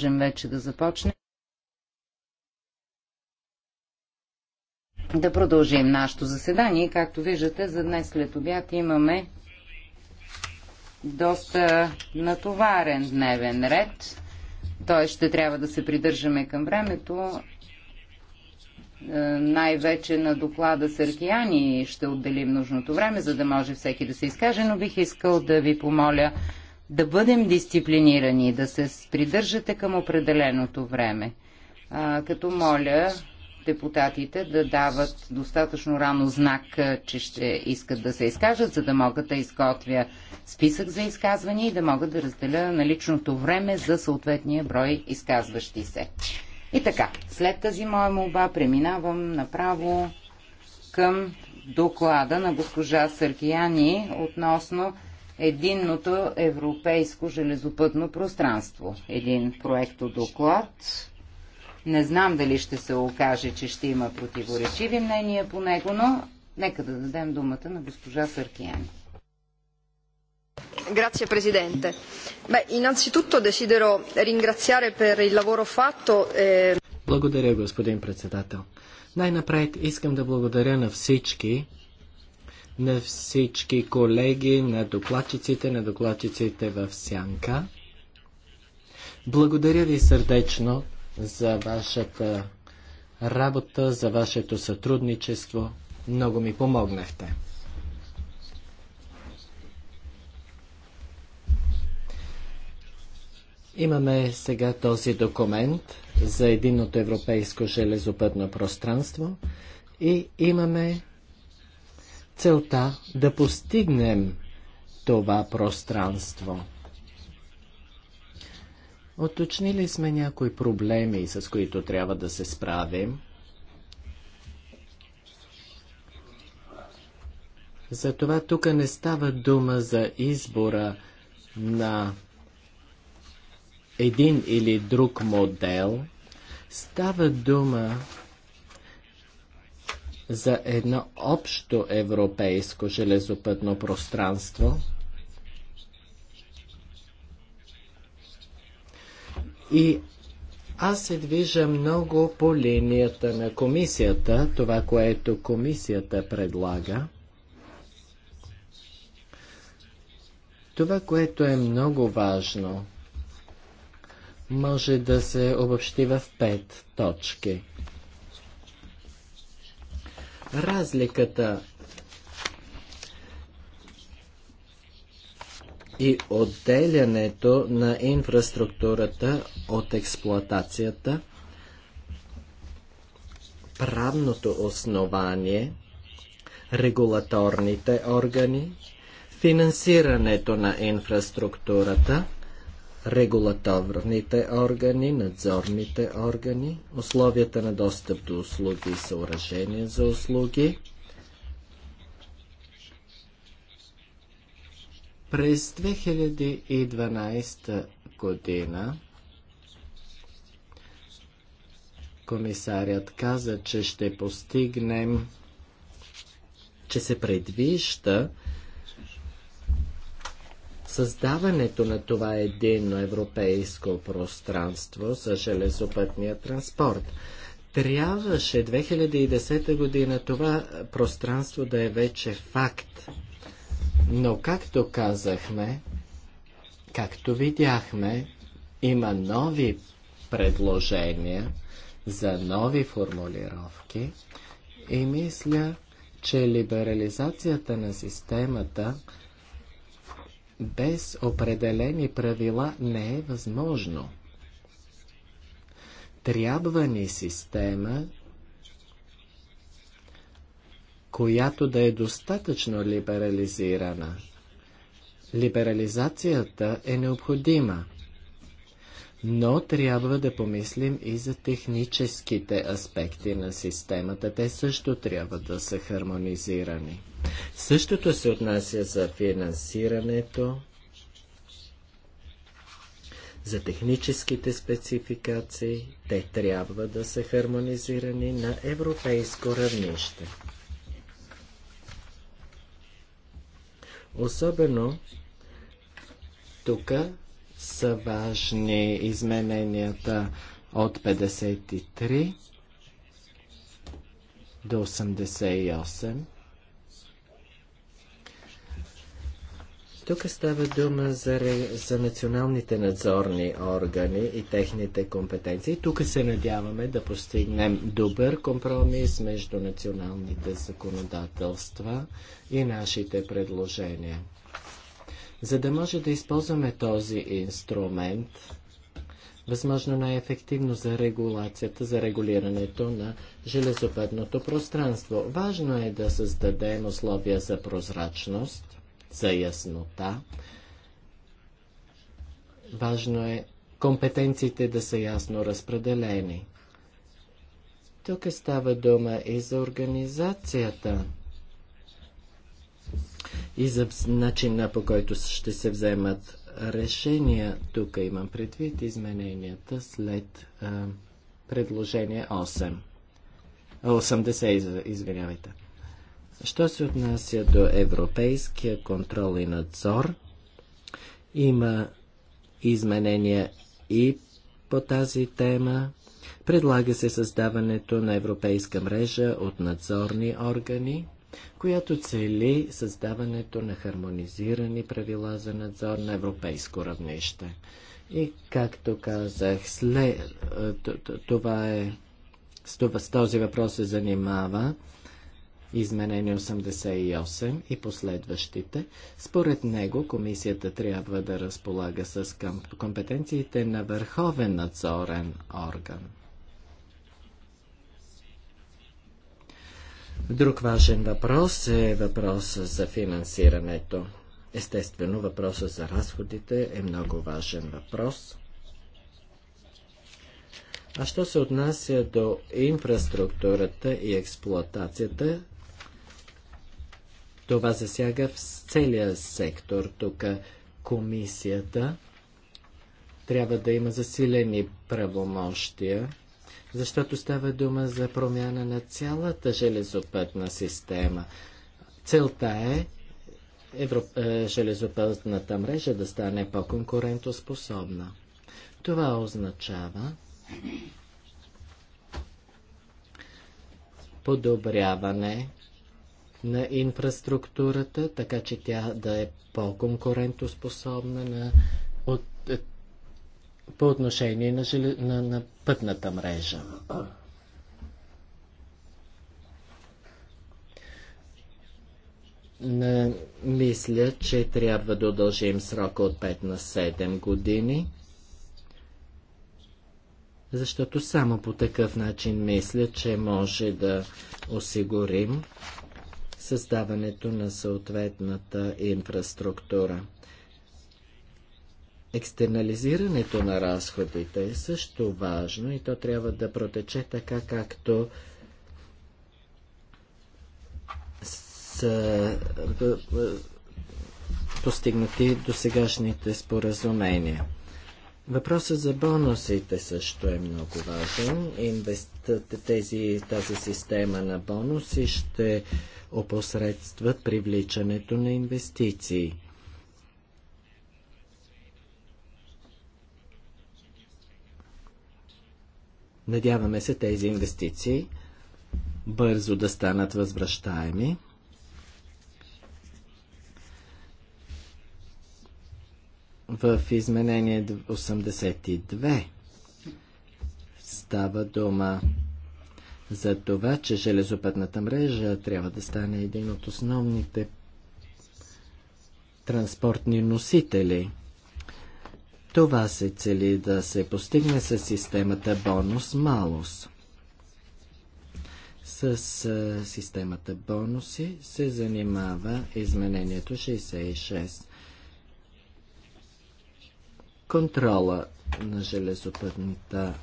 Можем вече да започнем. Да продължим нашето заседание. Както виждате, за днес след обяд имаме доста натоварен дневен ред. Той ще трябва да се придържаме към времето. Е, най-вече на доклада Аркияни ще отделим нужното време, за да може всеки да се изкаже, но бих искал да ви помоля да бъдем дисциплинирани, да се придържате към определеното време. А, като моля депутатите да дават достатъчно рано знак, че ще искат да се изкажат, за да могат да изготвя списък за изказвания и да могат да разделя наличното време за съответния брой изказващи се. И така, след тази моя молба преминавам направо към доклада на госпожа Съркияни относно единното европейско железопътно пространство. Един проектодоклад. доклад. Не знам дали ще се окаже, че ще има противоречиви мнения по него, но нека да дадем думата на госпожа Съркиян. Grazie Presidente. Beh, innanzitutto desidero ringraziare per il lavoro fatto. Благодаря, господин председател. Най-напред искам да благодаря на всички, на всички колеги, на докладчиците, на докладчиците в Сянка. Благодаря ви сърдечно за вашата работа, за вашето сътрудничество. Много ми помогнахте. Имаме сега този документ за единното европейско железопътно пространство и имаме целта да постигнем това пространство. Оточнили сме някои проблеми, с които трябва да се справим. Затова тук не става дума за избора на един или друг модел. Става дума за едно общо европейско железопътно пространство. И аз се движа много по линията на комисията, това, което комисията предлага. Това, което е много важно, може да се обобщи в пет точки разликата и отделянето на инфраструктурата от експлоатацията, правното основание, регулаторните органи, финансирането на инфраструктурата – регулаторните органи, надзорните органи, условията на достъп до услуги и съоръжения за услуги. През 2012 година комисарят каза, че ще постигнем, че се предвижда създаването на това единно европейско пространство за железопътния транспорт. Трябваше 2010 година това пространство да е вече факт. Но както казахме, както видяхме, има нови предложения за нови формулировки и мисля, че либерализацията на системата без определени правила не е възможно. Трябва ни система, която да е достатъчно либерализирана. Либерализацията е необходима, но трябва да помислим и за техническите аспекти на системата. Те също трябва да са хармонизирани. Същото се отнася за финансирането, за техническите спецификации. Те трябва да са хармонизирани на европейско равнище. Особено тук са важни измененията от 53 до 88. Тук става дума за, за националните надзорни органи и техните компетенции. Тук се надяваме да постигнем добър компромис между националните законодателства и нашите предложения. За да може да използваме този инструмент, възможно най-ефективно за регулацията, за регулирането на железопътното пространство. Важно е да създадем условия за прозрачност, за яснота. Важно е компетенциите да са ясно разпределени. Тук е става дума и за организацията и за начина по който ще се вземат решения. Тук имам предвид измененията след а, предложение 8. 80, извинявайте. Що се отнася до европейския контрол и надзор, има изменения и по тази тема. Предлага се създаването на европейска мрежа от надзорни органи, която цели създаването на хармонизирани правила за надзор на европейско равнище. И както казах, след, това е, с този въпрос се занимава изменение 88 и последващите, според него комисията трябва да разполага с компетенциите на върховен надзорен орган. Друг важен въпрос е въпросът за финансирането. Естествено, въпросът за разходите е много важен въпрос. А що се отнася до инфраструктурата и експлоатацията, това засяга в целия сектор. Тук комисията трябва да има засилени правомощия, защото става дума за промяна на цялата железопътна система. Целта е Евро... Е, железопътната мрежа да стане по-конкурентоспособна. Това означава подобряване на инфраструктурата, така че тя да е по-конкурентоспособна на, от, е, по отношение на, жел... на, на пътната мрежа. Не, мисля, че трябва да удължим срока от 5 на 7 години, защото само по такъв начин мисля, че може да осигурим създаването на съответната инфраструктура. Екстернализирането на разходите е също важно и то трябва да протече така, както са постигнати до сегашните споразумения. Въпросът за бонусите също е много важен. Инвести тези, тази система на бонуси ще опосредстват привличането на инвестиции. Надяваме се тези инвестиции бързо да станат възвръщаеми. В изменение 82 става дума за това, че железопътната мрежа трябва да стане един от основните транспортни носители. Това се цели да се постигне с системата бонус-малус. С системата бонуси се занимава изменението 66. Контрола на,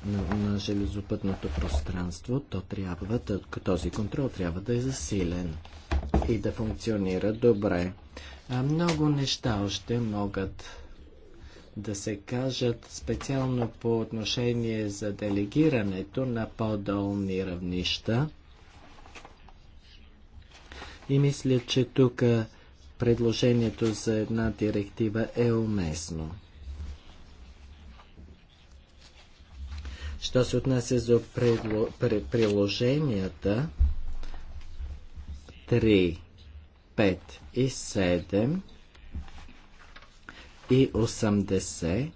на, на железопътното пространство, то трябва, този контрол трябва да е засилен и да функционира добре. А много неща още могат да се кажат специално по отношение за делегирането на по-долни равнища. И мисля, че тук предложението за една директива е уместно. Що се отнася за предло... приложенията 3, 5 и 7 и 80,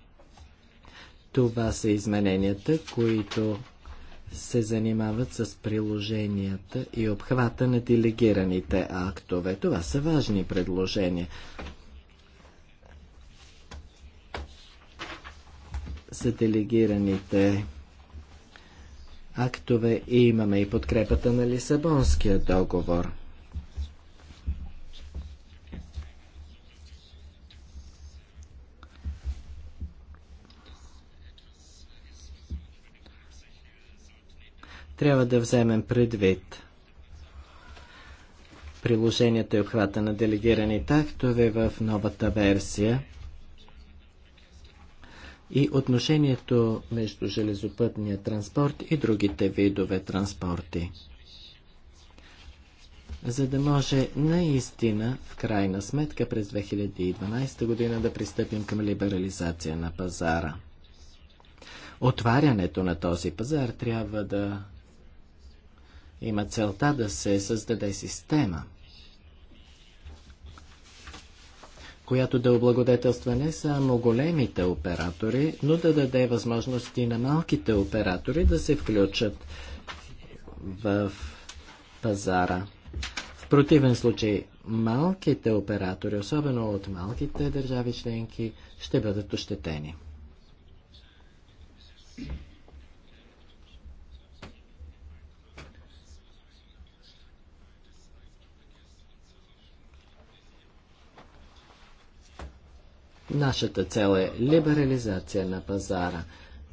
това са измененията, които се занимават с приложенията и обхвата на делегираните актове. Това са важни предложения. За делегираните актове актове и имаме и подкрепата на Лисабонския договор. Трябва да вземем предвид приложенията и обхвата на делегираните актове в новата версия – и отношението между железопътния транспорт и другите видове транспорти. За да може наистина, в крайна сметка, през 2012 година да пристъпим към либерализация на пазара. Отварянето на този пазар трябва да има целта да се създаде система – която да е облагодетелства не само големите оператори, но да даде възможности на малките оператори да се включат в пазара. В противен случай, малките оператори, особено от малките държави членки, ще бъдат ощетени. Нашата цел е либерализация на пазара.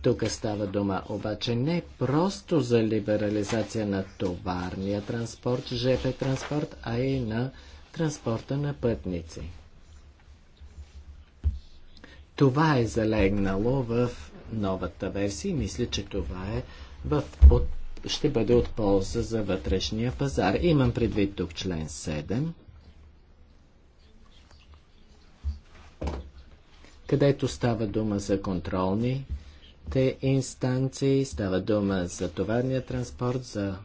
Тук става дума обаче не просто за либерализация на товарния транспорт, ЖП транспорт, а и на транспорта на пътници. Това е залегнало в новата версия и мисля, че това е в, от, ще бъде от полза за вътрешния пазар. Имам предвид тук член 7 където става дума за контролни те инстанции, става дума за товарния транспорт, за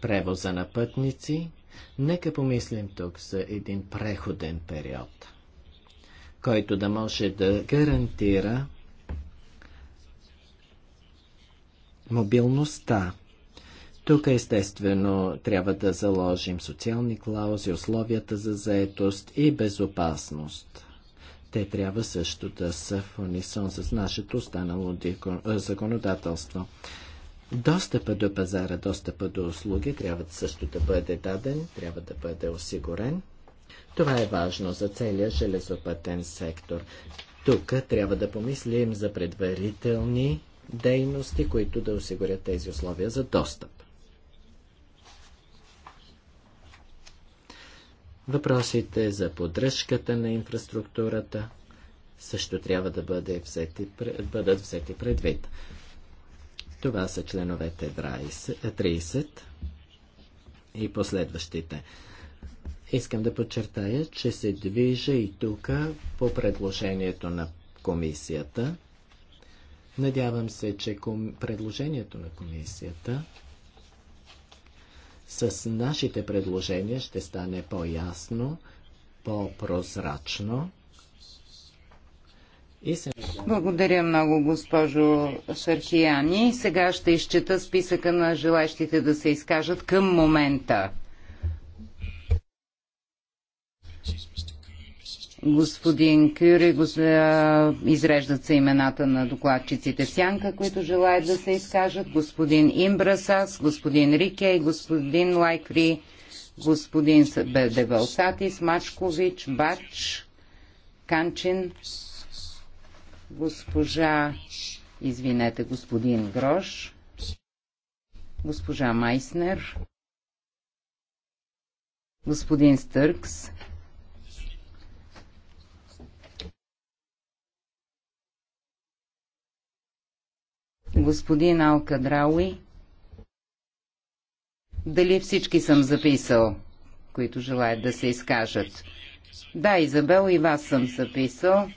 превоза на пътници. Нека помислим тук за един преходен период, който да може да гарантира мобилността тук естествено трябва да заложим социални клаузи, условията за заетост и безопасност. Те трябва също да са в унисон с нашето останало е, законодателство. Достъпа до пазара, достъпа до услуги трябва също да бъде даден, трябва да бъде осигурен. Това е важно за целия железопътен сектор. Тук трябва да помислим за предварителни дейности, които да осигурят тези условия за достъп. Въпросите за поддръжката на инфраструктурата също трябва да бъде взети, бъдат взети предвид. Това са членовете 30 е, и последващите. Искам да подчертая, че се движа и тук по предложението на комисията. Надявам се, че предложението на комисията с нашите предложения ще стане по-ясно, по-прозрачно. Се... Благодаря много, госпожо Шархияни. Сега ще изчета списъка на желащите да се изкажат към момента. господин Кюри, изреждат се имената на докладчиците сянка, които желаят да се изкажат, господин Имбрасас, господин Рике господин Лайкри, господин Девалсатис, Мачкович, Бач, Канчин, госпожа, извинете, господин Грош, госпожа Майснер, господин Стъркс, господин Алкадрауи. Дали всички съм записал, които желаят да се изкажат? Да, Изабел, и вас съм записал.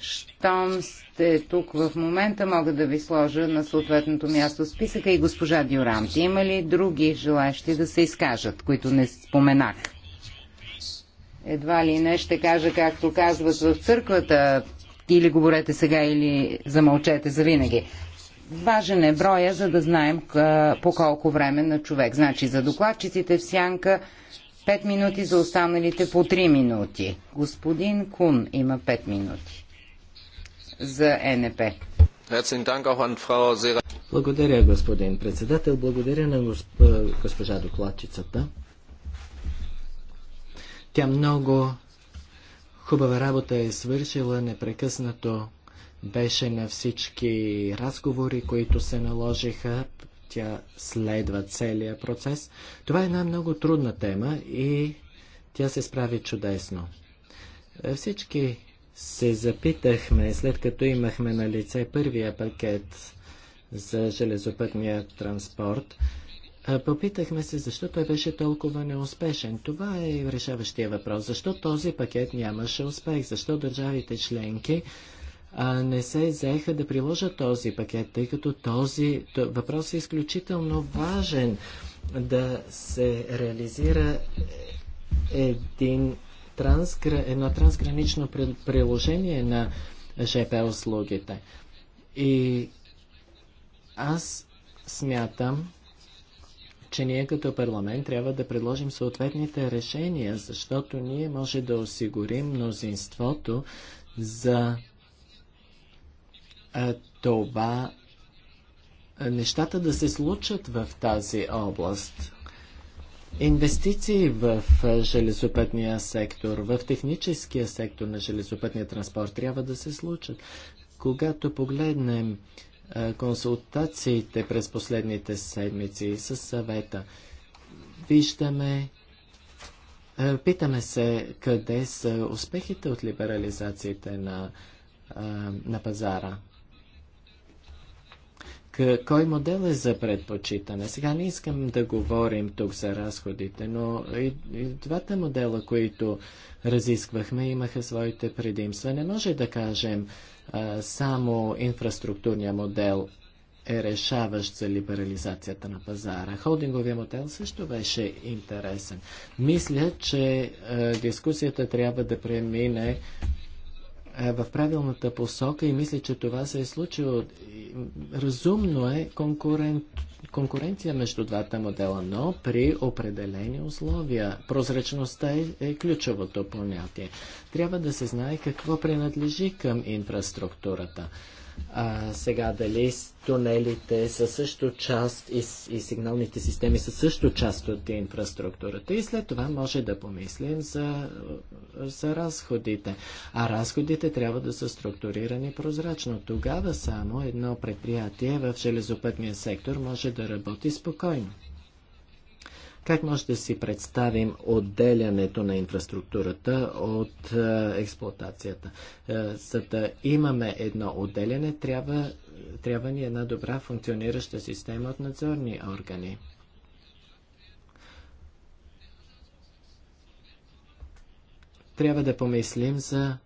Щом сте тук в момента, мога да ви сложа на съответното място списъка и госпожа Дюранти. Има ли други желаящи да се изкажат, които не споменах? Едва ли не ще кажа, както казват в църквата, или говорете сега, или замълчете завинаги. Важен е броя, за да знаем по колко време на човек. Значи за докладчиците в сянка 5 минути, за останалите по 3 минути. Господин Кун има 5 минути за НП. Благодаря, господин председател. Благодаря на госпожа докладчицата. Тя много Хубава работа е свършила, непрекъснато беше на всички разговори, които се наложиха. Тя следва целия процес. Това е една много трудна тема и тя се справи чудесно. Всички се запитахме, след като имахме на лице първия пакет за железопътния транспорт, Попитахме се защо той беше толкова неуспешен. Това е решаващия въпрос. Защо този пакет нямаше успех? Защо държавите членки а, не се заеха да приложат този пакет, тъй като този въпрос е изключително важен да се реализира един трансгра... едно трансгранично приложение на ЖП услугите. И аз смятам, че ние като парламент трябва да предложим съответните решения, защото ние може да осигурим мнозинството за това нещата да се случат в тази област. Инвестиции в железопътния сектор, в техническия сектор на железопътния транспорт трябва да се случат. Когато погледнем консултациите през последните седмици с съвета. Виждаме, питаме се къде са успехите от либерализациите на, на пазара. Кой модел е за предпочитане? Сега не искам да говорим тук за разходите, но и, и двата модела, които разисквахме, имаха своите предимства. Не може да кажем, само инфраструктурния модел е решаващ за либерализацията на пазара. Холдинговия модел също беше интересен. Мисля, че дискусията трябва да премине е в правилната посока и мисля, че това се е случило. Разумно е конкурент, конкуренция между двата модела, но при определени условия. Прозрачността е, е ключовото понятие. Трябва да се знае какво принадлежи към инфраструктурата. А, сега дали тунелите са също част и, и сигналните системи са също част от инфраструктурата и след това може да помислим за, за разходите. А разходите трябва да са структурирани прозрачно. Тогава само едно предприятие в железопътния сектор може да работи спокойно. Как може да си представим отделянето на инфраструктурата от е, експлоатацията? Е, за да имаме едно отделяне, трябва, трябва ни една добра функционираща система от надзорни органи. Трябва да помислим за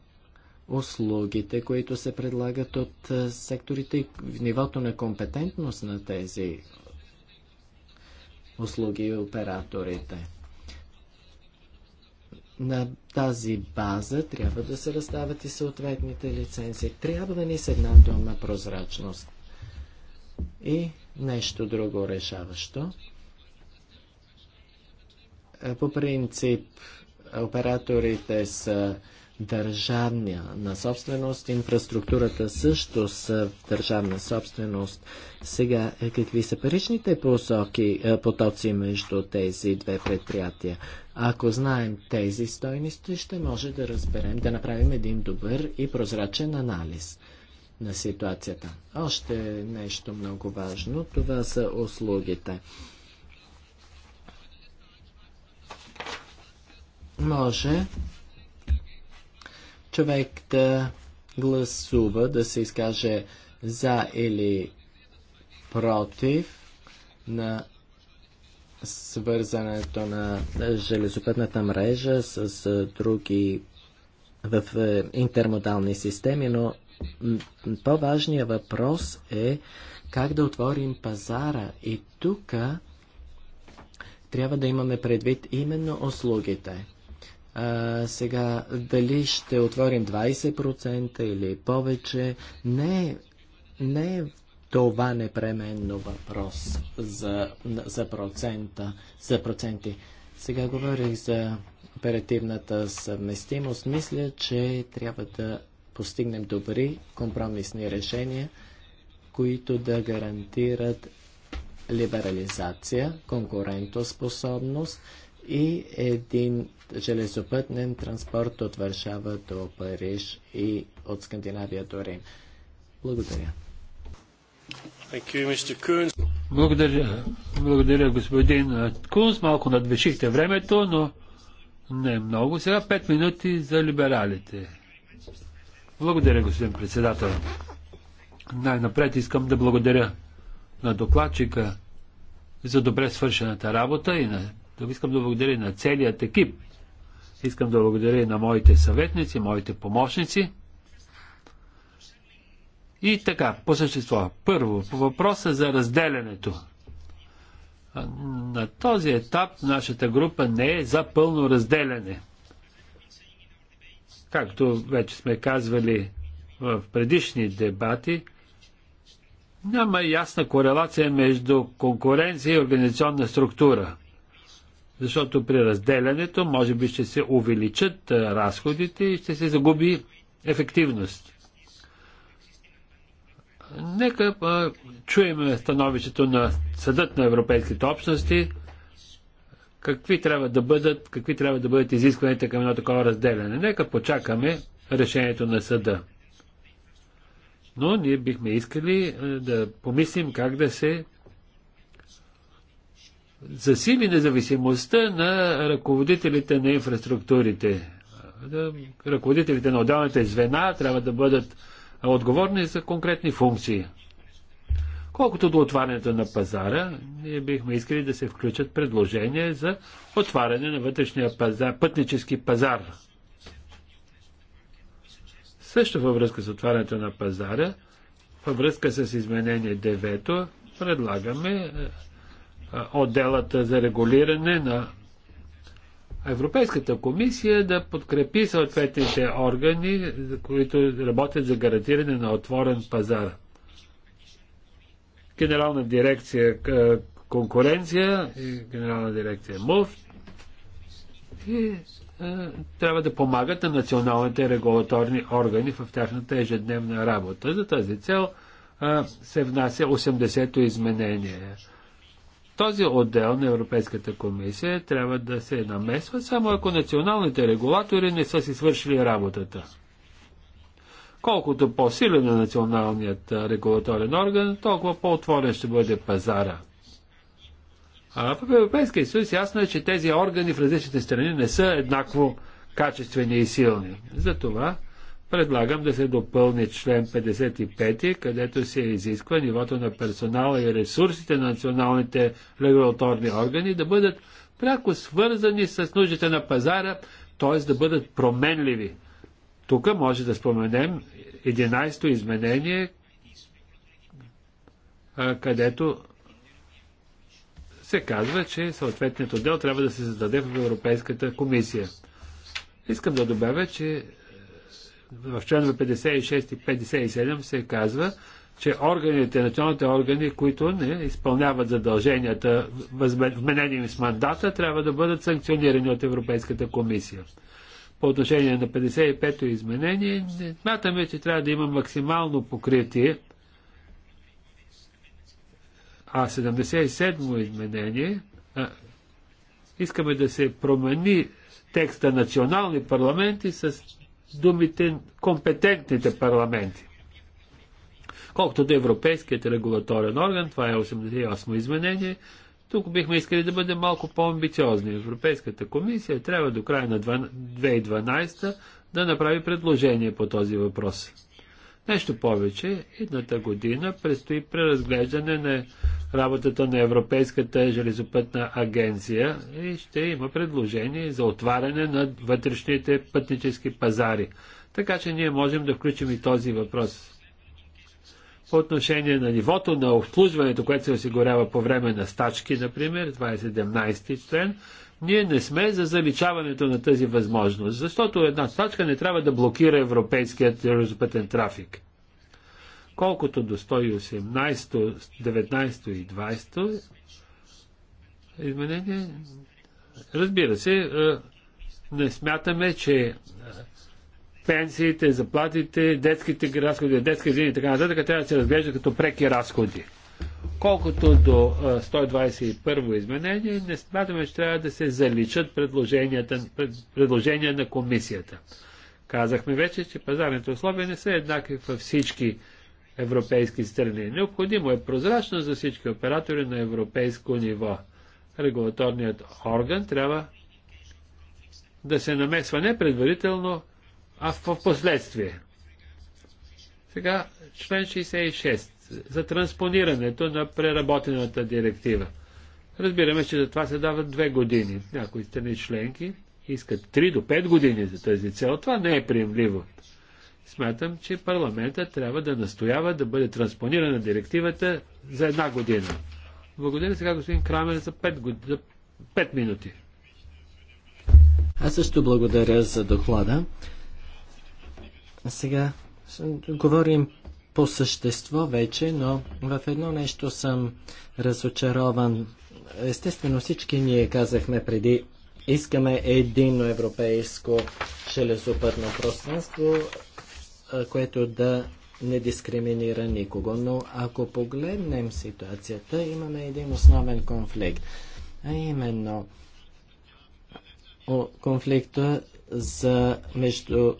услугите, които се предлагат от е, секторите и нивото на компетентност на тези услуги и операторите. На тази база трябва да се разстават и съответните лицензии. Трябва да ни се една дума прозрачност. И нещо друго решаващо. Е, по принцип, операторите са държавния на собственост. Инфраструктурата също са държавна собственост. Сега, е, какви са паричните посоки, е, потоци между тези две предприятия? Ако знаем тези стойности, ще може да разберем, да направим един добър и прозрачен анализ на ситуацията. Още нещо много важно, това са услугите. Може човек да гласува, да се изкаже за или против на свързането на железопътната мрежа с други в интермодални системи, но по-важният въпрос е как да отворим пазара и тук трябва да имаме предвид именно услугите. А, сега, дали ще отворим 20% или повече, не, не е това непременно въпрос за, за, процента, за проценти. Сега говорих за оперативната съвместимост. Мисля, че трябва да постигнем добри компромисни решения, които да гарантират либерализация, конкурентоспособност и един железопътен транспорт от Варшава до Париж и от Скандинавия до Рим. Благодаря. Благодаря, благодаря господин Кунс. Малко надвишихте времето, но не много. Сега 5 минути за либералите. Благодаря, господин председател. Най-напред искам да благодаря на докладчика за добре свършената работа и на Искам да благодаря на целият екип. Искам да благодаря на моите съветници, моите помощници. И така, по същество. Първо, по въпроса за разделянето. На този етап нашата група не е за пълно разделяне. Както вече сме казвали в предишни дебати, няма ясна корелация между конкуренция и организационна структура – защото при разделянето може би ще се увеличат разходите и ще се загуби ефективност. Нека а, чуем становището на Съдът на Европейските общности, какви трябва да бъдат, какви трябва да бъдат изискваните към едно такова разделяне. Нека почакаме решението на съда. Но ние бихме искали да помислим как да се засили независимостта на ръководителите на инфраструктурите. Ръководителите на отделните звена трябва да бъдат отговорни за конкретни функции. Колкото до отварянето на пазара, ние бихме искали да се включат предложения за отваряне на вътрешния пазар, пътнически пазар. Също във връзка с отварянето на пазара, във връзка с изменение 9, предлагаме отделата за регулиране на Европейската комисия да подкрепи съответните органи, които работят за гарантиране на отворен пазар. Генерална дирекция конкуренция, генерална дирекция МОВ и трябва да помагат на националните регулаторни органи в тяхната ежедневна работа. За тази цел се внася 80-то изменение. Този отдел на Европейската комисия трябва да се намесва само ако националните регулатори не са си свършили работата. Колкото по-силен е националният регулаторен орган, толкова по-отворен ще бъде пазара. А в Европейския съюз ясно е, че тези органи в различните страни не са еднакво качествени и силни. Затова Предлагам да се допълни член 55, където се изисква нивото на персонала и ресурсите на националните регулаторни органи да бъдат пряко свързани с нуждите на пазара, т.е. да бъдат променливи. Тук може да споменем 11-то изменение, където се казва, че съответният отдел трябва да се създаде в Европейската комисия. Искам да добавя, че в членове 56 и 57 се казва, че органите, националните органи, които не изпълняват задълженията, вменени им с мандата, трябва да бъдат санкционирани от Европейската комисия. По отношение на 55-то изменение, смятаме, че трябва да има максимално покритие, а 77-мо изменение а, искаме да се промени текста национални парламенти с думите компетентните парламенти. Колкото до Европейският регулаторен орган, това е 88 изменение, тук бихме искали да бъдем малко по-амбициозни. Европейската комисия трябва до края на 2012 да направи предложение по този въпрос. Нещо повече, едната година предстои преразглеждане на работата на Европейската железопътна агенция и ще има предложение за отваряне на вътрешните пътнически пазари. Така че ние можем да включим и този въпрос. По отношение на нивото на обслужването, което се осигурява по време на стачки, например, 2017 член, ние не сме за заличаването на тази възможност, защото една стачка не трябва да блокира европейският железопътен трафик. Колкото до 118, 19 и 20 изменение, разбира се, е, не смятаме, че е, пенсиите, заплатите, детските разходи, детски жени и така нататък трябва да се разглежда като преки разходи. Колкото до 121 изменение, не смятаме, че трябва да се заличат предложенията, предложения на комисията. Казахме вече, че пазарните условия не са еднакви във всички европейски страни. Необходимо е прозрачно за всички оператори на европейско ниво. Регулаторният орган трябва да се намесва не предварително, а в последствие. Сега член 66 за транспонирането на преработената директива. Разбираме, че за това се дават две години. Някои страни членки искат 3 до 5 години за тази цел. Това не е приемливо. Смятам, че парламента трябва да настоява да бъде транспонирана директивата за една година. Благодаря сега господин Крамер за 5, год... за 5 минути. Аз също благодаря за доклада. Сега говорим по същество вече, но в едно нещо съм разочарован. Естествено всички ние казахме преди, искаме едино европейско железопътно пространство, което да не дискриминира никого. Но ако погледнем ситуацията, имаме един основен конфликт. А именно конфликта за между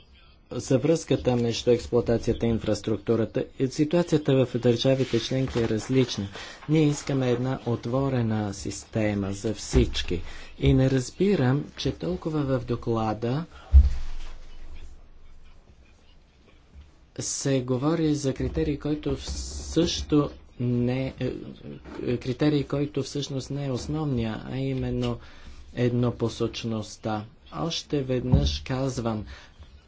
за връзката между експлуатацията и инфраструктурата. Ситуацията в държавите членки е различна. Ние искаме една отворена система за всички. И не разбирам, че толкова в доклада се говори за критерии, който също не, е, е, критерии, който всъщност не е основния, а именно еднопосочността. Още веднъж казвам,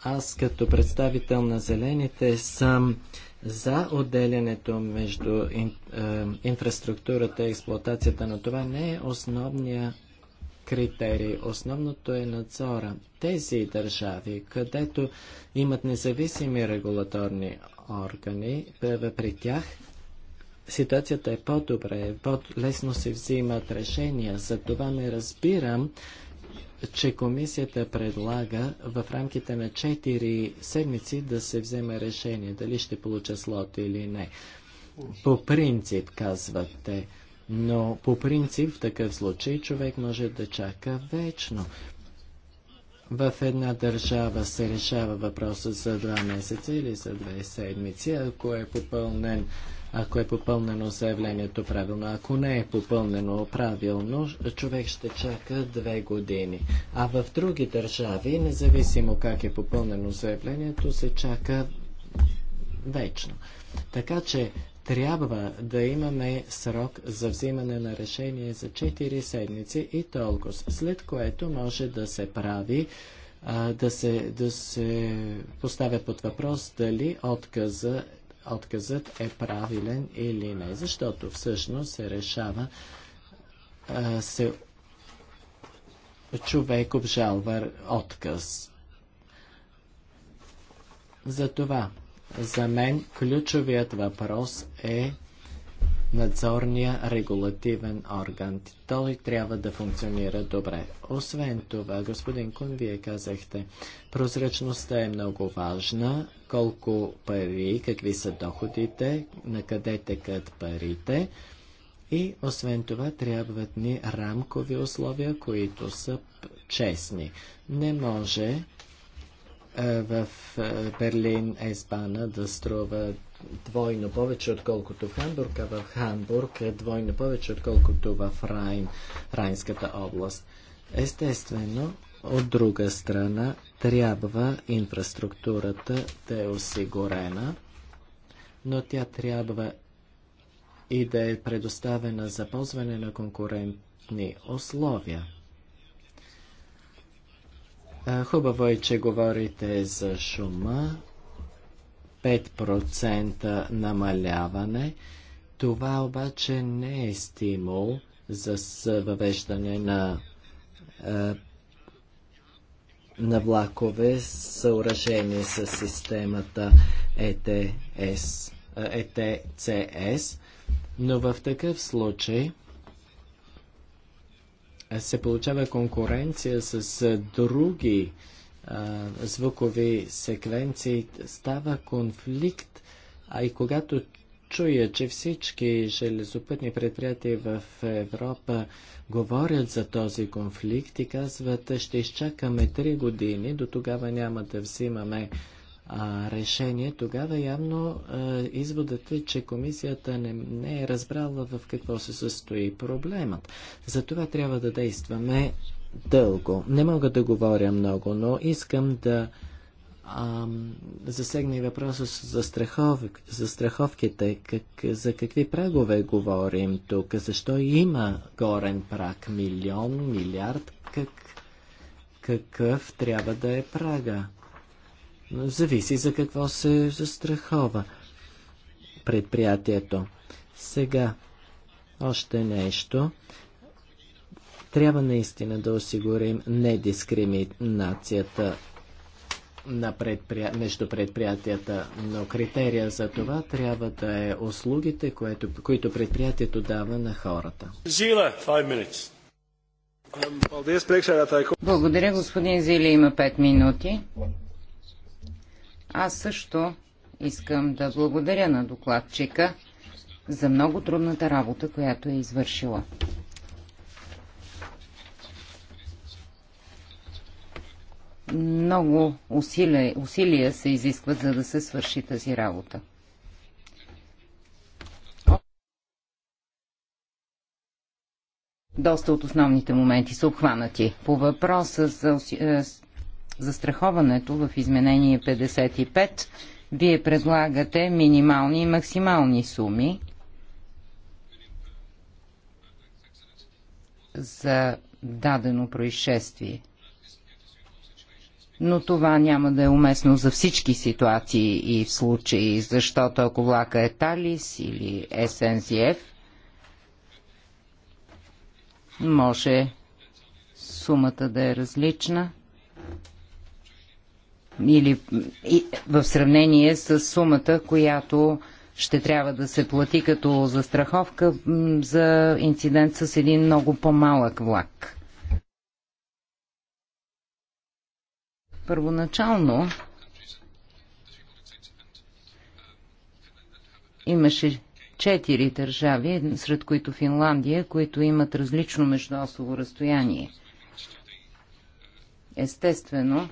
аз като представител на зелените съм за отделянето между е, инфраструктурата и експлуатацията, но това не е основния критерий. Основното е надзора. Тези държави, където имат независими регулаторни органи, при тях ситуацията е по-добре, по-лесно се взимат решения. За това не разбирам че комисията предлага в рамките на 4 седмици да се вземе решение дали ще получа слот или не. По принцип, казват те, но по принцип в такъв случай човек може да чака вечно. В една държава се решава въпроса за 2 месеца или за 2 седмици, ако е попълнен ако е попълнено заявлението правилно. Ако не е попълнено правилно, човек ще чака две години. А в други държави, независимо как е попълнено заявлението, се чака вечно. Така че трябва да имаме срок за взимане на решение за 4 седмици и толкова, след което може да се прави да се, да се поставя под въпрос дали отказа отказът е правилен или не, защото всъщност се решава а, се човек обжалва отказ. Затова за мен ключовият въпрос е надзорния регулативен орган. Той трябва да функционира добре. Освен това, господин Кун, вие казахте, прозрачността е много важна колко пари, какви са доходите, на къде текат парите. И освен това трябват ни рамкови условия, които са честни. Не може е, в е, Берлин Есбана да струва двойно повече, отколкото в Хамбург, а в Хамбург е двойно повече, отколкото в Райн, Райнската област. Естествено, от друга страна, трябва инфраструктурата да е осигурена, но тя трябва и да е предоставена за ползване на конкурентни условия. Хубаво е, че говорите за шума. 5% намаляване. Това обаче не е стимул за въвеждане на на влакове, съоръжени с системата ETS, ETCS, но в такъв случай се получава конкуренция с други а, звукови секвенции, става конфликт, а и когато чуя, че всички железопътни предприятия в Европа говорят за този конфликт и казват, ще изчакаме три години, до тогава няма да взимаме а, решение. Тогава явно а, изводът е, че комисията не, не е разбрала в какво се състои проблемът. Затова трябва да действаме дълго. Не мога да говоря много, но искам да засегна и въпроса за, страхов, за страховките. Как, за какви прагове говорим тук? Защо има горен праг? Милион, милиард? Как, какъв трябва да е прага? Зависи за какво се застрахова предприятието. Сега, още нещо. Трябва наистина да осигурим недискриминацията на предпри... между предприятията, но критерия за това трябва да е услугите, което... които предприятието дава на хората. Зила, 5 минути. Благодаря, господин Зили. Има 5 минути. Аз също искам да благодаря на докладчика за много трудната работа, която е извършила. много усилия, усилия се изискват, за да се свърши тази работа. Доста от основните моменти са обхванати. По въпроса за е, застраховането в изменение 55, вие предлагате минимални и максимални суми за дадено происшествие но това няма да е уместно за всички ситуации и в случаи, защото ако влака е Талис или SNCF, може сумата да е различна или и, в сравнение с сумата, която ще трябва да се плати като застраховка за инцидент с един много по-малък влак. Първоначално имаше четири държави, сред които Финландия, които имат различно междуосово разстояние. Естествено,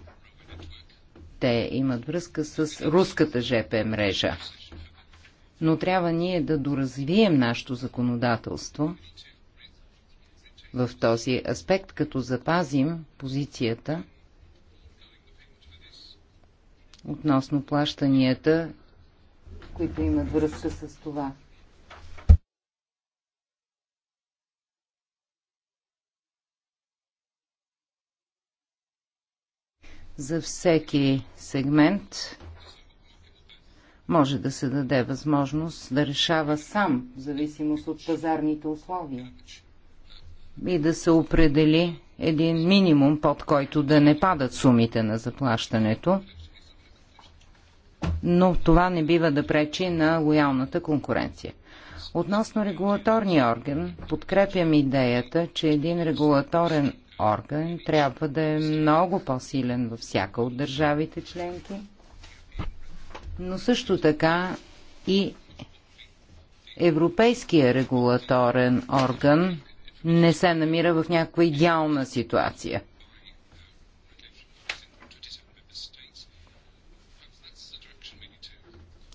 те имат връзка с руската ЖП мрежа. Но трябва ние да доразвием нашето законодателство в този аспект, като запазим позицията – относно плащанията, които имат връзка с това. За всеки сегмент може да се даде възможност да решава сам, в зависимост от пазарните условия, и да се определи един минимум, под който да не падат сумите на заплащането но това не бива да пречи на лоялната конкуренция. Относно регулаторния орган, подкрепям идеята, че един регулаторен орган трябва да е много по-силен във всяка от държавите членки, но също така и Европейския регулаторен орган не се намира в някаква идеална ситуация –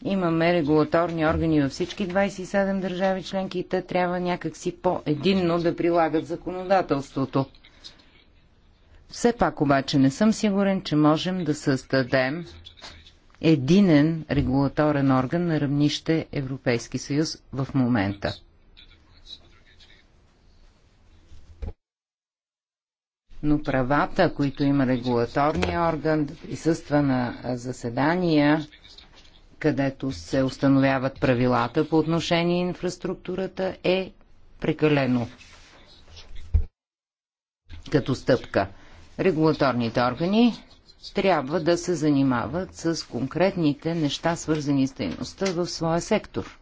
Имаме регулаторни органи във всички 27 държави членки и те трябва някакси по-единно да прилагат законодателството. Все пак обаче не съм сигурен, че можем да създадем единен регулаторен орган на равнище Европейски съюз в момента. но правата, които има регулаторния орган, да присъства на заседания където се установяват правилата по отношение инфраструктурата, е прекалено като стъпка. Регулаторните органи трябва да се занимават с конкретните неща, свързани с дейността в своя сектор.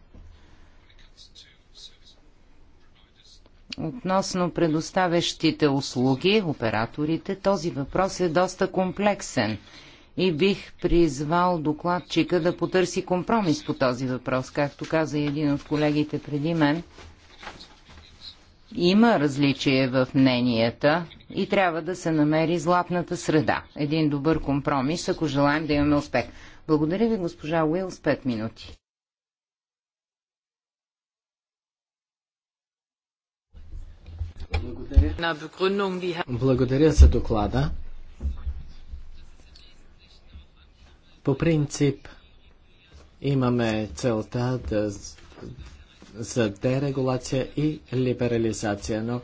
Относно предоставящите услуги, операторите, този въпрос е доста комплексен – и бих призвал докладчика да потърси компромис по този въпрос. Както каза и един от колегите преди мен, има различие в мненията и трябва да се намери златната среда. Един добър компромис, ако желаем да имаме успех. Благодаря ви, госпожа Уил, с 5 минути. Благодаря за доклада. По принцип имаме целта да, за дерегулация и либерализация, но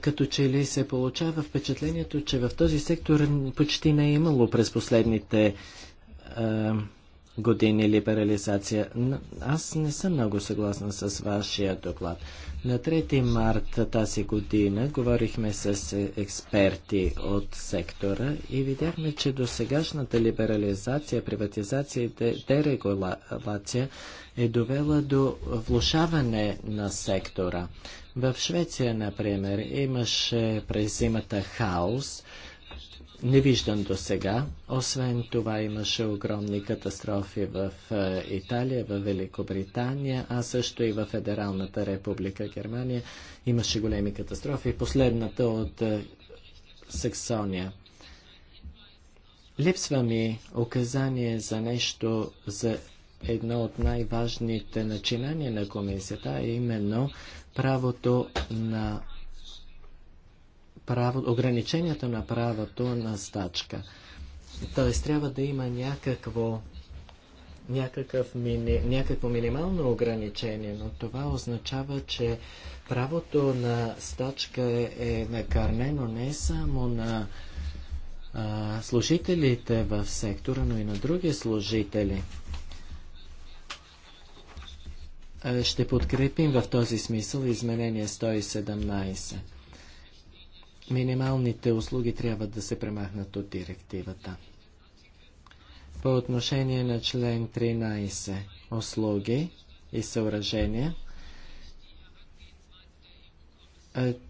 като че ли се получава впечатлението, че в този сектор почти не е имало през последните години либерализация. Аз не съм много съгласна с вашия доклад. На 3 март тази година говорихме с експерти от сектора и видяхме, че до сегашната либерализация, приватизация и дерегулация е довела до влушаване на сектора. В Швеция, например, имаше през зимата хаос – не до сега. Освен това имаше огромни катастрофи в е, Италия, в Великобритания, а също и в Федералната република Германия имаше големи катастрофи. Последната от е, Саксония. Липсва ми указание за нещо, за едно от най-важните начинания на комисията, а именно правото на право, ограниченията на правото на стачка. Т.е. трябва да има някакво, някакъв мини, някакво минимално ограничение, но това означава, че правото на стачка е накарнено не само на а, служителите в сектора, но и на други служители е, ще подкрепим в този смисъл изменение 117 минималните услуги трябва да се премахнат от директивата. По отношение на член 13 услуги и съоръжения,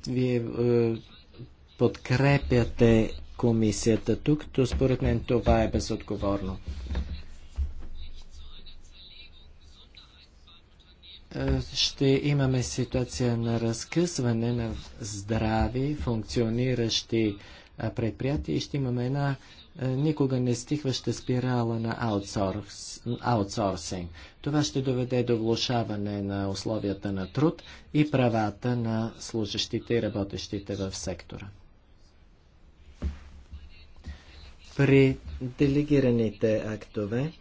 вие е, подкрепяте комисията тук, то според мен това е безотговорно. Е, ще имаме ситуация на разкъсване на здрави, функциониращи е, предприятия и ще имаме една е, никога не стихваща спирала на аутсорс, аутсорсинг. Това ще доведе до влушаване на условията на труд и правата на служащите и работещите в сектора. При делегираните актове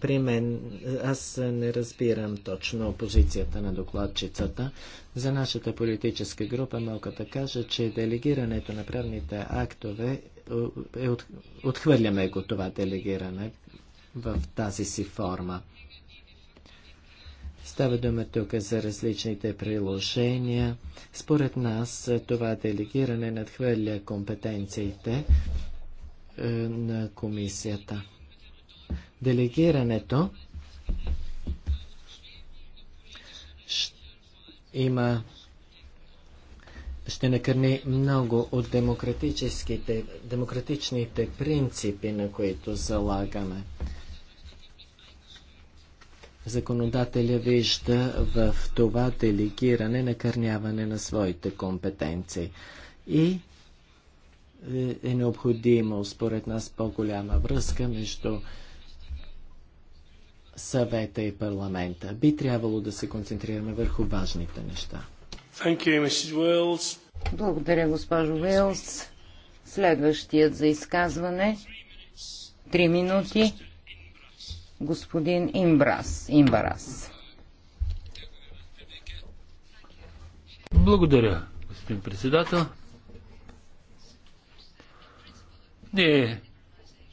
при мен, аз не разбирам точно позицията на докладчицата. За нашата политическа група мога да кажа, че делегирането на правните актове е, е от, отхвърляме го това делегиране в тази си форма. Става дума тук за различните приложения. Според нас това делегиране надхвърля компетенциите е, на комисията. Делегирането има ще накърни много от демократическите, демократичните принципи, на които залагаме. Законодателя вижда в това делегиране накърняване на своите компетенции. И е, е необходимо, според нас, по-голяма връзка между съвета и парламента. Би трябвало да се концентрираме върху важните неща. Thank You, Mrs. Wales. Благодаря, госпожо Уелс. Следващият за изказване. Три минути. Господин Имбрас. Имбарас. Благодаря, господин председател. Ние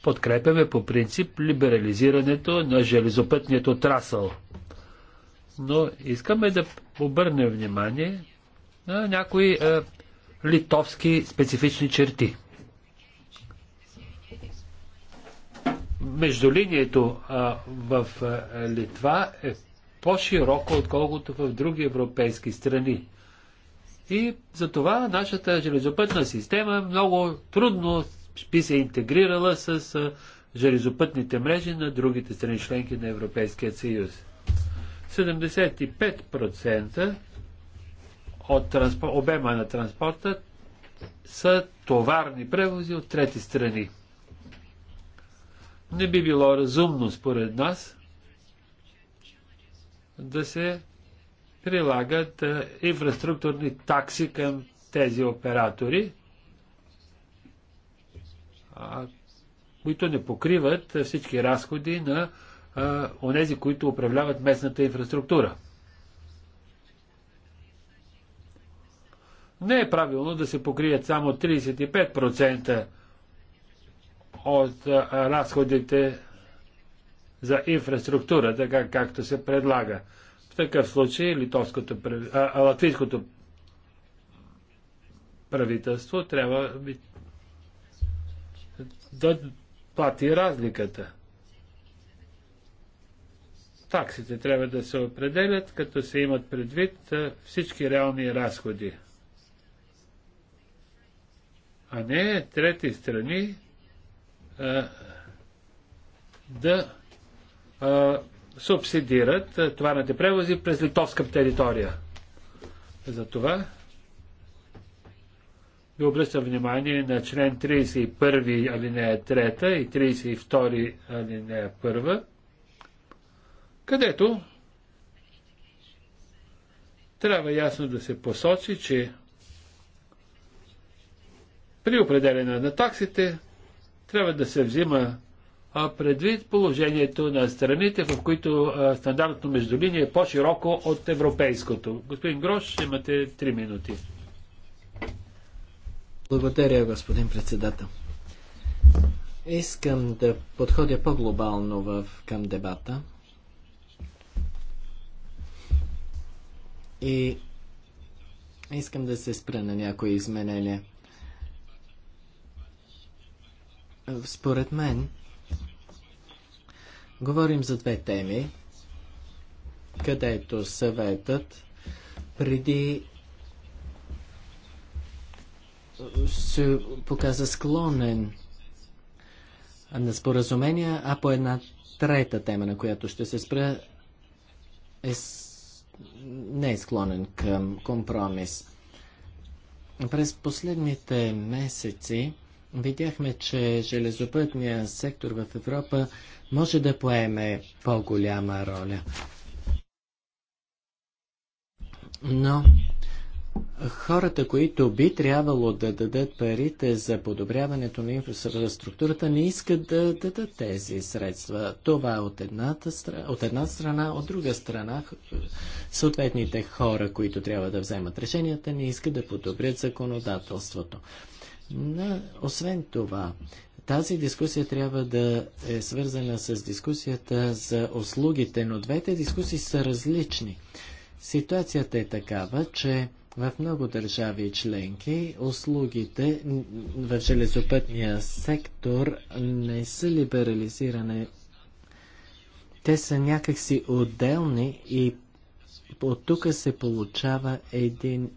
подкрепяме по принцип либерализирането на железопътният отрасъл. Но искаме да обърнем внимание на някои е, литовски специфични черти. Междулинието е, в е, Литва е по-широко, отколкото в други европейски страни. И затова нашата железопътна система е много трудно би се интегрирала с железопътните мрежи на другите страни членки на Европейския съюз. 75% от транспор... обема на транспорта са товарни превози от трети страни. Не би било разумно, според нас, да се прилагат инфраструктурни такси към тези оператори – които не покриват всички разходи на онези, които управляват местната инфраструктура. Не е правилно да се покрият само 35% от разходите за инфраструктура, така както се предлага. В такъв случай литовското, а, латвийското правителство трябва да плати разликата. Таксите трябва да се определят, като се имат предвид всички реални разходи. А не трети страни а, да а, субсидират товарните превози през литовска територия. Затова ви обръща внимание на член 31 алинея 3 и 32 алинея 1, където трябва ясно да се посочи, че при определене на таксите трябва да се взима предвид положението на страните, в които стандартно междулиние е по-широко от европейското. Господин Грош, имате 3 минути. Благодаря, господин председател. Искам да подходя по-глобално към дебата. И искам да се спра на някои изменения. Според мен, говорим за две теми, където съветът преди се показа склонен на споразумения, а по една трета тема, на която ще се спра, е, не е склонен към компромис. През последните месеци видяхме, че железопътния сектор в Европа може да поеме по-голяма роля. Но хората, които би трябвало да дадат парите за подобряването на инфраструктурата, не искат да дадат тези средства. Това е от, едната, от една страна, от друга страна, съответните хора, които трябва да вземат решенията, не искат да подобрят законодателството. Но, освен това, тази дискусия трябва да е свързана с дискусията за услугите, но двете дискусии са различни. Ситуацията е такава, че в много държави и членки услугите в железопътния сектор не са либерализирани. Те са някакси отделни и от тук се получава един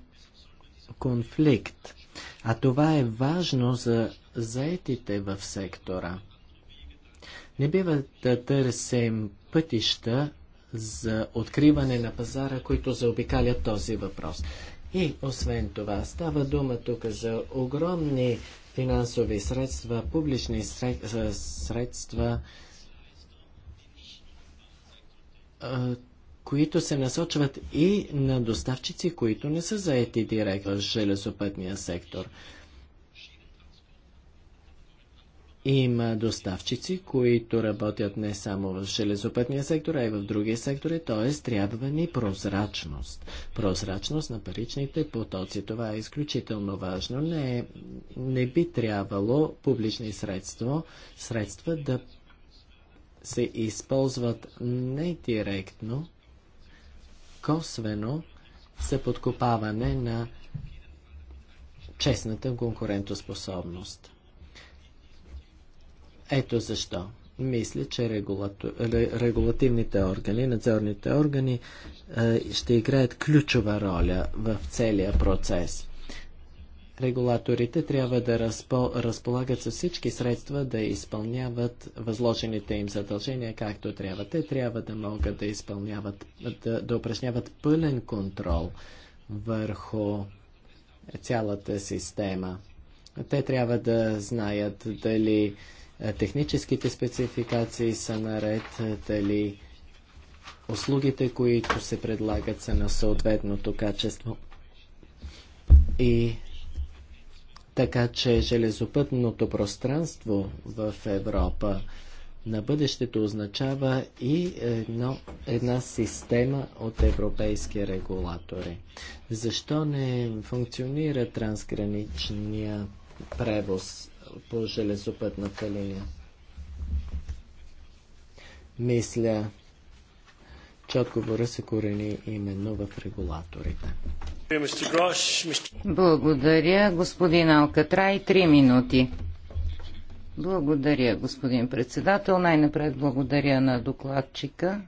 конфликт. А това е важно за заетите в сектора. Не бива да търсим пътища за откриване на пазара, които заобикалят този въпрос. И освен това, става дума тук за огромни финансови средства, публични средства, които се насочват и на доставчици, които не са заети директно в железопътния сектор. Има доставчици, които работят не само в железопътния сектор, а и в други сектори, т.е. трябва ни прозрачност. Прозрачност на паричните потоци. Това е изключително важно. Не, не би трябвало публични средства, средства да се използват не директно, косвено за подкопаване на честната конкурентоспособност. Ето защо. Мисля, че регулату... регулативните органи, надзорните органи е, ще играят ключова роля в целия процес. Регулаторите трябва да разполагат с всички средства да изпълняват възложените им задължения както трябва. Те трябва да могат да изпълняват, да, да упражняват пълен контрол върху цялата система. Те трябва да знаят дали е, техническите спецификации са наред, е, дали услугите, които се предлагат са на съответното качество. И така че железопътното пространство в Европа на бъдещето означава и едно, една система от европейски регулатори. Защо не функционира трансграничния превоз по железопътната линия. Мисля, че отговора се корени именно в регулаторите. Благодаря, господин Алкатрай. Три минути. Благодаря, господин председател. Най-напред благодаря на докладчика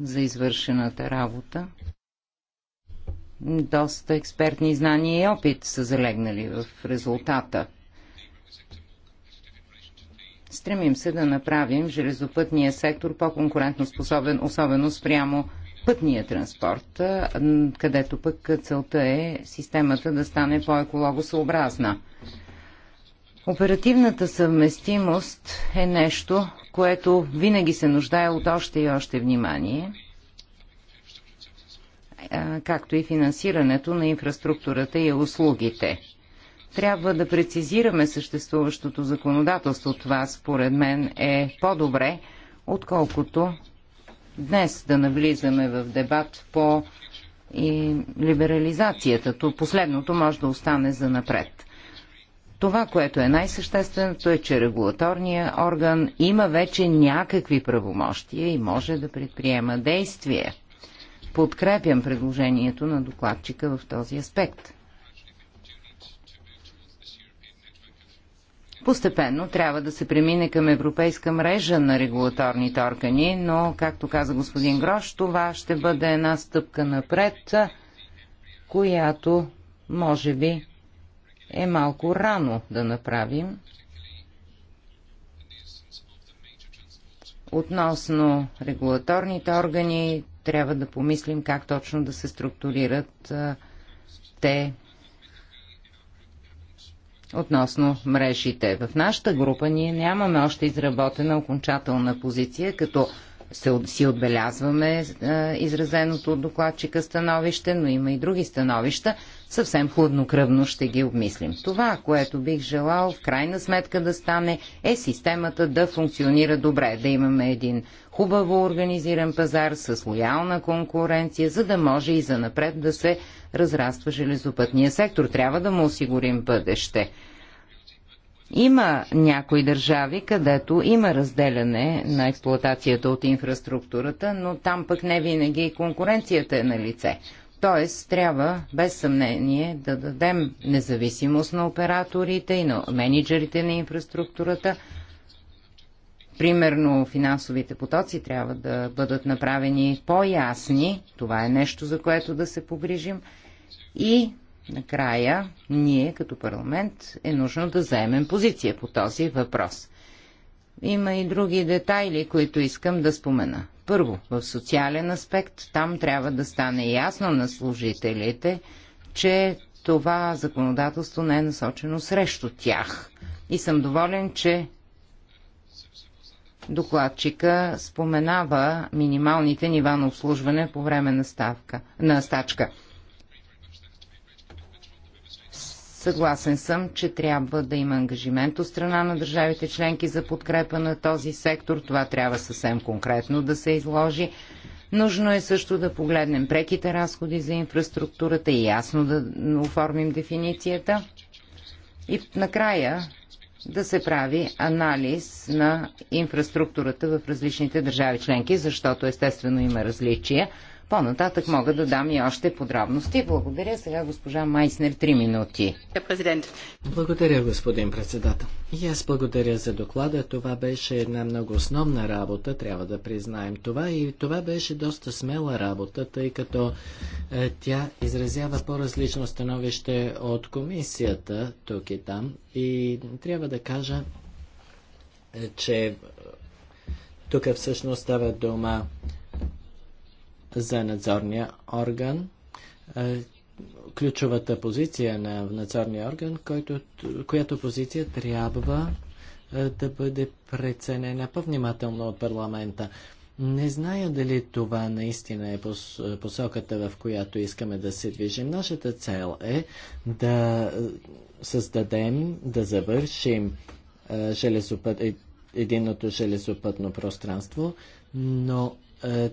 за извършената работа. Доста експертни знания и опит са залегнали в резултата. Стремим се да направим железопътния сектор по-конкурентно способен, особено спрямо пътния транспорт, където пък целта е системата да стане по-екологосъобразна. Оперативната съвместимост е нещо, което винаги се нуждае от още и още внимание – както и финансирането на инфраструктурата и услугите. Трябва да прецизираме съществуващото законодателство. Това, според мен, е по-добре, отколкото днес да навлизаме в дебат по и либерализацията. То последното може да остане за напред. Това, което е най-същественото е, че регулаторният орган има вече някакви правомощия и може да предприема действия подкрепям предложението на докладчика в този аспект. Постепенно трябва да се премине към европейска мрежа на регулаторните органи, но, както каза господин Грош, това ще бъде една стъпка напред, която, може би, е малко рано да направим. Относно регулаторните органи, трябва да помислим как точно да се структурират те относно мрежите. В нашата група ние нямаме още изработена окончателна позиция, като се, си отбелязваме а, изразеното от докладчика становище, но има и други становища. Съвсем хладнокръвно ще ги обмислим. Това, което бих желал в крайна сметка да стане, е системата да функционира добре, да имаме един хубаво организиран пазар с лоялна конкуренция, за да може и за напред да се разраства железопътния сектор. Трябва да му осигурим бъдеще. Има някои държави, където има разделяне на експлоатацията от инфраструктурата, но там пък не винаги конкуренцията е на лице. Тоест, трябва без съмнение да дадем независимост на операторите и на менеджерите на инфраструктурата – Примерно финансовите потоци трябва да бъдат направени по-ясни. Това е нещо, за което да се погрижим. И накрая ние като парламент е нужно да заемем позиция по този въпрос. Има и други детайли, които искам да спомена. Първо, в социален аспект, там трябва да стане ясно на служителите, че това законодателство не е насочено срещу тях. И съм доволен, че докладчика споменава минималните нива на обслужване по време на, ставка, на стачка. Съгласен съм, че трябва да има ангажимент от страна на държавите членки за подкрепа на този сектор. Това трябва съвсем конкретно да се изложи. Нужно е също да погледнем преките разходи за инфраструктурата и ясно да оформим дефиницията. И накрая да се прави анализ на инфраструктурата в различните държави членки, защото естествено има различия. По-нататък мога да дам и още подробности. Благодаря. Сега госпожа Майснер, 3 минути. Благодаря, господин председател. И аз благодаря за доклада. Това беше една много основна работа, трябва да признаем това. И това беше доста смела работа, тъй като е, тя изразява по-различно становище от комисията тук и там. И трябва да кажа, е, че тук всъщност става дума за надзорния орган. Е, ключовата позиция на надзорния орган, който, която позиция трябва е, да бъде преценена по-внимателно от парламента. Не зная дали това наистина е посоката, в която искаме да се движим. Нашата цел е да създадем, да завършим е, железопът, единното железопътно пространство, но е,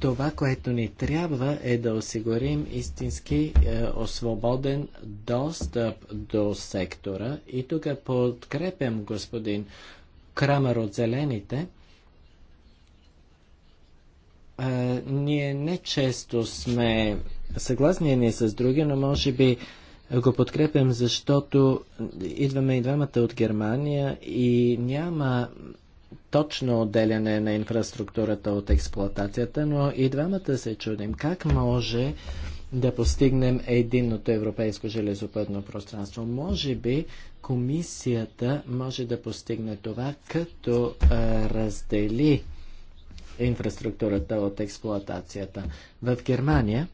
това, което ни трябва е да осигурим истински е, освободен достъп до сектора. И тук подкрепям господин Крамер от Зелените. Е, ние не често сме съгласни ни с други, но може би го подкрепям, защото идваме и двамата от Германия и няма точно отделяне на инфраструктурата от експлоатацията, но и двамата се чудим как може да постигнем единното европейско железопътно пространство. Може би комисията може да постигне това, като а, раздели инфраструктурата от експлоатацията. В Германия,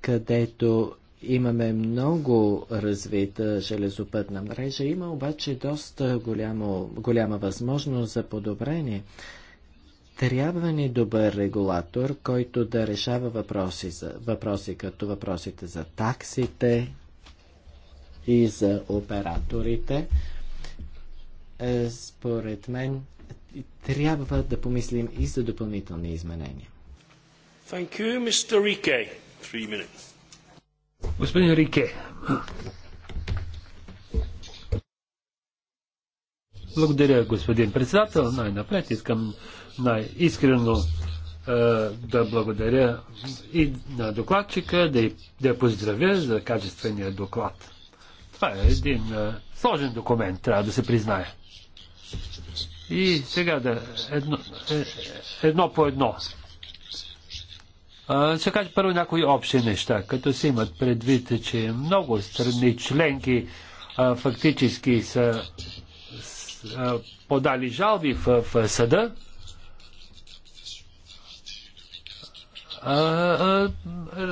където Имаме много развита железопътна мрежа, има обаче доста голямо, голяма възможност за подобрение. Трябва ни добър регулатор, който да решава въпроси, за, въпроси като въпросите за таксите и за операторите. Е, според мен трябва да помислим и за допълнителни изменения. Thank you, Mr. Rike. Three minutes. Господин Рике. Благодаря, господин председател. Най-напред искам най-искрено е, да благодаря и на докладчика, да, и, да я поздравя за качествения доклад. Това е един е, сложен документ, трябва да се признае. И сега да едно, е, е едно по едно ще кажа първо някои общи неща, като се имат предвид, че много страни членки а, фактически са с, а, подали жалби в, в съда. А,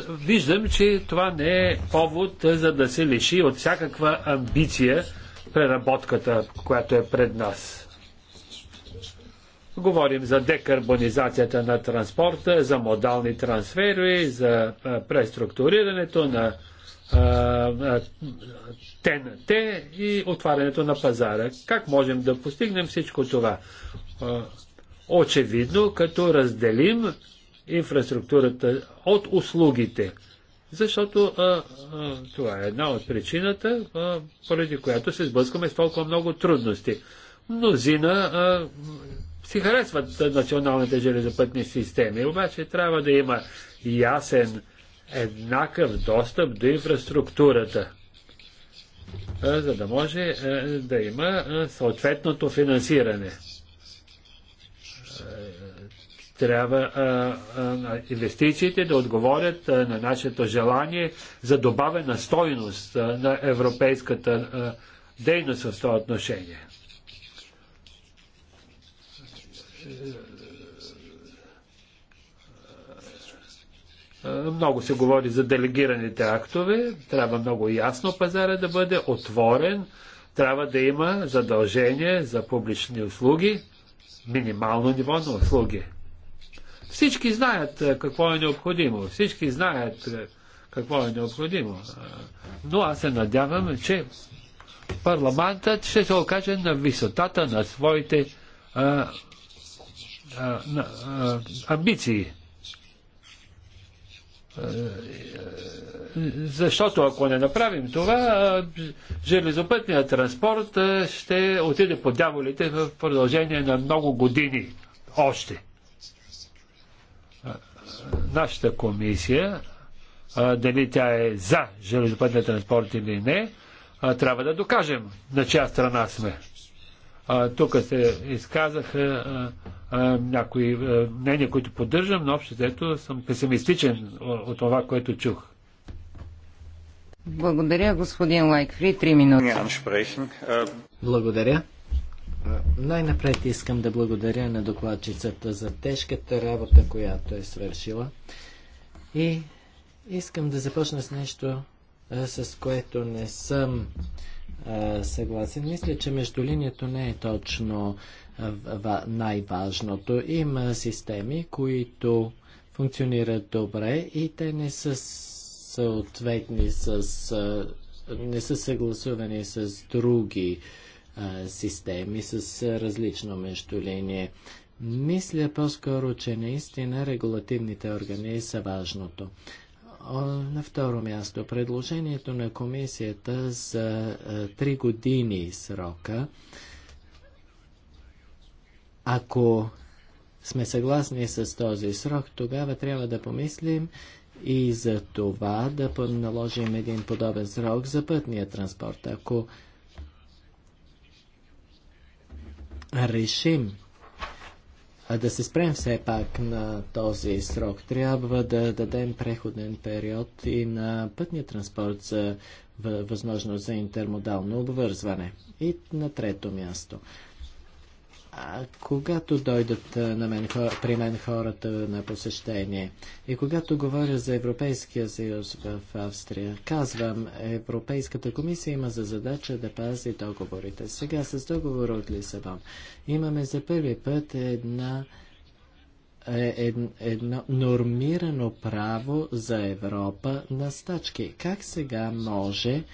виждам, че това не е повод за да се лиши от всякаква амбиция преработката, която е пред нас. Говорим за декарбонизацията на транспорта, за модални трансфери, за преструктурирането на ТНТ и отварянето на пазара. Как можем да постигнем всичко това? Очевидно, като разделим инфраструктурата от услугите. Защото а, а, това е една от причината, а, поради която се сблъскаме с толкова много трудности. Мнозина а, си харесват националните железопътни системи, обаче трябва да има ясен, еднакъв достъп до инфраструктурата, за да може да има съответното финансиране. Трябва инвестициите да отговорят на нашето желание за добавена стойност на европейската дейност в това отношение. Много се говори за делегираните актове. Трябва много ясно пазара да бъде отворен. Трябва да има задължение за публични услуги, минимално ниво на услуги. Всички знаят какво е необходимо. Всички знаят какво е необходимо. Но аз се надявам, че парламентът ще се окаже на висотата на своите а, амбиции. Е, е, защото ако не направим това, железопътният транспорт ще отиде по дяволите в продължение на много години още. Нашата комисия, дали тя е за железопътния транспорт или не, трябва да докажем на чия страна сме. А, тук се изказаха някои мнения, които поддържам, но общо взето съм песимистичен от това, което чух. Благодаря, господин Лайкфри. Три минути. Благодаря. Най-напред искам да благодаря на докладчицата за тежката работа, която е свършила. И искам да започна с нещо, с което не съм съгласен. Мисля, че междулинието не е точно най-важното. Има системи, които функционират добре и те не са съответни с не са съгласувани с други системи, с различно междулиние. Мисля по-скоро, че наистина регулативните органи са важното. На второ място, предложението на комисията за три години срока. Ако сме съгласни с този срок, тогава трябва да помислим и за това да наложим един подобен срок за пътния транспорт. Ако решим а да се спрем все пак на този срок. Трябва да дадем преходен период и на пътния транспорт за възможност за интермодално обвързване. И на трето място. А когато дойдат на мен, при мен хората на посещение и когато говоря за Европейския съюз в Австрия, казвам, Европейската комисия има за задача да пази договорите. Сега с договора от Лисабон имаме за първи път една Ед, е, едно нормирано право за Европа на стачки. Как сега може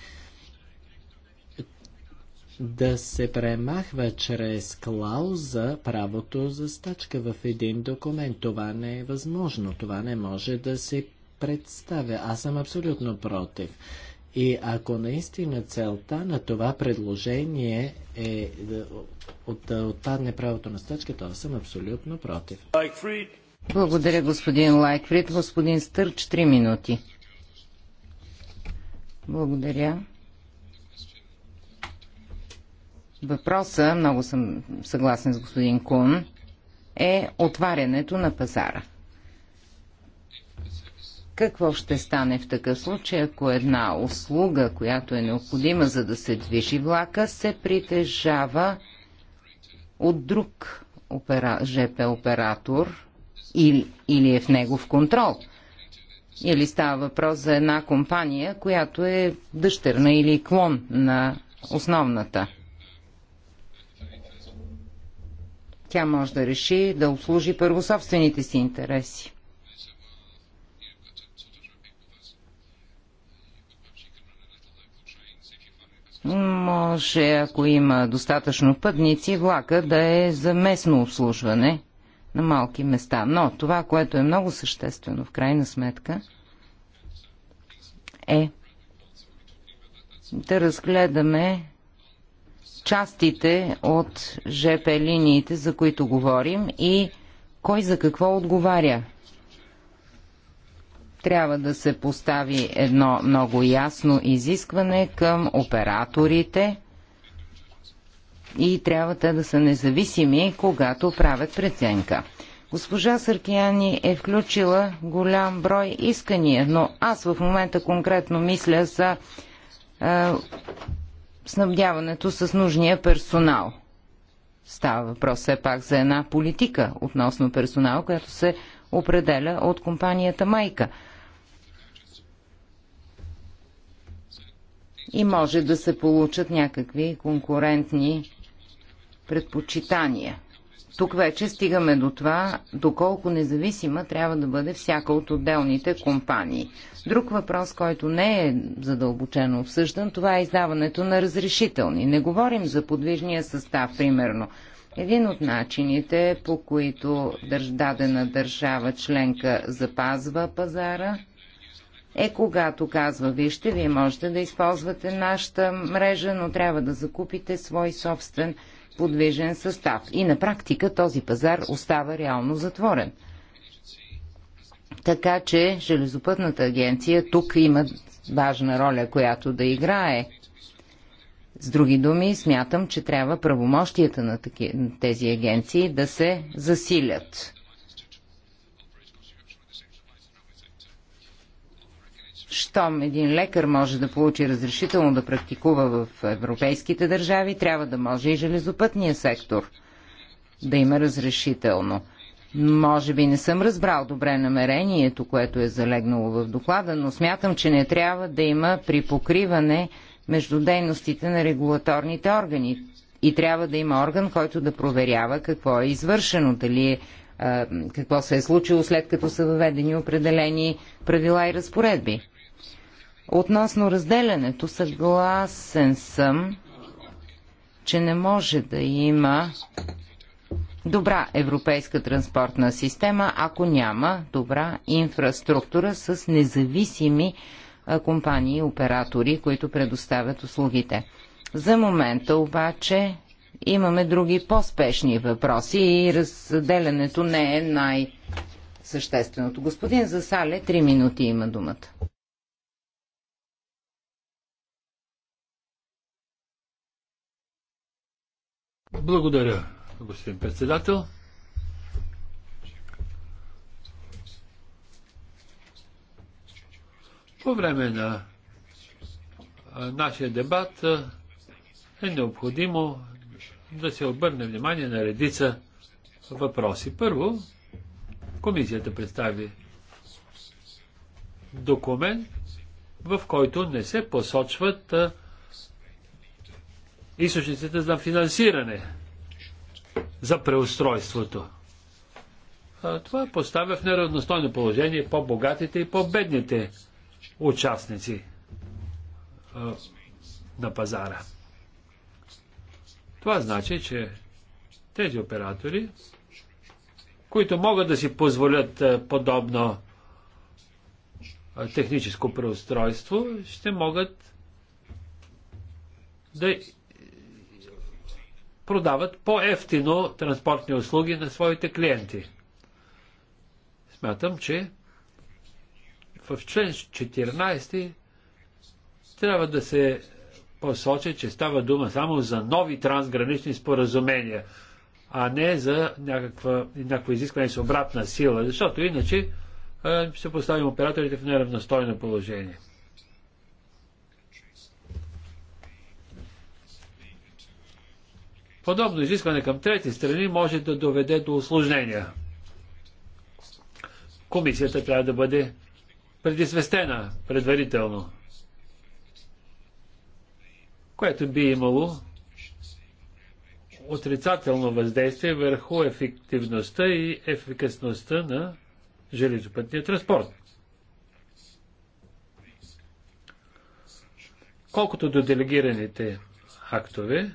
да се премахва чрез клауза правото за стачка в един документ. Това не е възможно. Това не може да се представя. Аз съм абсолютно против. И ако наистина целта на това предложение е да, да отпадне правото на стачка, то съм абсолютно против. Благодаря, господин Лайкфрид. Господин Стърч, 3 минути. Благодаря. Въпроса, много съм съгласен с господин Кун, е отварянето на пазара. Какво ще стане в такъв случай, ако една услуга, която е необходима за да се движи влака, се притежава от друг опера... ЖП оператор или, или е в негов контрол? Или става въпрос за една компания, която е дъщерна или клон на основната? Тя може да реши да обслужи първо собствените си интереси. Може, ако има достатъчно пътници, влака да е за местно обслужване на малки места. Но това, което е много съществено в крайна сметка, е да разгледаме частите от ЖП линиите, за които говорим и кой за какво отговаря. Трябва да се постави едно много ясно изискване към операторите и трябва те да са независими, когато правят преценка. Госпожа Съркияни е включила голям брой искания, но аз в момента конкретно мисля за е, снабдяването с нужния персонал. Става въпрос все пак за една политика относно персонал, която се определя от компанията Майка. И може да се получат някакви конкурентни предпочитания. Тук вече стигаме до това, доколко независима трябва да бъде всяка от отделните компании. Друг въпрос, който не е задълбочено обсъждан, това е издаването на разрешителни. Не говорим за подвижния състав, примерно. Един от начините, по които дадена държава членка запазва пазара, е когато казва, вижте, вие можете да използвате нашата мрежа, но трябва да закупите свой собствен подвижен състав. И на практика този пазар остава реално затворен. Така че Железопътната агенция тук има важна роля, която да играе. С други думи, смятам, че трябва правомощията на тези агенции да се засилят. щом един лекар може да получи разрешително да практикува в европейските държави, трябва да може и железопътния сектор да има разрешително. Може би не съм разбрал добре намерението, което е залегнало в доклада, но смятам, че не трябва да има припокриване между дейностите на регулаторните органи. И трябва да има орган, който да проверява какво е извършено, дали е какво се е случило след като са въведени определени правила и разпоредби. Относно разделянето, съгласен съм, че не може да има добра европейска транспортна система, ако няма добра инфраструктура с независими компании и оператори, които предоставят услугите. За момента обаче имаме други по-спешни въпроси и разделянето не е най-същественото. Господин Засале, три минути има думата. Благодаря, господин председател. По време на нашия дебат е необходимо да се обърне внимание на редица въпроси. Първо, комисията представи документ, в който не се посочват източниците за финансиране за преустройството. Това поставя в неравностойно положение по-богатите и по-бедните участници на пазара. Това значи, че тези оператори, които могат да си позволят подобно техническо преустройство, ще могат да продават по-ефтино транспортни услуги на своите клиенти. Смятам, че в член 14 трябва да се посочи, че става дума само за нови трансгранични споразумения, а не за някаква, някакво изискване с обратна сила, защото иначе се поставим операторите в неравностойно положение. Подобно изискване към трети страни може да доведе до осложнения. Комисията трябва да бъде предизвестена предварително, което би имало отрицателно въздействие върху ефективността и ефикасността на железопътния транспорт. Колкото до делегираните актове,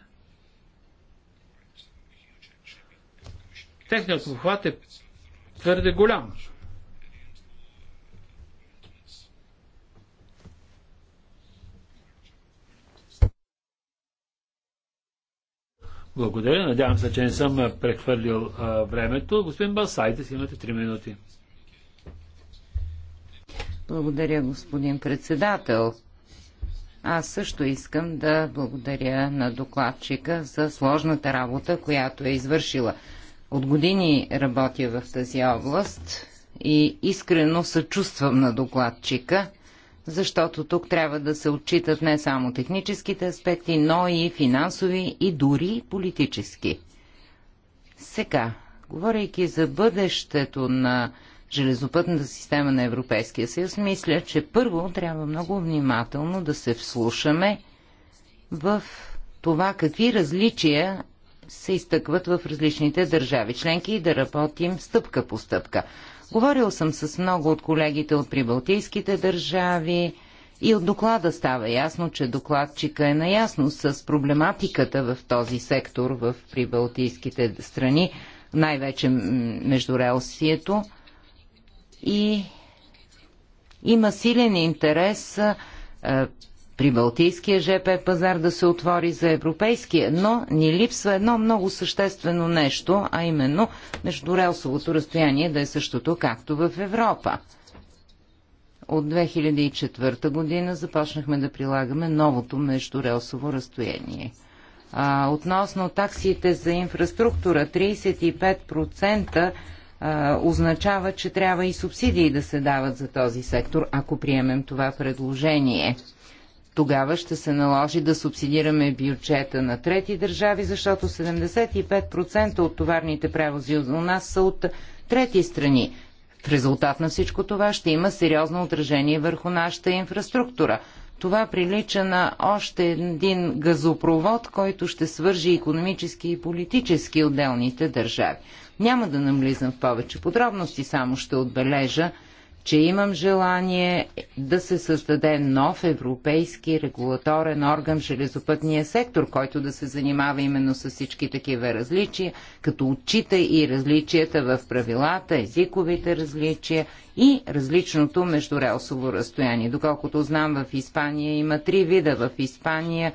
Техният обхват е твърде голям. Благодаря. Надявам се, че не съм прехвърлил а, времето. Господин Балсайте, си имате 3 минути. Благодаря, господин председател. Аз също искам да благодаря на докладчика за сложната работа, която е извършила от години работя в тази област и искрено съчувствам на докладчика, защото тук трябва да се отчитат не само техническите аспекти, но и финансови и дори политически. Сега, говорейки за бъдещето на железопътната система на Европейския съюз, мисля, че първо трябва много внимателно да се вслушаме в това какви различия се изтъкват в различните държави членки и да работим стъпка по стъпка. Говорил съм с много от колегите от прибалтийските държави и от доклада става ясно, че докладчика е наясно с проблематиката в този сектор в прибалтийските страни, най-вече между релсието и има силен интерес при Балтийския ЖП пазар да се отвори за европейския, но ни липсва едно много съществено нещо, а именно междурелсовото разстояние да е същото както в Европа. От 2004 година започнахме да прилагаме новото междурелсово разстояние. А, относно таксите за инфраструктура, 35% а, означава, че трябва и субсидии да се дават за този сектор, ако приемем това предложение тогава ще се наложи да субсидираме бюджета на трети държави, защото 75% от товарните превози у нас са от трети страни. В резултат на всичко това ще има сериозно отражение върху нашата инфраструктура. Това прилича на още един газопровод, който ще свържи економически и политически отделните държави. Няма да навлизам в повече подробности, само ще отбележа, че имам желание да се създаде нов европейски регулаторен орган в железопътния сектор, който да се занимава именно с всички такива различия, като отчита и различията в правилата, езиковите различия и различното междурелсово разстояние. Доколкото знам, в Испания има три вида. В Испания,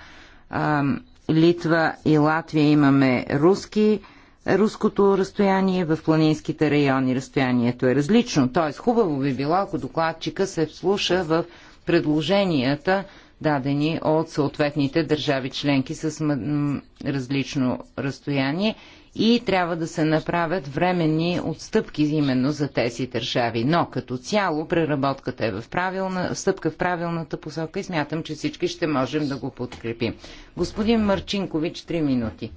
Литва и Латвия имаме руски руското разстояние в планинските райони. Разстоянието е различно. Т.е. хубаво би било, ако докладчика се вслуша в предложенията, дадени от съответните държави членки с различно разстояние и трябва да се направят временни отстъпки именно за тези държави. Но като цяло преработката е в правилна, стъпка в правилната посока и смятам, че всички ще можем да го подкрепим. Господин Марчинкович, 3 минути.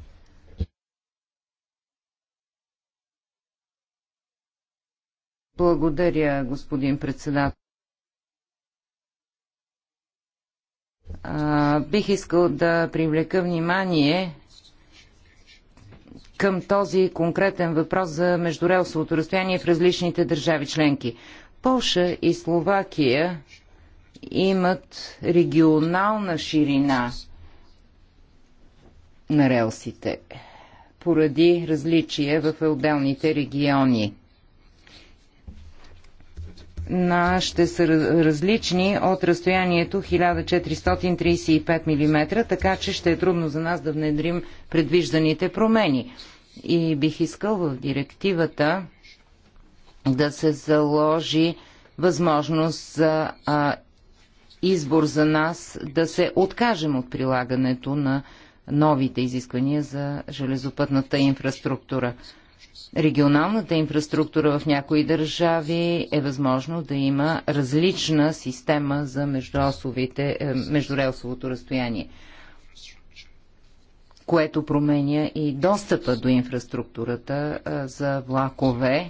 Благодаря, господин председател. А, бих искал да привлека внимание към този конкретен въпрос за междурелсовото разстояние в различните държави членки. Полша и Словакия имат регионална ширина на релсите поради различия в отделните региони на ще са различни от разстоянието 1435 мм, така че ще е трудно за нас да внедрим предвижданите промени. И бих искал в директивата да се заложи възможност за а, избор за нас да се откажем от прилагането на новите изисквания за железопътната инфраструктура регионалната инфраструктура в някои държави е възможно да има различна система за е, междурелсовото разстояние, което променя и достъпа до инфраструктурата е, за влакове,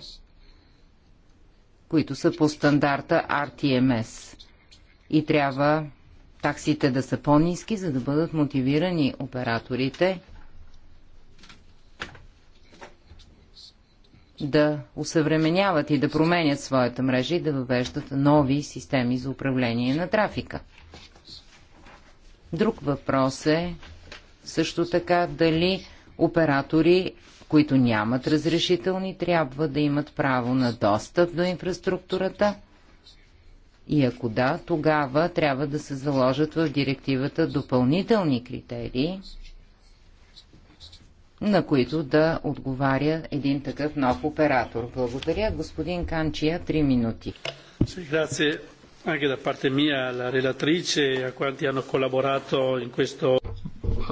които са по стандарта RTMS. И трябва таксите да са по-низки, за да бъдат мотивирани операторите – да усъвременяват и да променят своята мрежа и да въвеждат нови системи за управление на трафика. Друг въпрос е също така дали оператори, които нямат разрешителни, трябва да имат право на достъп до инфраструктурата. И ако да, тогава трябва да се заложат в директивата допълнителни критерии, на които да отговаря един такъв нов оператор. Благодаря. Господин Канчия, три минути. E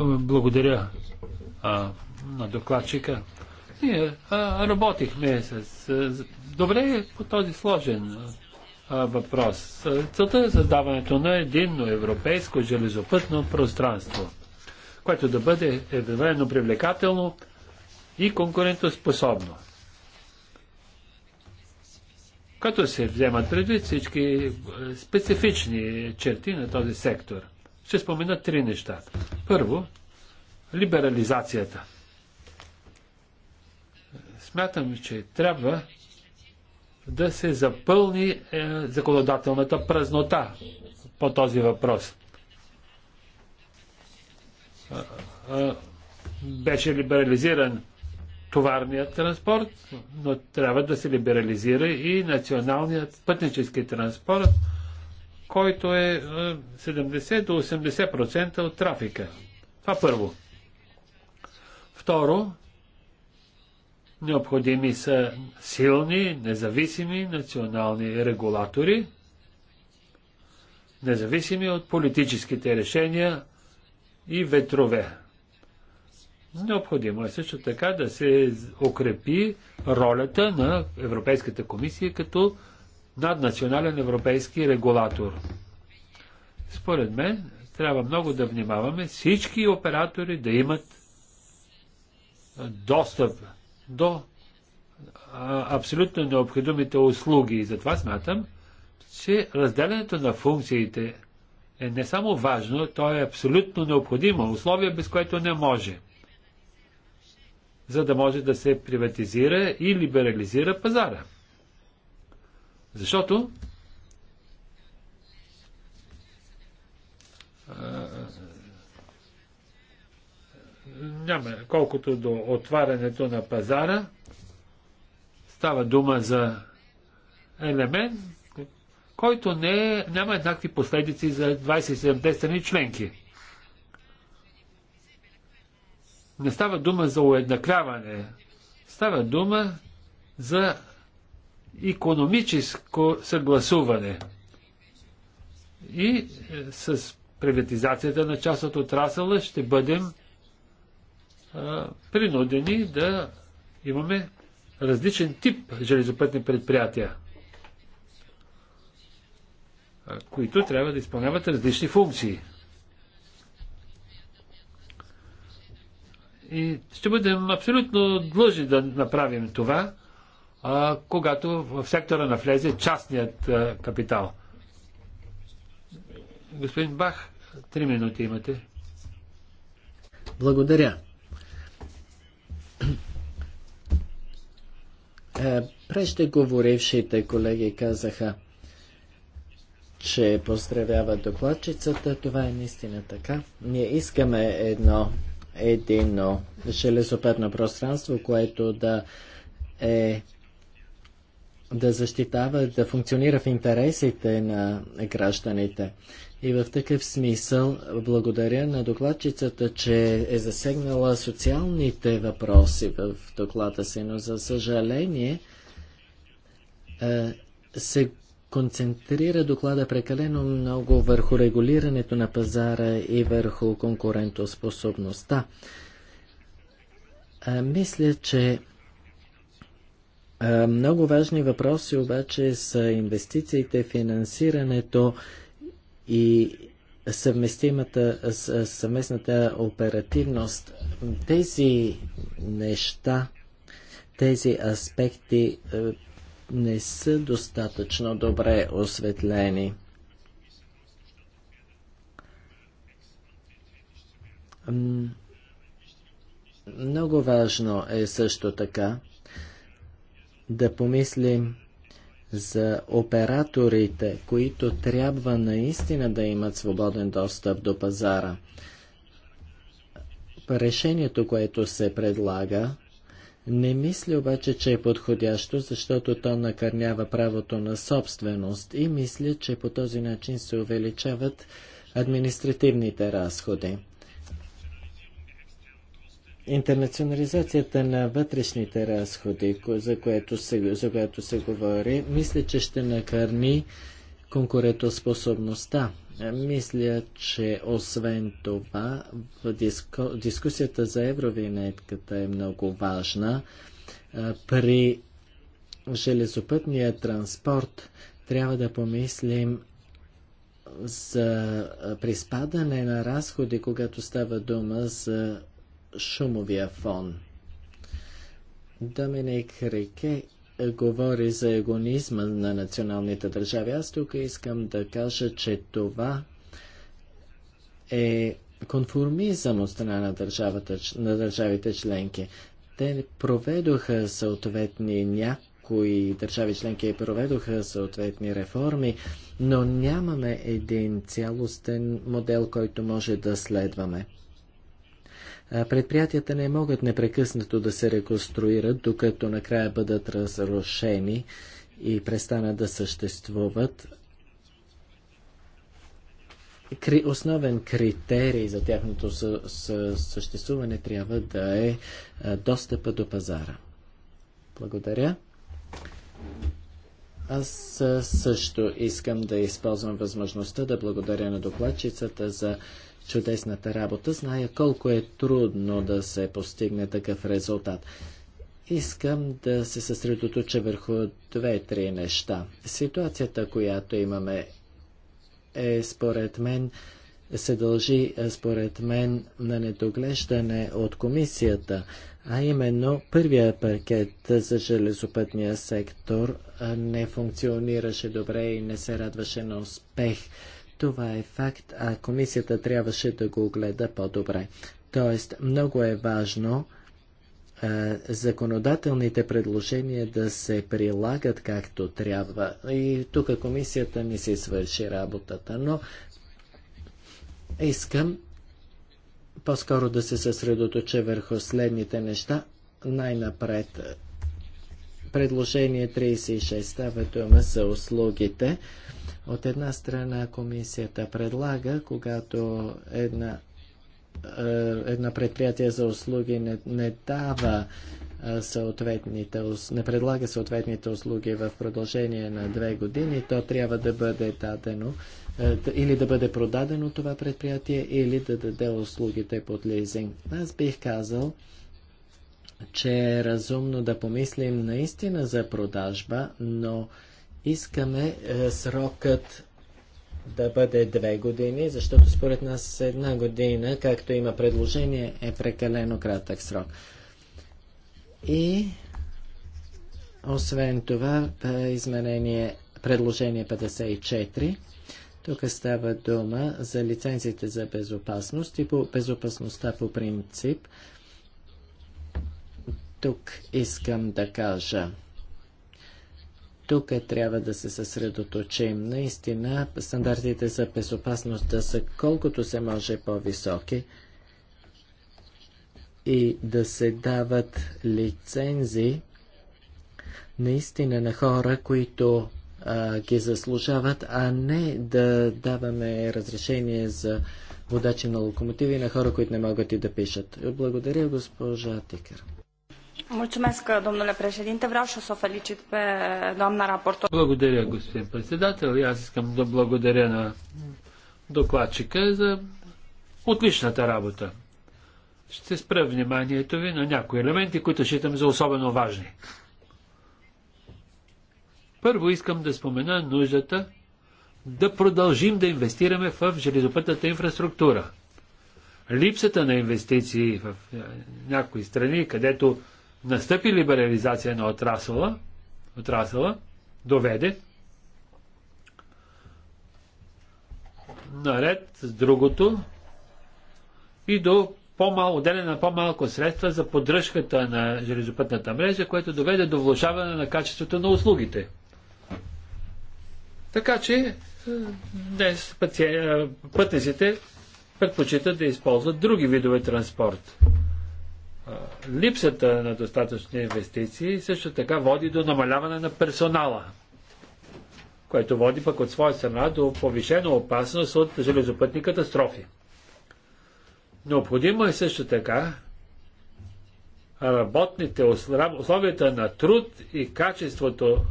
Благодаря а, на докладчика. Ние работихме с, а, добре по този сложен а, въпрос. Целта е създаването на единно европейско железопътно пространство което да бъде едновременно привлекателно и конкурентоспособно. Като се вземат предвид всички е, специфични черти на този сектор. Ще спомена три неща. Първо, либерализацията. Смятам, че трябва да се запълни е, законодателната празнота по този въпрос беше либерализиран товарният транспорт, но трябва да се либерализира и националният пътнически транспорт, който е 70 до 80% от трафика. Това първо. Второ, необходими са силни, независими национални регулатори, независими от политическите решения и ветрове. Необходимо е също така да се укрепи ролята на Европейската комисия като наднационален европейски регулатор. Според мен трябва много да внимаваме всички оператори да имат достъп до абсолютно необходимите услуги. И затова смятам, че разделянето на функциите е не само важно, то е абсолютно необходимо, условие без което не може. За да може да се приватизира и либерализира пазара. Защото а, няма, колкото до отварянето на пазара, става дума за елемент, който не, няма еднакви последици за 27 страни членки. Не става дума за уеднакряване, става дума за економическо съгласуване. И е, с приватизацията на част от отрасъла ще бъдем а, е, принудени да имаме различен тип железопътни предприятия които трябва да изпълняват различни функции. И ще бъдем абсолютно длъжни да направим това, а, когато в сектора навлезе частният а, капитал. Господин Бах, три минути имате. Благодаря. Е, преждеговорившите колеги казаха, че поздравява докладчицата. Това е наистина така. Ние искаме едно едино железопедно пространство, което да е да защитава, да функционира в интересите на гражданите. И в такъв смисъл благодаря на докладчицата, че е засегнала социалните въпроси в доклада си, но за съжаление е, се концентрира доклада прекалено много върху регулирането на пазара и върху конкурентоспособността. А, мисля, че а, много важни въпроси обаче са инвестициите, финансирането и съвместимата, съвместната оперативност. Тези неща, тези аспекти не са достатъчно добре осветлени. Много важно е също така да помислим за операторите, които трябва наистина да имат свободен достъп до пазара. Решението, което се предлага, не мисля обаче, че е подходящо, защото то накърнява правото на собственост и мисля, че по този начин се увеличават административните разходи. Интернационализацията на вътрешните разходи, за което се, за което се говори, мисля, че ще накърни конкурентоспособността мисля, че освен това, диску... дискусията за евровинетката е много важна. При железопътния транспорт трябва да помислим за приспадане на разходи, когато става дума за шумовия фон. Доминик Рике е, говори за егонизма на националните държави. Аз тук искам да кажа, че това е конформизъм от страна на, държавата, на държавите членки. Те проведоха съответни някои държави членки проведоха съответни реформи, но нямаме един цялостен модел, който може да следваме. Предприятията не могат непрекъснато да се реконструират, докато накрая бъдат разрушени и престанат да съществуват. Кри, основен критерий за тяхното съществуване трябва да е достъпа до пазара. Благодаря. Аз също искам да използвам възможността да благодаря на докладчицата за чудесната работа. Зная колко е трудно да се постигне такъв резултат. Искам да се съсредоточа върху две-три неща. Ситуацията, която имаме, е според мен се дължи е, според мен на недоглеждане от комисията, а именно първия пакет за железопътния сектор не функционираше добре и не се радваше на успех. Това е факт, а комисията трябваше да го гледа по-добре. Тоест, много е важно законодателните предложения да се прилагат както трябва. И тук комисията не си свърши работата, но искам по-скоро да се съсредоточа върху следните неща. Най-напред предложение 36 става дума за услугите. От една страна комисията предлага, когато една, е, една предприятие за услуги не, не дава е, съответните, не предлага съответните услуги в продължение на две години, то трябва да бъде дадено е, или да бъде продадено това предприятие, или да даде услугите под лизинг. Аз бих казал, че е разумно да помислим наистина за продажба, но Искаме е, срокът да бъде две години, защото според нас една година, както има предложение, е прекалено кратък срок. И освен това, е, изменение, предложение 54, тук става дума за лицензите за безопасност и по безопасността по принцип. Тук искам да кажа, тук е, трябва да се съсредоточим. Наистина, стандартите за безопасност да са колкото се може по-високи и да се дават лицензи наистина на хора, които а, ги заслужават, а не да даваме разрешение за водачи на локомотиви на хора, които не могат и да пишат. Благодаря, госпожа Тикер domnule președinte. Vreau și să o felicit pe doamna raportor. Благодаря, господин председател. И аз искам да благодаря на докладчика за отличната работа. Ще спра вниманието ви на някои елементи, които считам за особено важни. Първо искам да спомена нуждата да продължим да инвестираме в железопътната инфраструктура. Липсата на инвестиции в някои страни, където настъпи либерализация на отрасъла, отрасъла доведе наред с другото и до по-мал, отделяне на по-малко средства за поддръжката на железопътната мрежа, което доведе до влушаване на качеството на услугите. Така че е, днес е, пътниците предпочитат да използват други видове транспорт. Липсата на достатъчни инвестиции също така води до намаляване на персонала, което води пък от своя страна до повишена опасност от железопътни катастрофи. Необходимо е също така работните условията на труд и качеството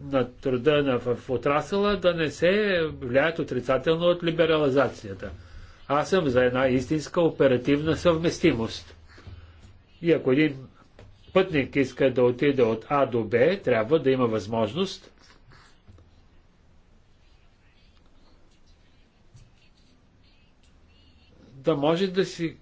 на труда в отрасъла да не се влияят отрицателно от либерализацията. Аз съм за една истинска оперативна съвместимост. И ако един пътник иска да отиде от А до Б, трябва да има възможност да може да си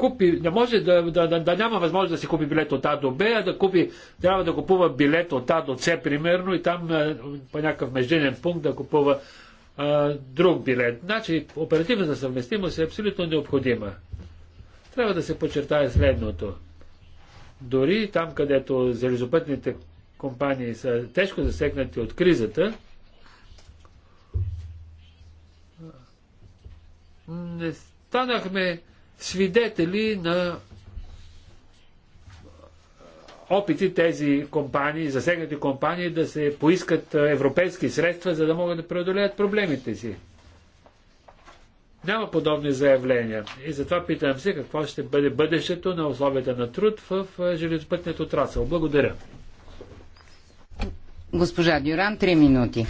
купи, не може да, да, да, да няма възможност да си купи билет от А до Б, а да купи, трябва да купува билет от А до С примерно и там е, по някакъв междинен пункт да купува а, друг билет. Значи оперативната съвместимост е абсолютно необходима. Трябва да се подчертае следното. Дори там, където железопътните компании са тежко засегнати от кризата, не станахме свидетели на опити тези компании, засегнати компании, да се поискат европейски средства, за да могат да преодолеят проблемите си. Няма подобни заявления. И затова питам се какво ще бъде бъдещето на условията на труд в железопътният отрасъл. Благодаря. Госпожа Дюран, три минути.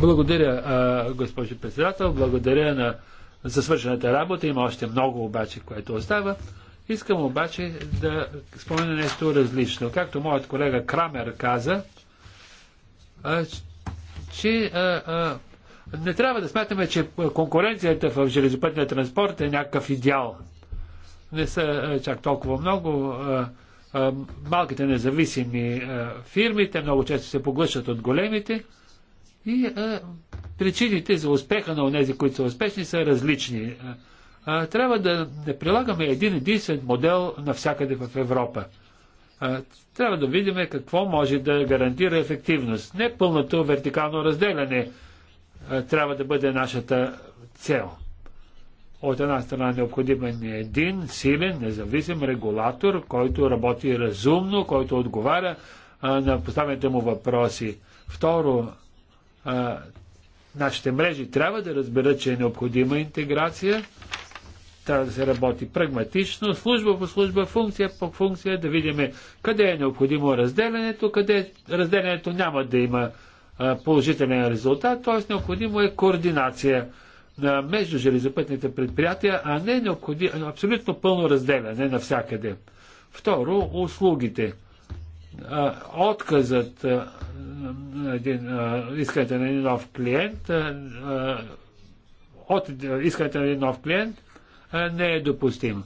Благодаря, госпожо председател. Благодаря на за свършената работа. Има още много обаче, което остава. Искам обаче да спомена нещо различно. Както моят колега Крамер каза, а, че а, а, не трябва да смятаме, че конкуренцията в железопътния транспорт е някакъв идеал. Не са чак толкова много. Малките независими фирмите много често се поглъщат от големите и Причините за успеха на тези, които са успешни, са различни. Трябва да, не прилагаме един единствен модел навсякъде в Европа. Трябва да видим какво може да гарантира ефективност. Не пълното вертикално разделяне трябва да бъде нашата цел. От една страна необходим е един силен, независим регулатор, който работи разумно, който отговаря на поставените му въпроси. Второ, Нашите мрежи трябва да разберат, че е необходима интеграция, трябва да се работи прагматично, служба по служба, функция по функция, да видим къде е необходимо разделянето, къде разделянето няма да има положителен резултат, т.е. необходимо е координация на между железопътните предприятия, а не необходимо, абсолютно пълно разделяне навсякъде. Второ, услугите отказът на един, искането на един нов клиент от искате на един нов клиент не е допустим.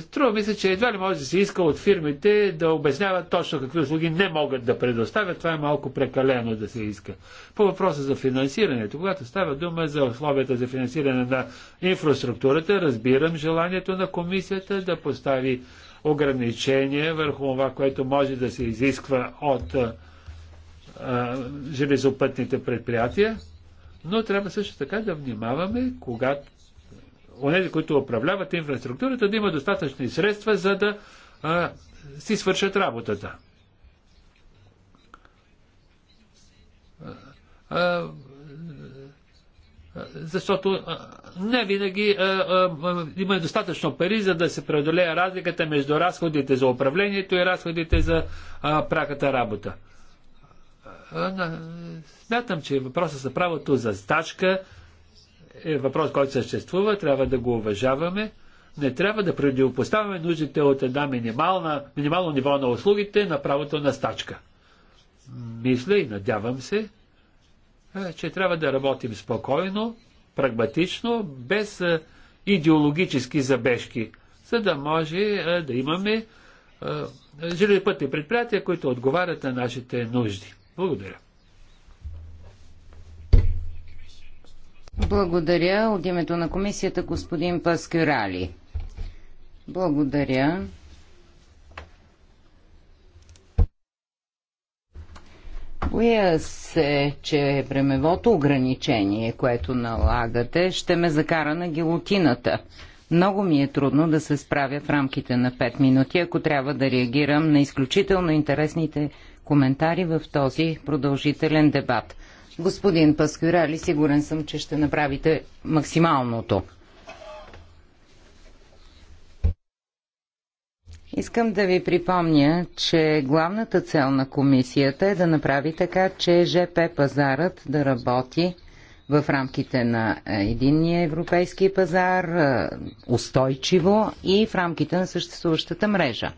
струва ми се, че едва ли може да се иска от фирмите да обясняват точно какви услуги не могат да предоставят. Това е малко прекалено да се иска. По въпроса за финансирането, когато става дума за условията за финансиране на инфраструктурата, разбирам желанието на комисията да постави ограничение върху това, което може да се изисква от а, а, железопътните предприятия, но трябва също така да внимаваме, когато онези, които управляват инфраструктурата, да има достатъчни средства, за да а, си свършат работата. А, защото не винаги а, а, има достатъчно пари, за да се преодолее разликата между разходите за управлението и разходите за а, праката работа. Смятам, че въпросът за правото за стачка е въпрос, който съществува, трябва да го уважаваме. Не трябва да предупоставяме нуждите от една минимална, минимално ниво на услугите на правото на стачка. Мисля и надявам се, е, че трябва да работим спокойно, прагматично, без е, идеологически забежки, за да може е, да имаме железопътни предприятия, които отговарят на нашите нужди. Благодаря. Благодаря. От името на комисията господин Паскюрали. Благодаря. Боя се, че е времевото ограничение, което налагате, ще ме закара на гилотината. Много ми е трудно да се справя в рамките на 5 минути, ако трябва да реагирам на изключително интересните коментари в този продължителен дебат. Господин Паскюрали, сигурен съм, че ще направите максималното. Искам да ви припомня, че главната цел на комисията е да направи така, че ЖП пазарът да работи в рамките на е, единния европейски пазар е, устойчиво и в рамките на съществуващата мрежа.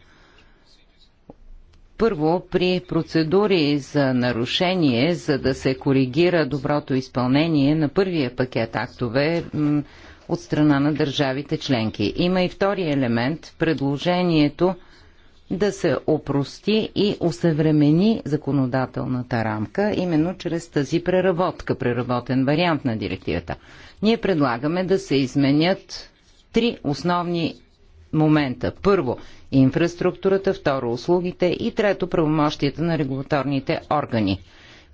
Първо, при процедури за нарушение, за да се коригира доброто изпълнение на първия пакет актове от страна на държавите членки. Има и втори елемент – предложението да се опрости и усъвремени законодателната рамка, именно чрез тази преработка, преработен вариант на директивата. Ние предлагаме да се изменят три основни момента. Първо, инфраструктурата, второ, услугите и трето, правомощията на регулаторните органи.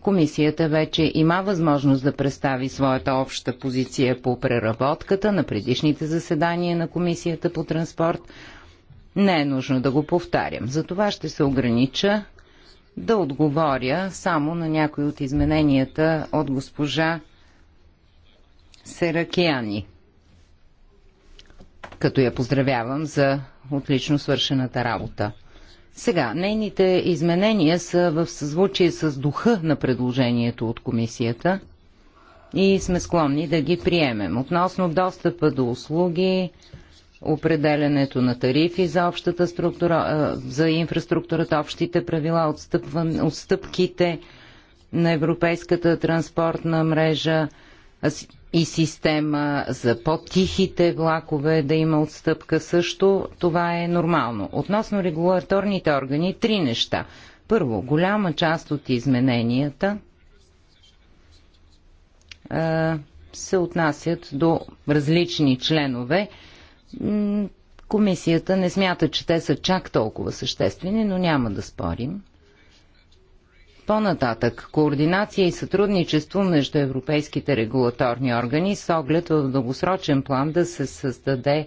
Комисията вече има възможност да представи своята обща позиция по преработката на предишните заседания на Комисията по транспорт. Не е нужно да го повтарям. За това ще се огранича да отговоря само на някои от измененията от госпожа Серакияни като я поздравявам за отлично свършената работа. Сега, нейните изменения са в съзвучие с духа на предложението от комисията и сме склонни да ги приемем. Относно достъпа до услуги, определенето на тарифи за, общата структура, за инфраструктурата, общите правила, отстъпките на европейската транспортна мрежа, и система за по-тихите влакове да има отстъпка също, това е нормално. Относно регулаторните органи, три неща. Първо, голяма част от измененията се отнасят до различни членове. Комисията не смята, че те са чак толкова съществени, но няма да спорим. По-нататък, координация и сътрудничество между европейските регулаторни органи с оглед в дългосрочен план да се създаде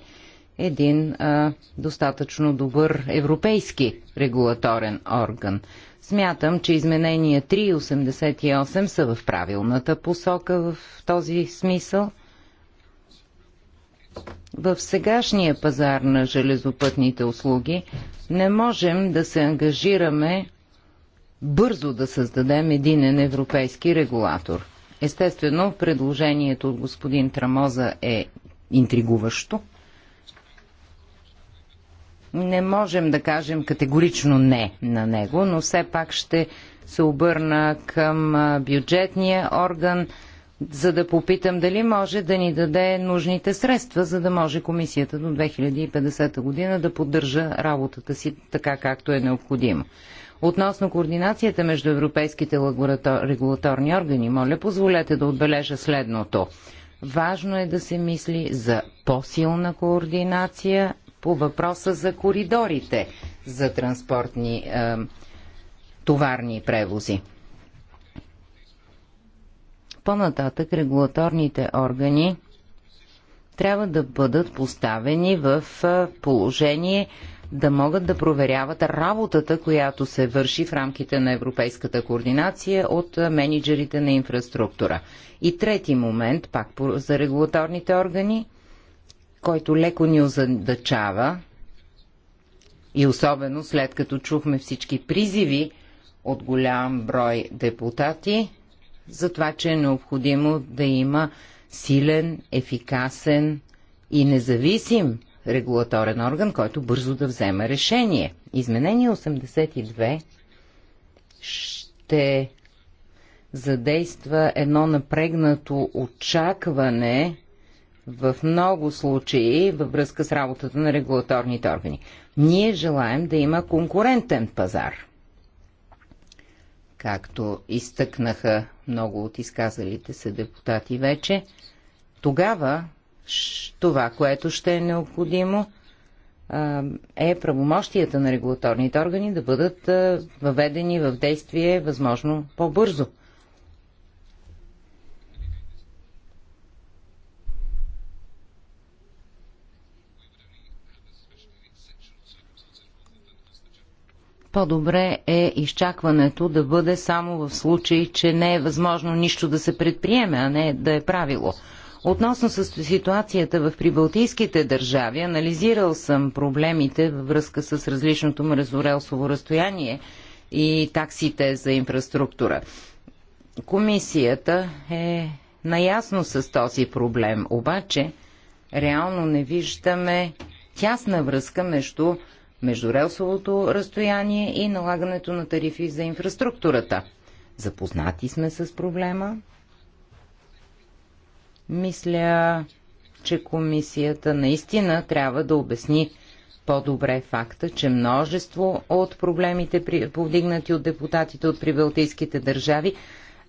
един а, достатъчно добър европейски регулаторен орган. Смятам, че изменения 3,88 са в правилната посока в този смисъл. В сегашния пазар на железопътните услуги не можем да се ангажираме бързо да създадем единен европейски регулатор. Естествено, предложението от господин Трамоза е интригуващо. Не можем да кажем категорично не на него, но все пак ще се обърна към бюджетния орган, за да попитам дали може да ни даде нужните средства, за да може комисията до 2050 година да поддържа работата си така, както е необходимо. Относно координацията между европейските регулаторни органи, моля позволете да отбележа следното. Важно е да се мисли за по-силна координация по въпроса за коридорите за транспортни е, товарни превози. По-нататък регулаторните органи трябва да бъдат поставени в е, положение да могат да проверяват работата, която се върши в рамките на европейската координация от менеджерите на инфраструктура. И трети момент, пак за регулаторните органи, който леко ни озадачава, и особено след като чухме всички призиви от голям брой депутати, за това, че е необходимо да има силен, ефикасен и независим регулаторен орган, който бързо да вземе решение. Изменение 82 ще задейства едно напрегнато очакване в много случаи във връзка с работата на регулаторните органи. Ние желаем да има конкурентен пазар. Както изтъкнаха много от изказалите се депутати вече, тогава това, което ще е необходимо, е правомощията на регулаторните органи да бъдат въведени в действие възможно по-бързо. по-добре е изчакването да бъде само в случай, че не е възможно нищо да се предприеме, а не да е правило. Относно ситуацията в прибалтийските държави, анализирал съм проблемите във връзка с различното мразорелсово разстояние и таксите за инфраструктура. Комисията е наясно с този проблем, обаче реално не виждаме тясна връзка между междурелсовото разстояние и налагането на тарифи за инфраструктурата. Запознати сме с проблема, мисля, че комисията наистина трябва да обясни по-добре факта, че множество от проблемите, повдигнати от депутатите от прибалтийските държави,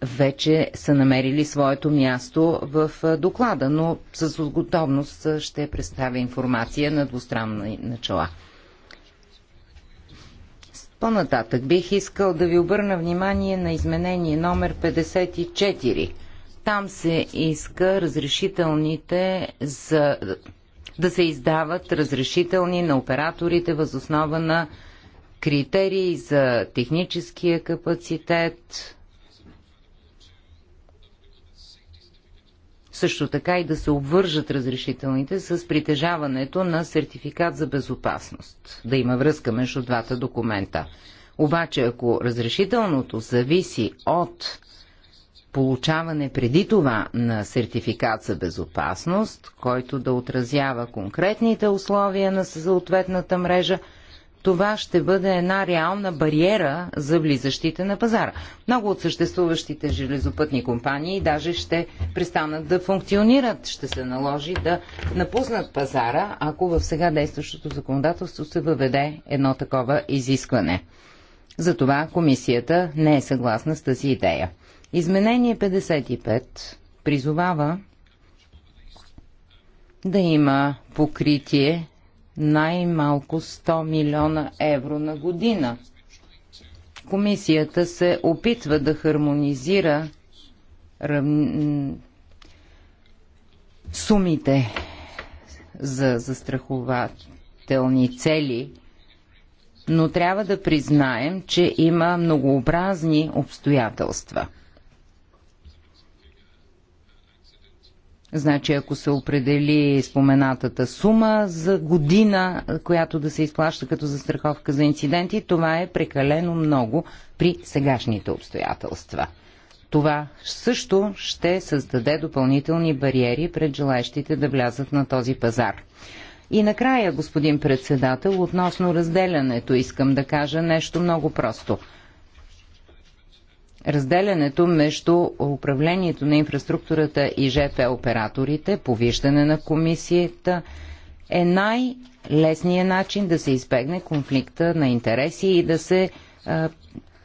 вече са намерили своето място в доклада, но с готовност ще представя информация на двустранни начала. По-нататък бих искал да ви обърна внимание на изменение номер 54 – там се иска разрешителните за да се издават разрешителни на операторите възоснова на критерии за техническия капацитет, също така и да се обвържат разрешителните с притежаването на сертификат за безопасност, да има връзка между двата документа. Обаче, ако разрешителното зависи от получаване преди това на сертификат за безопасност, който да отразява конкретните условия на съответната мрежа, това ще бъде една реална бариера за влизащите на пазара. Много от съществуващите железопътни компании даже ще престанат да функционират, ще се наложи да напуснат пазара, ако в сега действащото законодателство се въведе едно такова изискване. Затова комисията не е съгласна с тази идея. Изменение 55 призовава да има покритие най-малко 100 милиона евро на година. Комисията се опитва да хармонизира рав... сумите за застрахователни цели, но трябва да признаем, че има многообразни обстоятелства – Значи, ако се определи споменатата сума за година, която да се изплаща като застраховка за инциденти, това е прекалено много при сегашните обстоятелства. Това също ще създаде допълнителни бариери пред желаящите да влязат на този пазар. И накрая, господин председател, относно разделянето искам да кажа нещо много просто – разделянето между управлението на инфраструктурата и ЖП операторите, повиждане на комисията, е най-лесният начин да се избегне конфликта на интереси и да се а,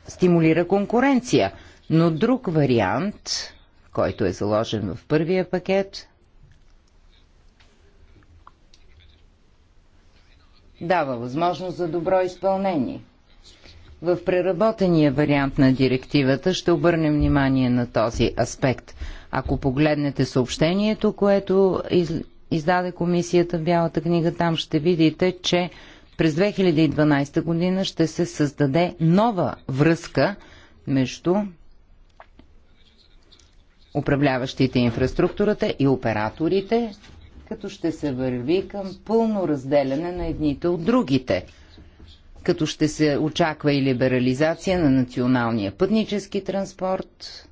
стимулира конкуренция. Но друг вариант, който е заложен в първия пакет, дава възможност за добро изпълнение. В преработения вариант на директивата ще обърнем внимание на този аспект. Ако погледнете съобщението, което издаде комисията в Бялата книга, там ще видите, че през 2012 година ще се създаде нова връзка между управляващите инфраструктурата и операторите, като ще се върви към пълно разделяне на едните от другите – като ще се очаква и либерализация на националния пътнически транспорт.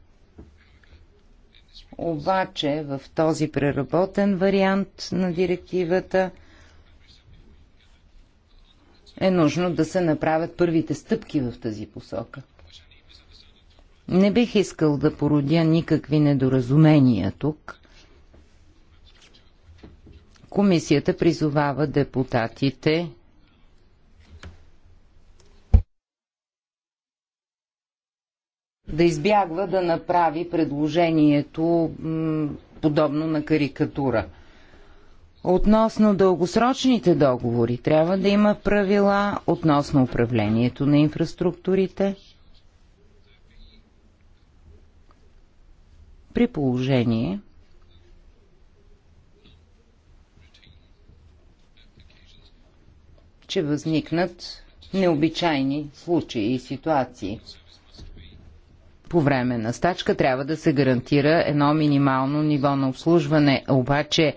Обаче в този преработен вариант на директивата е нужно да се направят първите стъпки в тази посока. Не бих искал да породя никакви недоразумения тук. Комисията призовава депутатите да избягва да направи предложението подобно на карикатура. Относно дългосрочните договори, трябва да има правила относно управлението на инфраструктурите. При положение, че възникнат необичайни случаи и ситуации – по време на стачка. Трябва да се гарантира едно минимално ниво на обслужване. Обаче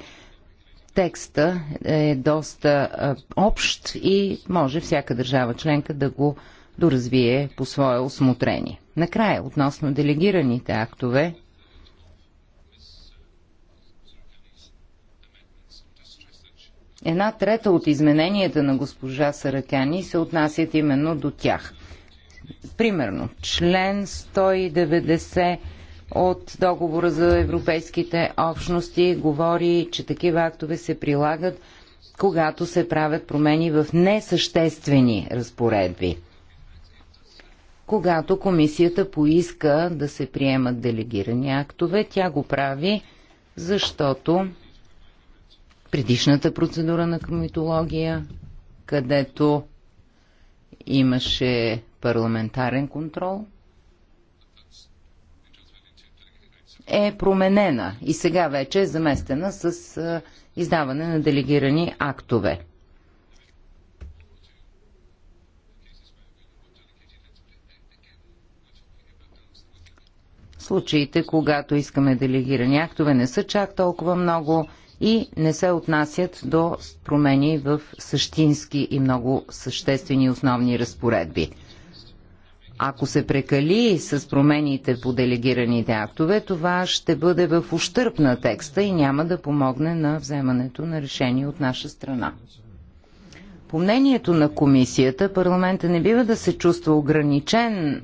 текста е доста общ и може всяка държава членка да го доразвие по свое осмотрение. Накрая, относно делегираните актове, Една трета от измененията на госпожа Саракяни се отнасят именно до тях – Примерно, член 190 от договора за европейските общности говори, че такива актове се прилагат, когато се правят промени в несъществени разпоредби. Когато комисията поиска да се приемат делегирани актове, тя го прави, защото предишната процедура на комитология, където имаше парламентарен контрол е променена и сега вече е заместена с издаване на делегирани актове. Случаите, когато искаме делегирани актове, не са чак толкова много и не се отнасят до промени в същински и много съществени основни разпоредби ако се прекали с промените по делегираните актове, това ще бъде в ущърп на текста и няма да помогне на вземането на решение от наша страна. По мнението на комисията, парламента не бива да се чувства ограничен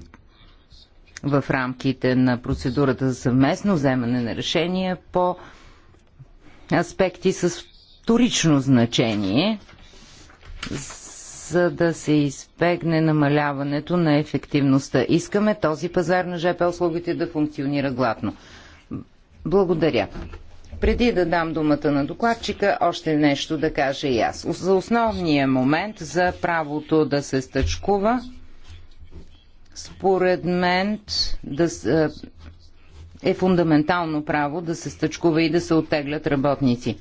в рамките на процедурата за съвместно вземане на решения по аспекти с вторично значение за да се избегне намаляването на ефективността. Искаме този пазар на ЖП услугите да функционира гладно. Благодаря. Преди да дам думата на докладчика, още нещо да кажа и аз. За основния момент за правото да се стъчкува, според мен да, е, е фундаментално право да се стъчкува и да се оттеглят работници.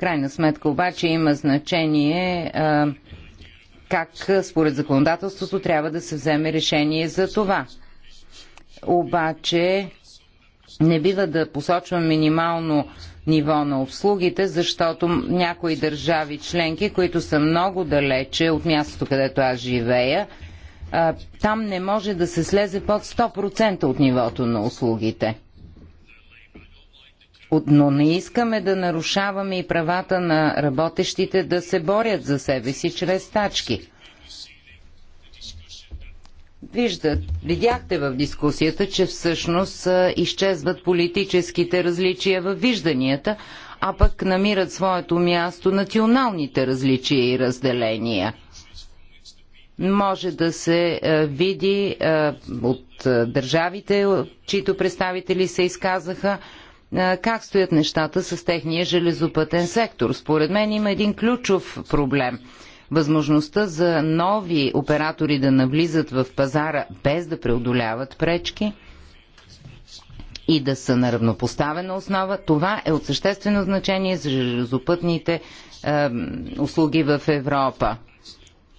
крайна сметка обаче има значение а, как според законодателството трябва да се вземе решение за това. Обаче не бива да посочвам минимално ниво на обслугите, защото някои държави членки, които са много далече от мястото, където аз живея, а, там не може да се слезе под 100% от нивото на услугите но не искаме да нарушаваме и правата на работещите да се борят за себе си чрез стачки. Виждат, видяхте в дискусията, че всъщност изчезват политическите различия в вижданията, а пък намират своето място националните различия и разделения. Може да се види от държавите, чието представители се изказаха, как стоят нещата с техния железопътен сектор. Според мен има един ключов проблем. Възможността за нови оператори да навлизат в пазара без да преодоляват пречки и да са на равнопоставена основа, това е от съществено значение за железопътните е, услуги в Европа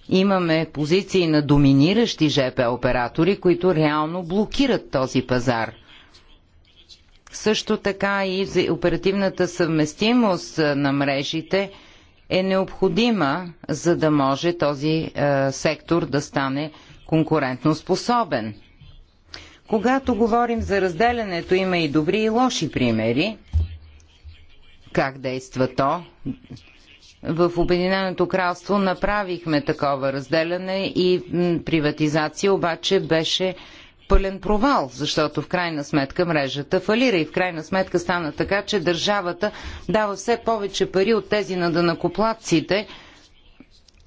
имаме позиции на доминиращи ЖП оператори, които реално блокират този пазар. Също така и оперативната съвместимост на мрежите е необходима, за да може този е, сектор да стане конкурентно способен. Когато говорим за разделянето, има и добри и лоши примери. Как действа то? В Обединеното кралство направихме такова разделяне и приватизация, обаче беше пълен провал, защото в крайна сметка мрежата фалира и в крайна сметка стана така, че държавата дава все повече пари от тези на дънакоплатците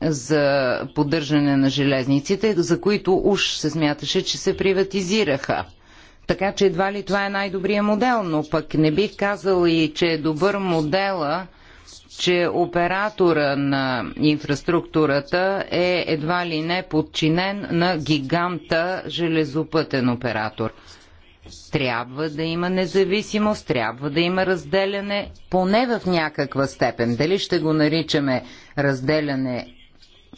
за поддържане на железниците, за които уж се смяташе, че се приватизираха. Така че едва ли това е най-добрият модел, но пък не бих казал и, че е добър модела – че оператора на инфраструктурата е едва ли не подчинен на гиганта железопътен оператор. Трябва да има независимост, трябва да има разделяне, поне в някаква степен. Дали ще го наричаме разделяне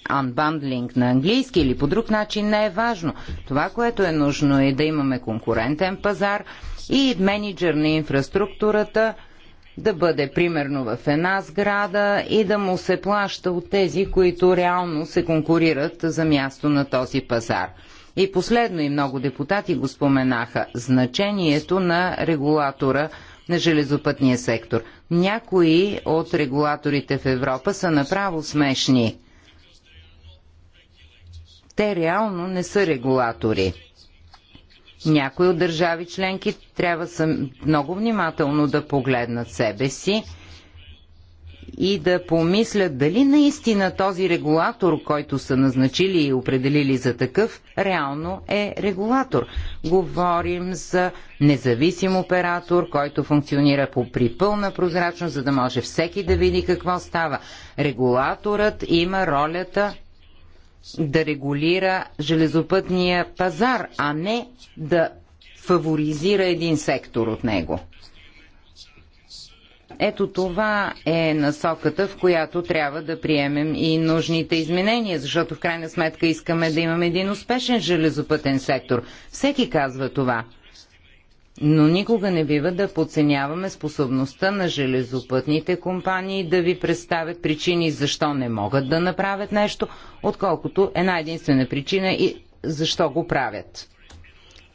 unbundling на английски или по друг начин не е важно. Това, което е нужно е да имаме конкурентен пазар и менеджер на инфраструктурата – да бъде примерно в една сграда и да му се плаща от тези, които реално се конкурират за място на този пазар. И последно и много депутати го споменаха значението на регулатора на железопътния сектор. Някои от регулаторите в Европа са направо смешни. Те реално не са регулатори. Някои от държави членки трябва съм много внимателно да погледнат себе си и да помислят дали наистина този регулатор, който са назначили и определили за такъв, реално е регулатор. Говорим за независим оператор, който функционира по припълна прозрачност, за да може всеки да види какво става. Регулаторът има ролята да регулира железопътния пазар, а не да фаворизира един сектор от него. Ето това е насоката, в която трябва да приемем и нужните изменения, защото в крайна сметка искаме да имаме един успешен железопътен сектор. Всеки казва това но никога не бива да подценяваме способността на железопътните компании да ви представят причини защо не могат да направят нещо, отколкото една единствена причина и защо го правят.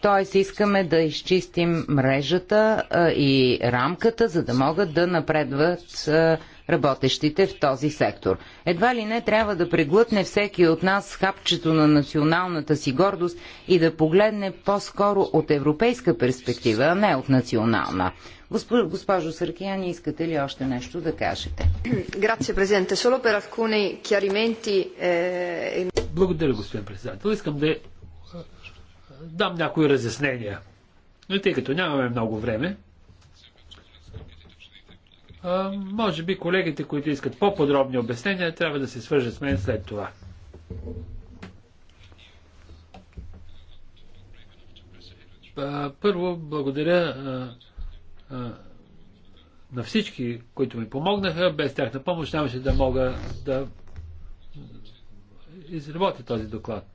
Тоест искаме да изчистим мрежата и рамката, за да могат да напредват а, работещите в този сектор. Едва ли не трябва да преглътне всеки от нас хапчето на националната си гордост и да погледне по-скоро от европейска перспектива, а не от национална. Госпожо, Саркияни, искате ли още нещо да кажете? Eh, e- Благодаря, господин председател. Искам да е, дам някои разяснения. Но тъй като нямаме много време, може би колегите, които искат по-подробни обяснения, трябва да се свържат с мен след това. първо, благодаря на всички, които ми помогнаха. Без тяхна помощ нямаше да мога да изработя този доклад.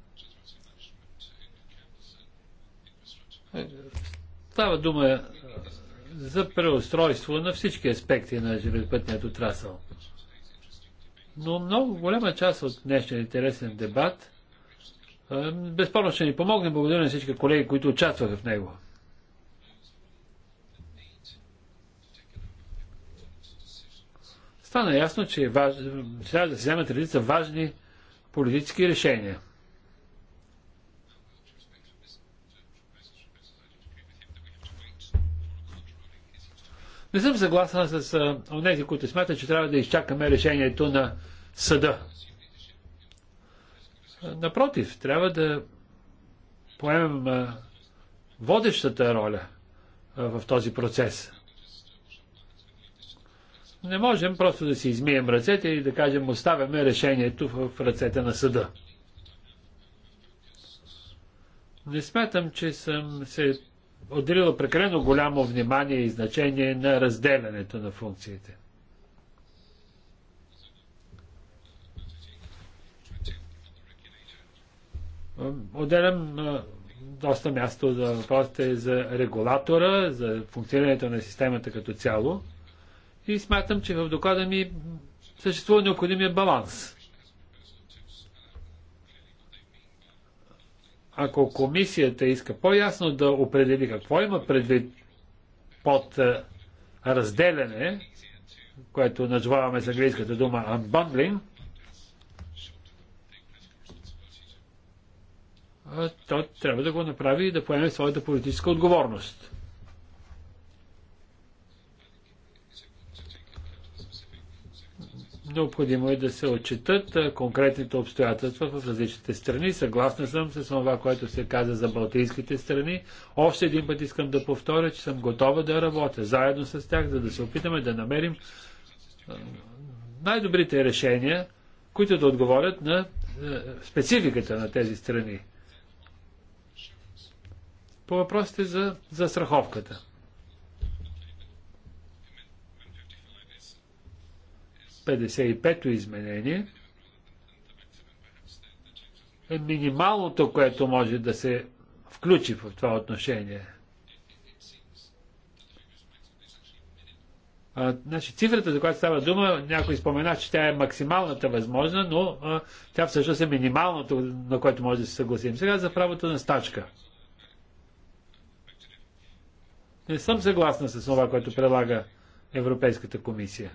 Е, става дума за преустройство на всички аспекти на железопътният отрасъл. Но много голяма част от днешния интересен дебат безспорно ще ни помогне. Благодаря на всички колеги, които участваха в него. Стана ясно, че е важ... трябва да се вземат редица важни политически решения – Не съм съгласен с тези, които смятат, че трябва да изчакаме решението на съда. Напротив, трябва да поемем водещата роля в този процес. Не можем просто да си измием ръцете и да кажем оставяме решението в ръцете на съда. Не смятам, че съм се отделила прекалено голямо внимание и значение на разделянето на функциите. Отделям доста място за въпросите за регулатора, за функционирането на системата като цяло и смятам, че в доклада ми съществува необходимия баланс. ако комисията иска по-ясно да определи какво има предвид под е, разделяне, което назваваме с английската дума unbundling, то трябва да го направи и да поеме своята политическа отговорност. Необходимо е да се отчитат конкретните обстоятелства в различните страни. Съгласна съм с това, което се каза за балтийските страни. Още един път искам да повторя, че съм готова да работя заедно с тях, за да се опитаме да намерим най-добрите решения, които да отговорят на спецификата на тези страни. По въпросите за застраховката. 55-то изменение е минималното, което може да се включи в това отношение. А, значи, цифрата, за която става дума, някой спомена, че тя е максималната възможна, но а, тя всъщност е минималното, на което може да се съгласим. Сега за правото на стачка. Не съм съгласна с това, което предлага Европейската комисия.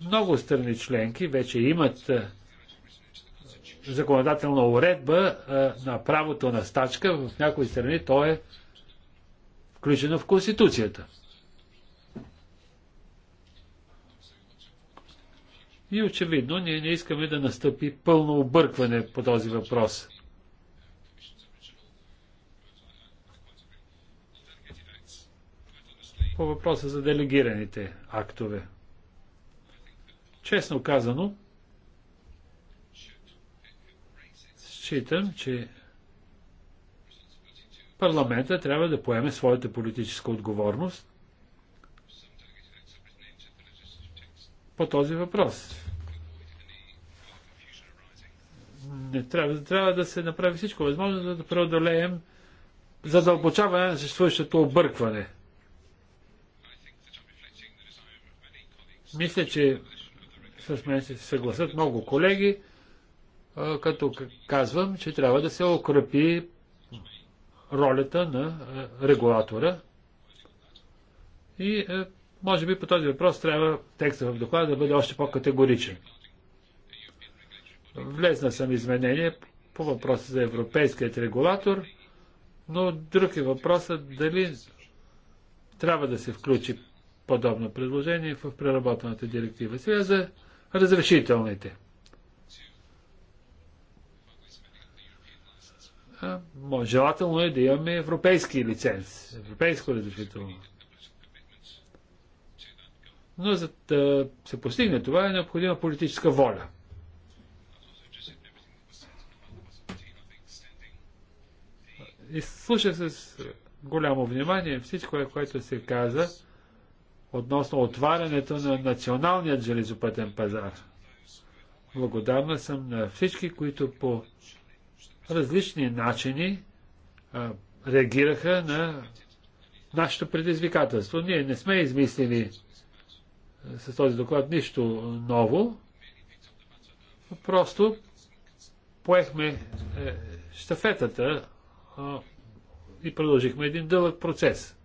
Много страни членки вече имат е, законодателна уредба е, на правото на стачка. В някои страни то е включено в Конституцията. И очевидно ние не искаме да настъпи пълно объркване по този въпрос. По въпроса за делегираните актове. Честно казано, считам, че парламента трябва да поеме своята политическа отговорност по този въпрос. Не трябва, трябва да се направи всичко възможно, за да преодолеем задълбочаване на съществуващото объркване. Мисля, че с мен се съгласат много колеги, като казвам, че трябва да се укрепи ролята на регулатора. И може би по този въпрос трябва текста в доклада да бъде още по-категоричен. Влезна съм изменение по въпроса за европейският регулатор, но друг е въпросът дали трябва да се включи подобно предложение в преработената директива. Сега за разрешителните. желателно е да имаме европейски лиценз, европейско разрешително. Но за да се постигне това е необходима политическа воля. И слушах с голямо внимание всичко, което се каза относно отварянето на националният железопътен пазар. Благодарна съм на всички, които по различни начини а, реагираха на нашето предизвикателство. Ние не сме измислили с този доклад нищо ново. Просто поехме е, штафетата а, и продължихме един дълъг процес.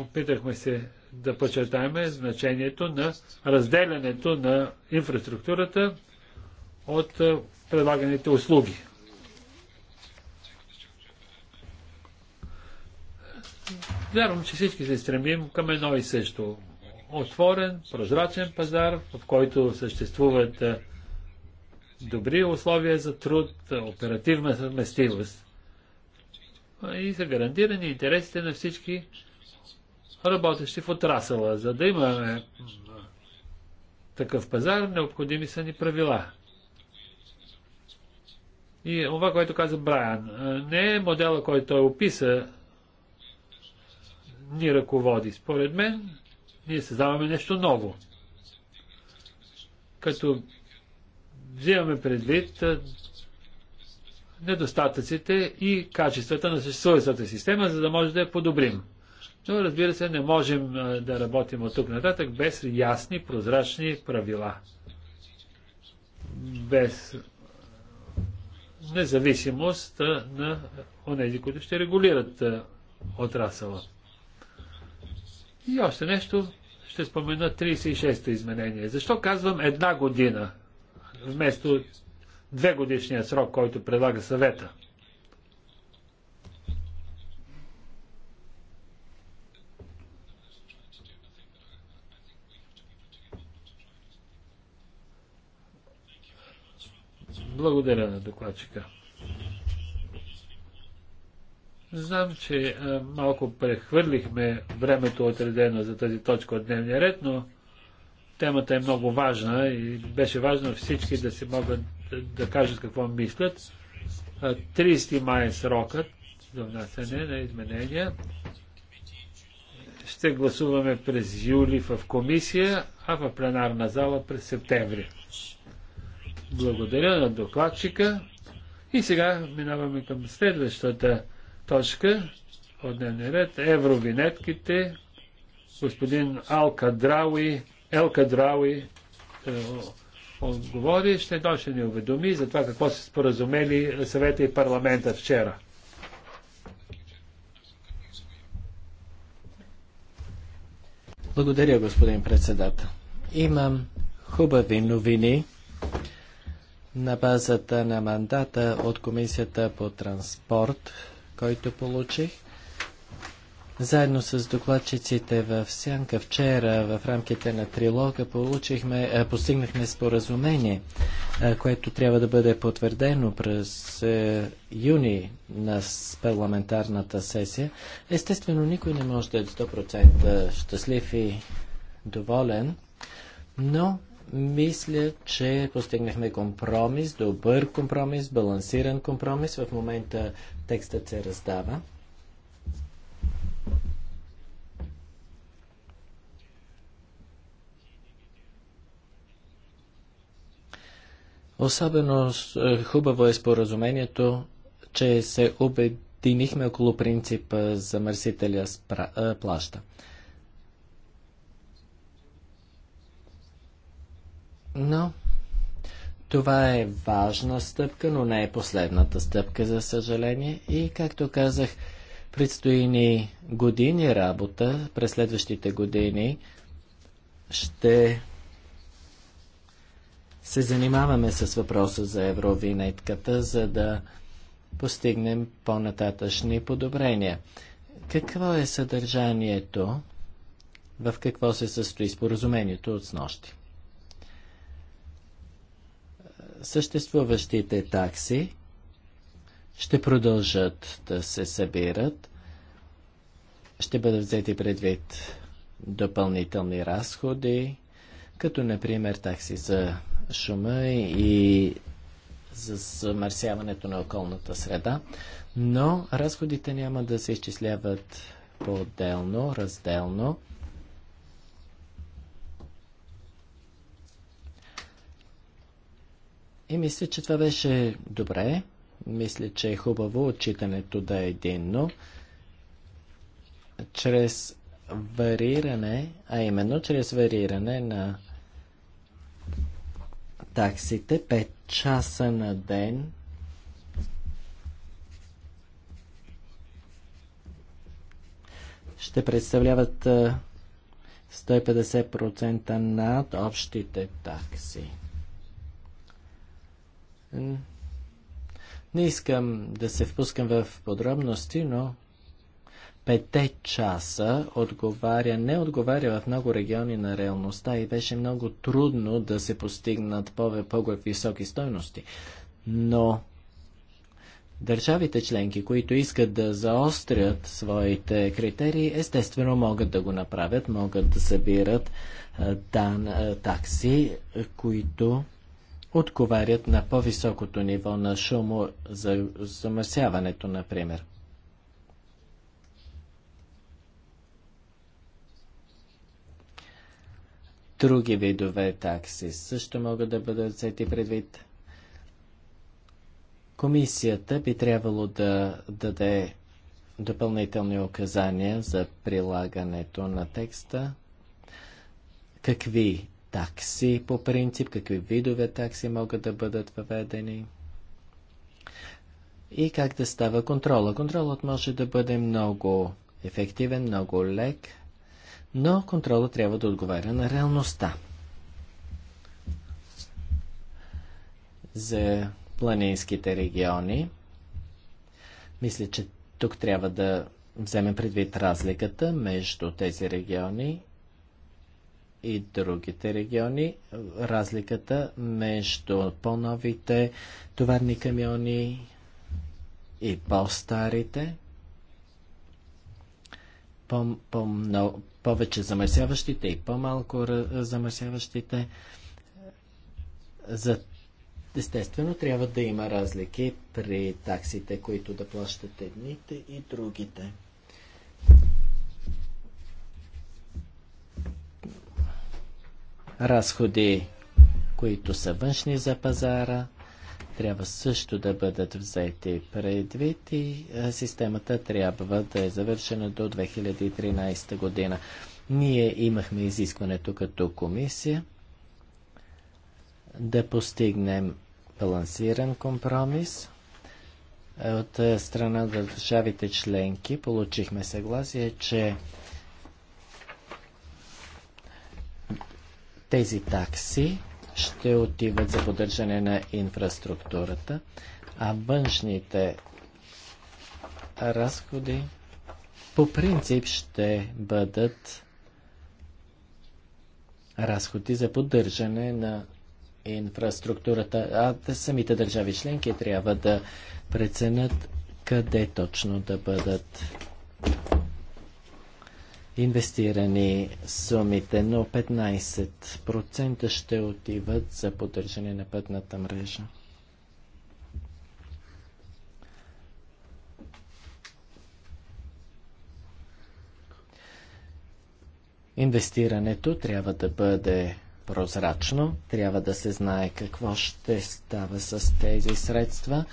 опитахме се да подчертаем значението на разделянето на инфраструктурата от е, предлаганите услуги. Вярвам, че всички се стремим към едно и също. Отворен, прозрачен пазар, в който съществуват е, добри условия за труд, оперативна съвместимост и са гарантирани интересите на всички работещи в отрасъла. За да имаме такъв пазар, необходими са ни правила. И това, което каза Брайан, не е модела, който той е описа, ни ръководи. Според мен, ние създаваме нещо ново. Като взимаме предвид недостатъците и качествата на съществуващата система, за да може да я подобрим. Но разбира се, не можем да работим от тук нататък без ясни, прозрачни правила. Без независимост на онези, които ще регулират отрасъла. И още нещо, ще спомена 36-то изменение. Защо казвам една година, вместо две годишния срок, който предлага съвета? Благодаря на докладчика. Знам, че е, малко прехвърлихме времето отредено за тази точка от дневния ред, но темата е много важна и беше важно всички да се могат да кажат какво мислят. 30 е, май е срокът за внасяне на изменения. Ще гласуваме през юли в комисия, а в пленарна зала през септември. Благодаря на докладчика. И сега минаваме към следващата точка от дневния ред. Евровинетките. Господин Алкадрауи, Елкадрауи е, отговори. Ще точно ни уведоми за това какво са споразумели съвета и парламента вчера. Благодаря, господин председател. Имам хубави новини на базата на мандата от Комисията по транспорт, който получих. Заедно с докладчиците в Сянка вчера в рамките на трилога получихме, е, постигнахме споразумение, е, което трябва да бъде потвърдено през е, юни на парламентарната сесия. Естествено, никой не може да е 100% щастлив и доволен, но мисля, че постигнахме компромис, добър компромис, балансиран компромис. В момента текстът се раздава. Особено е, хубаво е споразумението, че се обединихме около принципа замърсителя спра... Е, плаща. Но това е важна стъпка, но не е последната стъпка, за съжаление. И, както казах, предстои ни години работа. През следващите години ще се занимаваме с въпроса за евровинетката, за да постигнем по-нататъчни подобрения. Какво е съдържанието? В какво се състои споразумението от снощи? съществуващите такси ще продължат да се събират, ще бъдат взети предвид допълнителни разходи, като например такси за шума и за замърсяването на околната среда, но разходите няма да се изчисляват по-отделно, разделно. И мисля, че това беше добре. Мисля, че е хубаво отчитането да е единно. Чрез вариране, а именно чрез вариране на таксите 5 часа на ден ще представляват 150% над общите такси. Не искам да се впускам в подробности, но пете часа отговаря, не отговаря в много региони на реалността и беше много трудно да се постигнат по-високи стойности. Но държавите членки, които искат да заострят своите критерии, естествено могат да го направят, могат да събират дан, такси, които отговарят на по-високото ниво на шумо за замърсяването, например. Други видове такси също могат да бъдат взети предвид. Комисията би трябвало да даде допълнителни указания за прилагането на текста. Какви такси по принцип, какви видове такси могат да бъдат въведени и как да става контрола. Контролът може да бъде много ефективен, много лек, но контролът трябва да отговаря на реалността. За планинските региони, мисля, че тук трябва да вземем предвид разликата между тези региони и другите региони. Разликата между по-новите товарни камиони и по-старите, по, по повече замърсяващите и по-малко замърсяващите. За, естествено, трябва да има разлики при таксите, които да плащат едните и другите. разходи, които са външни за пазара, трябва също да бъдат взети предвид и системата трябва да е завършена до 2013 година. Ние имахме изискването като комисия да постигнем балансиран компромис. От страна на държавите членки получихме съгласие, че Тези такси ще отиват за поддържане на инфраструктурата, а външните разходи по принцип ще бъдат разходи за поддържане на инфраструктурата, а самите държави членки трябва да преценят къде точно да бъдат инвестирани сумите, но 15% ще отиват за поддържане на пътната мрежа. Инвестирането трябва да бъде прозрачно, трябва да се знае какво ще става с тези средства.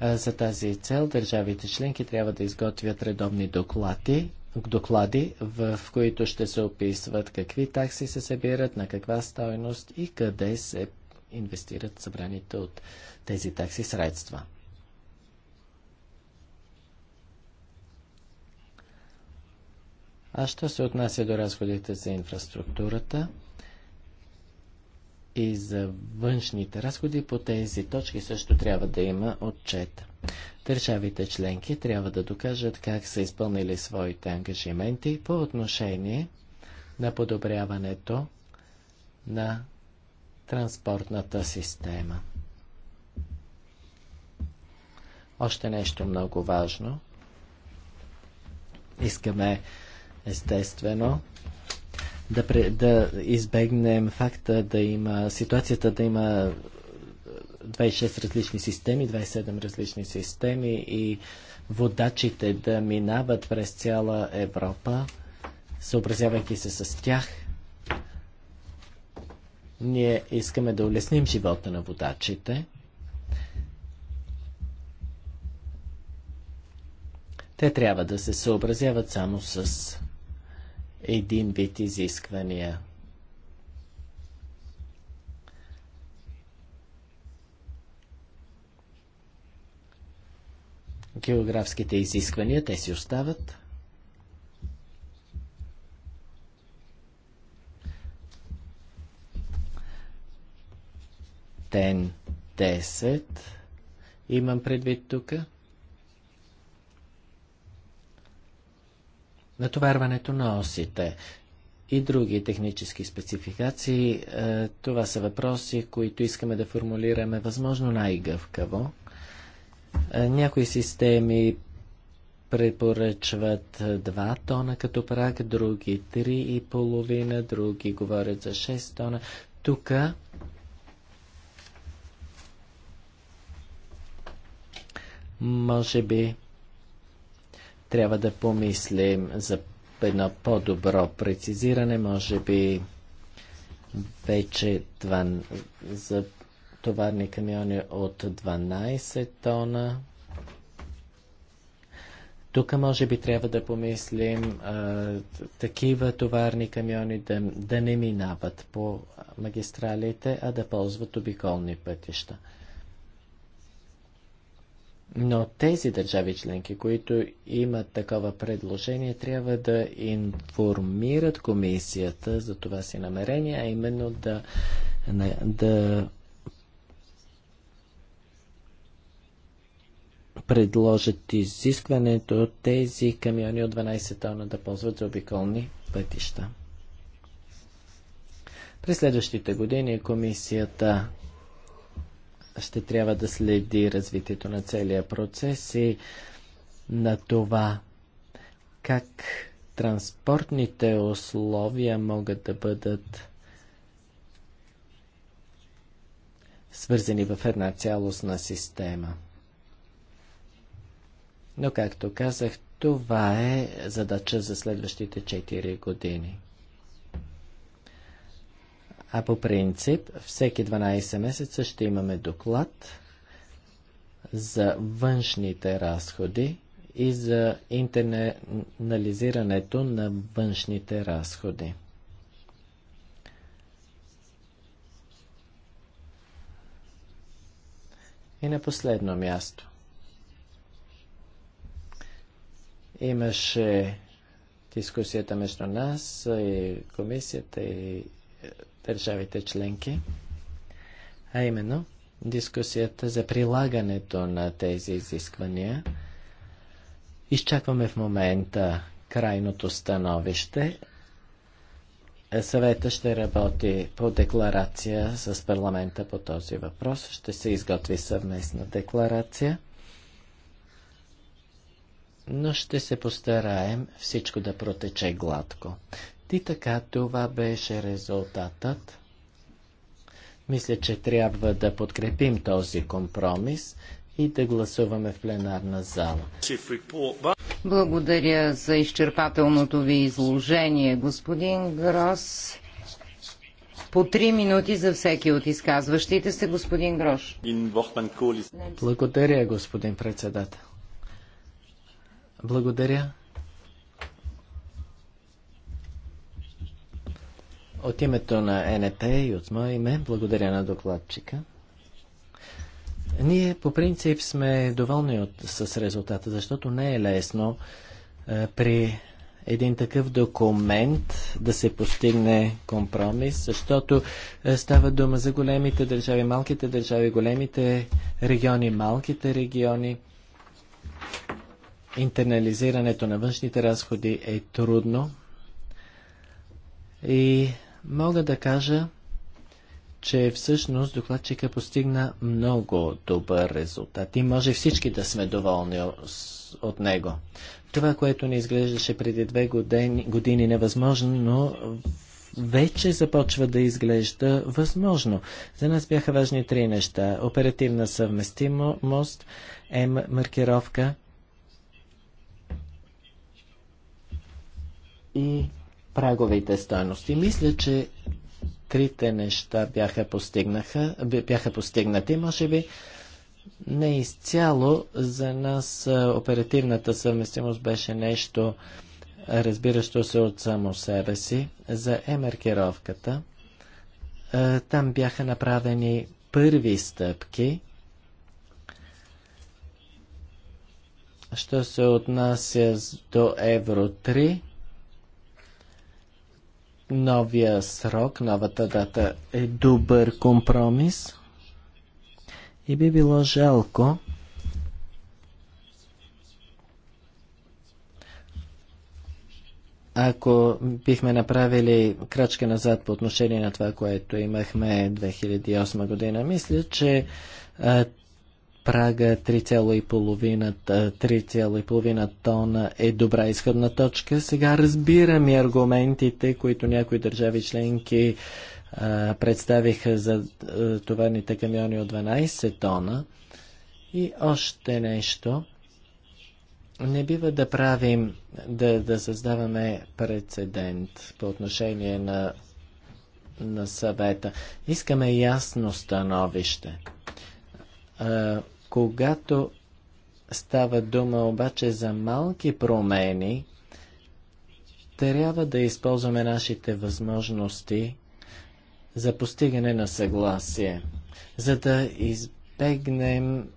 За тази цел държавите членки трябва да изготвят редовни доклади доклади, в които ще се описват какви такси се събират, на каква стойност и къде се инвестират събраните от тези такси средства. А що се отнася до разходите за инфраструктурата и за външните разходи, по тези точки също трябва да има отчет. Държавите членки трябва да докажат как са изпълнили своите ангажименти по отношение на подобряването на транспортната система. Още нещо много важно. Искаме, естествено, да, да избегнем факта да има ситуацията да има 26 различни системи, 27 различни системи и водачите да минават през цяла Европа, съобразявайки се с тях. Ние искаме да улесним живота на водачите. Те трябва да се съобразяват само с един вид изисквания. географските изисквания, те си остават. Тен 10 имам предвид тук. Натоварването на осите и други технически спецификации, е, това са въпроси, които искаме да формулираме възможно най-гъвкаво. Е, някои системи препоръчват 2 тона като прак, други 3,5, други говорят за 6 тона. Тук може би трябва да помислим за едно по-добро прецизиране, може би вече 12, за товарни камиони от 12 тона. Тук може би трябва да помислим а, такива товарни камиони да, да не минават по магистралите, а да ползват обиколни пътища. Но тези държави членки, които имат такова предложение, трябва да информират комисията за това си намерение, а именно да, да предложат изискването тези камиони от 12 тона да ползват за обиколни пътища. През следващите години комисията ще трябва да следи развитието на целия процес и на това как транспортните условия могат да бъдат свързани в една цялостна система. Но, както казах, това е задача за следващите 4 години. А по принцип, всеки 12 месеца ще имаме доклад за външните разходи и за интернализирането на външните разходи. И на последно място. Имаше дискусията между нас и комисията и е, държавите членки, а именно дискусията за прилагането на тези изисквания. Изчакваме в момента крайното становище. Съвета ще работи по декларация с парламента по този въпрос. Ще се изготви съвместна декларация но ще се постараем всичко да протече гладко. Ти така, това беше резултатът. Мисля, че трябва да подкрепим този компромис и да гласуваме в пленарна зала. Благодаря за изчерпателното ви изложение, господин Грос. По три минути за всеки от изказващите се, господин Грош. Благодаря, господин председател. Благодаря. От името на НТ и от мое име, благодаря на докладчика. Ние по принцип сме доволни от, с резултата, защото не е лесно е, при един такъв документ да се постигне компромис, защото е, става дума за големите държави, малките държави, големите региони, малките региони интернализирането на външните разходи е трудно. И мога да кажа, че всъщност докладчика постигна много добър резултат и може всички да сме доволни от него. Това, което ни изглеждаше преди две години, години невъзможно, но вече започва да изглежда възможно. За нас бяха важни три неща. Оперативна съвместимост, е маркировка и праговите стойности. Мисля, че трите неща бяха, постигнаха, бяха постигнати. Може би не изцяло за нас оперативната съвместимост беше нещо разбиращо се от само себе си. За емаркировката там бяха направени първи стъпки. Що се отнася до Евро 3, Новия срок, новата дата е добър компромис и би било жалко ако бихме направили крачка назад по отношение на това, което имахме 2008 година. Мисля, че прага 3,5 тона е добра изходна точка. Сега разбирам и аргументите, които някои държави членки представиха за товарните камиони от 12 тона. И още нещо. Не бива да правим, да, да създаваме прецедент по отношение на, на съвета. Искаме ясно становище. Когато става дума обаче за малки промени, трябва да използваме нашите възможности за постигане на съгласие, за да избегнем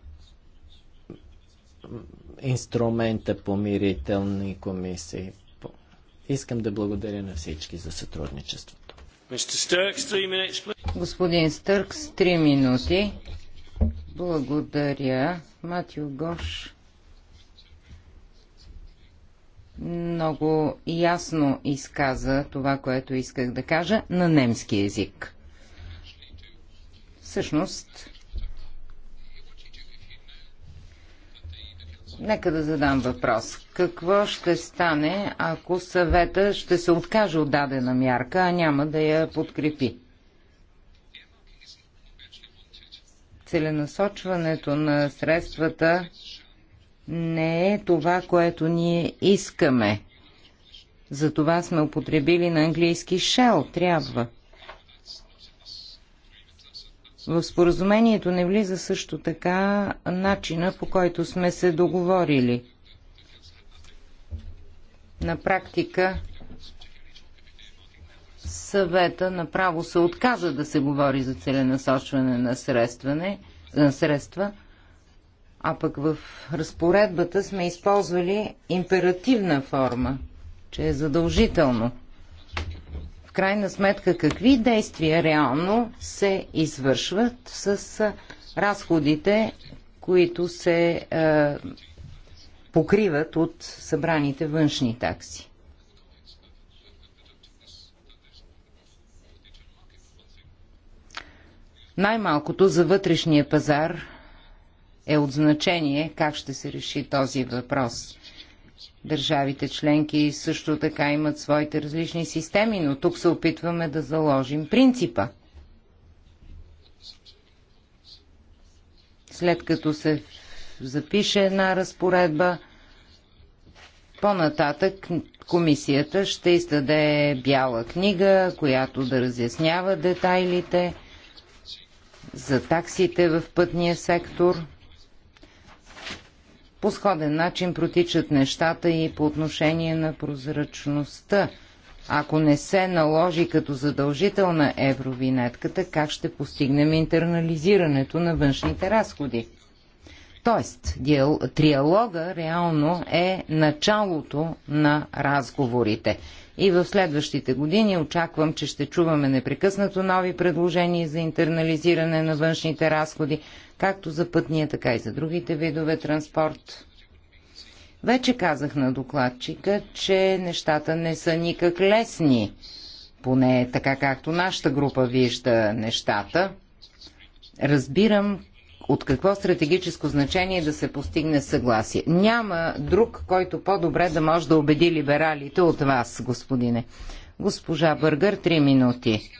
инструмента помирителни комисии. Искам да благодаря на всички за сътрудничеството. Господин Стъркс, 3 минути. Благодаря, Матио Гош. Много ясно изказа това, което исках да кажа на немски език. Всъщност, Нека да задам въпрос. Какво ще стане, ако съвета ще се откаже от дадена мярка, а няма да я подкрепи? целенасочването на средствата не е това, което ние искаме. Затова сме употребили на английски shell, трябва. В споразумението не влиза също така начина, по който сме се договорили. На практика съвета направо се отказа да се говори за целенасочване на, средстване, на средства, а пък в разпоредбата сме използвали императивна форма, че е задължително. В крайна сметка, какви действия реално се извършват с разходите, които се е, покриват от събраните външни такси? Най-малкото за вътрешния пазар е от значение как ще се реши този въпрос. Държавите членки също така имат своите различни системи, но тук се опитваме да заложим принципа. След като се запише една разпоредба, по-нататък комисията ще издаде бяла книга, която да разяснява детайлите – за таксите в пътния сектор. По сходен начин протичат нещата и по отношение на прозрачността. Ако не се наложи като задължителна евровинетката, как ще постигнем интернализирането на външните разходи? Тоест, диал... триалога реално е началото на разговорите – и в следващите години очаквам, че ще чуваме непрекъснато нови предложения за интернализиране на външните разходи, както за пътния, така и за другите видове транспорт. Вече казах на докладчика, че нещата не са никак лесни, поне така както нашата група вижда нещата. Разбирам, от какво стратегическо значение да се постигне съгласие. Няма друг, който по-добре да може да убеди либералите от вас, господине. Госпожа Бъргър, три минути.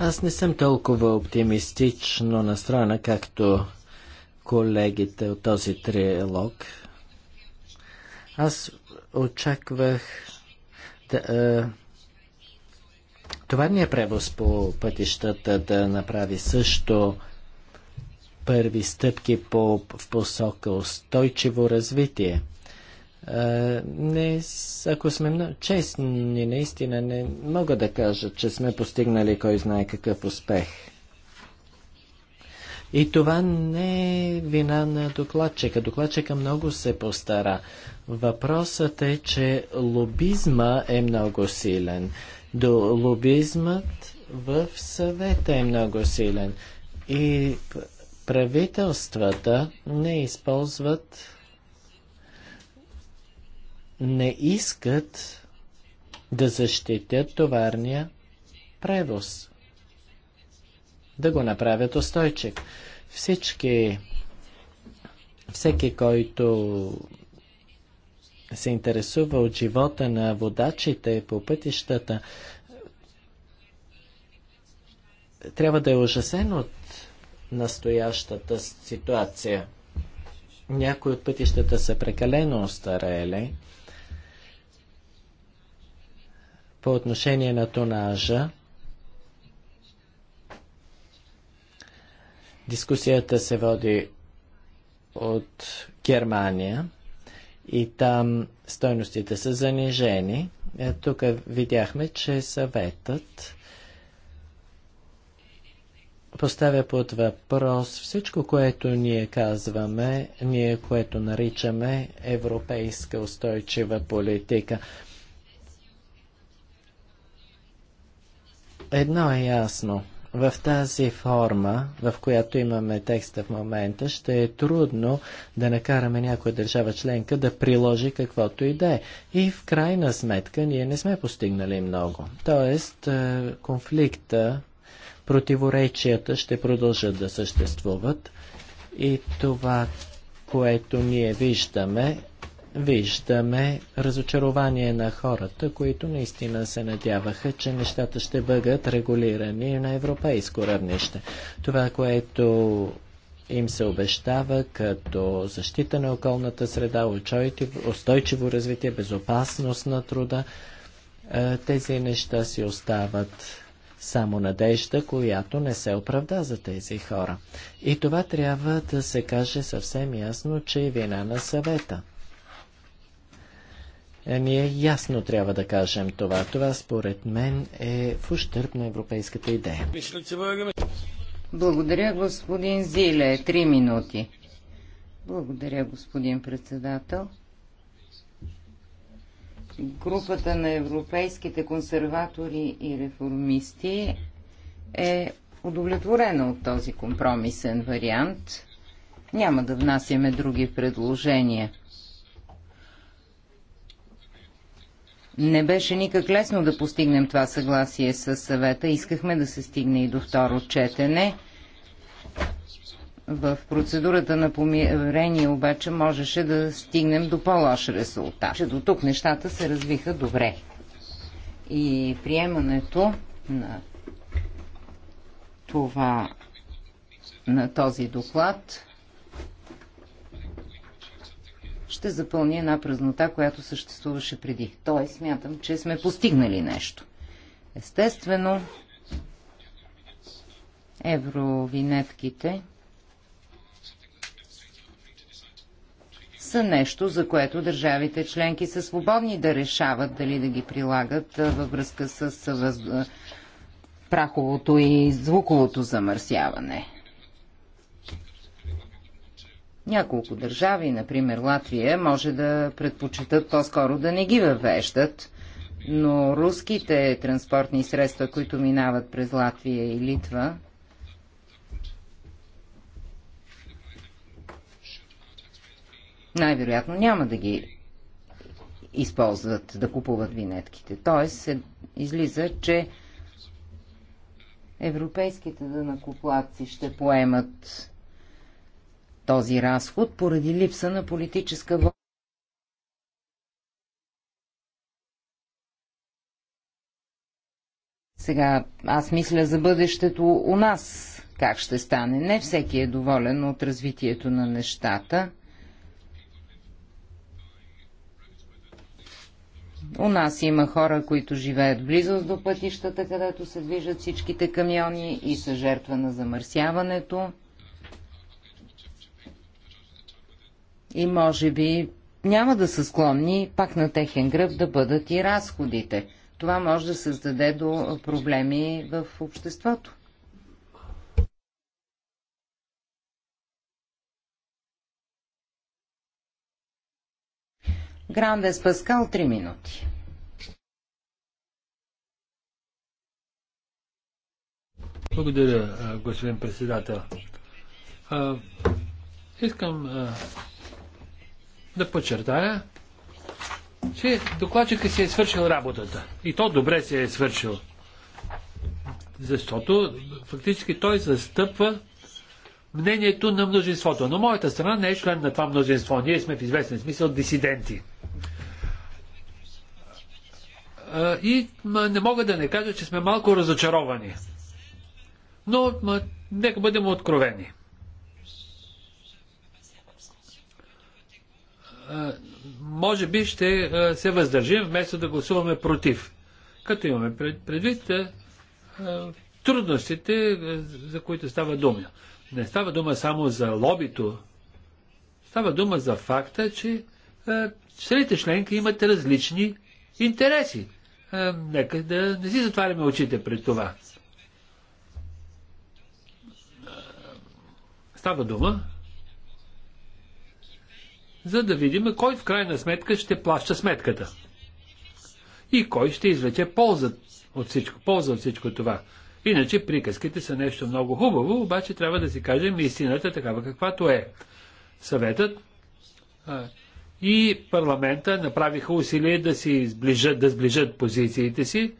Аз не съм толкова оптимистично настроена, както колегите от този триалог. Аз очаквах да, е, товарния е превоз по пътищата да направи също първи стъпки по, в посока устойчиво развитие. А, не, ако сме честни, наистина не мога да кажа, че сме постигнали кой знае какъв успех. И това не е вина на докладчика. Докладчика много се постара. Въпросът е, че лобизма е много силен. До лобизмът в съвета е много силен. И правителствата не използват, не искат да защитят товарния превоз, да го направят устойчив. Всички, всеки, който се интересува от живота на водачите по пътищата, трябва да е ужасен от настоящата ситуация. Някои от пътищата са прекалено остарели. По отношение на тонажа, дискусията се води от Германия и там стойностите са занижени. Е, тук видяхме, че съветът поставя под въпрос всичко, което ние казваме, ние, което наричаме европейска устойчива политика. Едно е ясно. В тази форма, в която имаме текста в момента, ще е трудно да накараме някоя държава членка да приложи каквото и да е. И в крайна сметка ние не сме постигнали много. Тоест, е, конфликта Противоречията ще продължат да съществуват и това, което ние виждаме, виждаме разочарование на хората, които наистина се надяваха, че нещата ще бъдат регулирани на европейско равнище. Това, което им се обещава като защита на околната среда, устойчиво развитие, безопасност на труда, е, тези неща си остават само надежда, която не се оправда за тези хора. И това трябва да се каже съвсем ясно, че е вина на съвета. Е, ние ясно трябва да кажем това. Това според мен е в ущърп на европейската идея. Благодаря, господин Зиле. Три минути. Благодаря, господин председател групата на европейските консерватори и реформисти е удовлетворена от този компромисен вариант. Няма да внасяме други предложения. Не беше никак лесно да постигнем това съгласие с съвета. Искахме да се стигне и до второ четене. В процедурата на помирение обаче можеше да стигнем до по-лош резултат. Че до тук нещата се развиха добре. И приемането на това на този доклад ще запълни една празнота, която съществуваше преди. Той смятам, че сме постигнали нещо. Естествено, евровинетките са нещо, за което държавите членки са свободни да решават дали да ги прилагат във връзка с въз... праховото и звуковото замърсяване. Няколко държави, например Латвия, може да предпочитат по-скоро да не ги въвеждат, но руските транспортни средства, които минават през Латвия и Литва, най-вероятно няма да ги използват, да купуват винетките. Тоест, се излиза, че европейските данакоплатци ще поемат този разход поради липса на политическа воля. Сега, аз мисля за бъдещето у нас, как ще стане. Не всеки е доволен от развитието на нещата. У нас има хора, които живеят близо до пътищата, където се движат всичките камиони и са жертва на замърсяването. И може би няма да са склонни пак на техен гръб да бъдат и разходите. Това може да създаде до проблеми в обществото. Грандес Паскал, 3 минути. Благодаря, господин председател. А, искам а, да подчертая, че докладчика си е свършил работата. И то добре си е свършил. Защото фактически той застъпва мнението на мнозинството. Но моята страна не е член на това мнозинство. Ние сме в известен смисъл дисиденти. И не мога да не кажа, че сме малко разочаровани. Но нека бъдем откровени. Може би ще се въздържим, вместо да гласуваме против. Като имаме предвид трудностите, за които става дума. Не става дума само за лобито, става дума за факта, че страните членки имат различни интереси нека да не си затваряме очите пред това. Става дума, за да видим кой в крайна сметка ще плаща сметката. И кой ще извлече полза от всичко, полза от всичко това. Иначе приказките са нещо много хубаво, обаче трябва да си кажем истината такава каквато е. Съветът и парламента направиха усилие да си сближат, да сближат позициите си.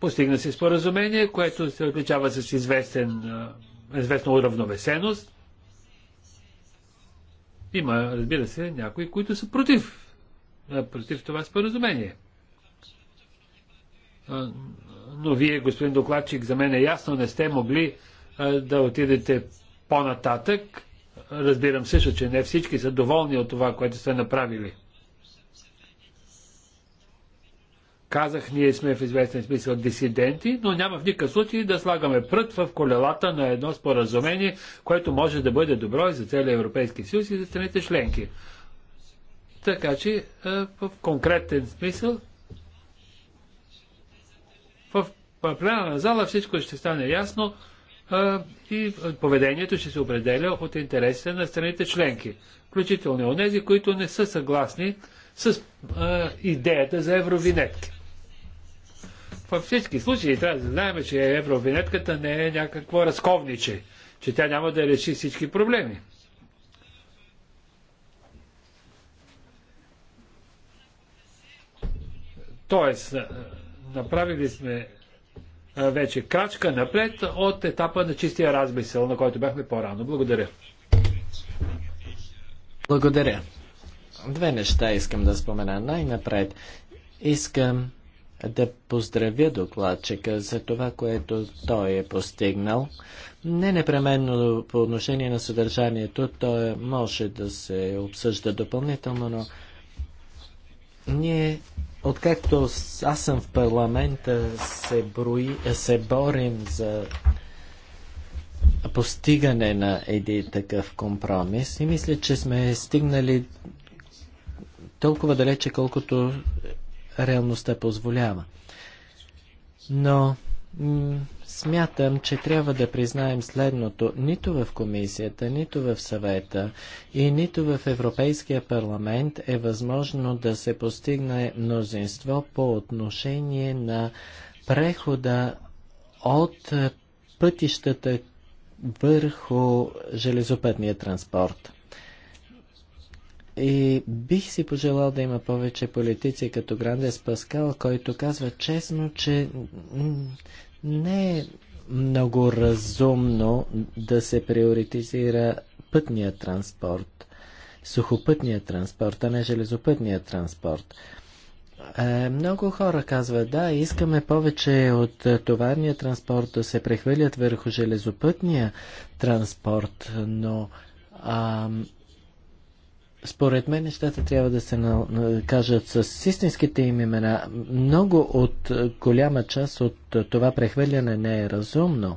Постигна се споразумение, което се отличава с известен, известна уравновесеност. Има, разбира се, някои, които са против, против това споразумение. Но вие, господин докладчик, за мен е ясно, не сте могли да отидете по-нататък разбирам също, че не всички са доволни от това, което сте направили. Казах, ние сме в известен смисъл дисиденти, но няма в никакъв случай да слагаме прът в колелата на едно споразумение, което може да бъде добро и за целия Европейски съюз и за страните членки. Така че е, в конкретен смисъл в пленарна зала всичко ще стане ясно и поведението ще се определя от интересите на страните членки, включително и онези, които не са съгласни с а, идеята за евровинетки. Във всички случаи трябва да знаем, че евровинетката не е някакво разковниче, че тя няма да реши всички проблеми. Тоест, направили сме вече крачка напред от етапа на чистия размисъл, на който бяхме по-рано. Благодаря. Благодаря. Две неща искам да спомена. Най-напред искам да поздравя докладчика за това, което той е постигнал. Не непременно по отношение на съдържанието, то е, може да се обсъжда допълнително, но ние Откакто аз съм в парламента, се, брои, се борим за постигане на един такъв компромис и мисля, че сме стигнали толкова далече, колкото реалността позволява. Но смятам, че трябва да признаем следното. Нито в комисията, нито в съвета и нито в Европейския парламент е възможно да се постигне мнозинство по отношение на прехода от пътищата върху железопътния транспорт. И бих си пожелал да има повече политици като Грандес Паскал, който казва честно, че не е много разумно да се приоритизира пътния транспорт, сухопътния транспорт, а не железопътния транспорт. Е, много хора казват, да, искаме повече от товарния транспорт да се прехвърлят върху железопътния транспорт, но а, според мен нещата трябва да се на... кажат с истинските им имена. Много от е, голяма част от е, това прехвърляне не е разумно.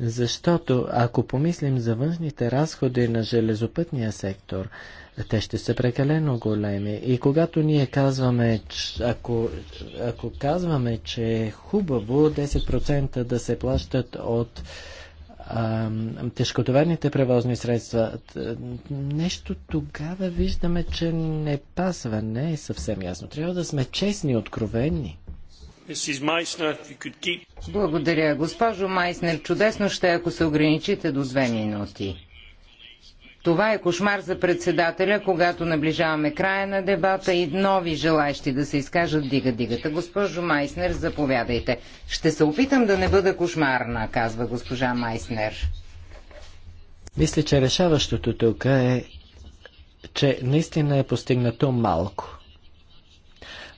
Защото ако помислим за външните разходи на железопътния сектор, те ще са прекалено големи. И когато ние казваме, че, ако, ако казваме, че е хубаво 10% да се плащат от тежкотоварните превозни средства. Нещо тогава виждаме, че не пасва, не е съвсем ясно. Трябва да сме честни, откровени. Благодаря. Госпожо Майснер, чудесно ще е, ако се ограничите до две минути. Това е кошмар за председателя, когато наближаваме края на дебата и нови желаещи да се изкажат дига-дигата. Госпожо Майснер, заповядайте. Ще се опитам да не бъда кошмарна, казва госпожа Майснер. Мисля, че решаващото тук е, че наистина е постигнато малко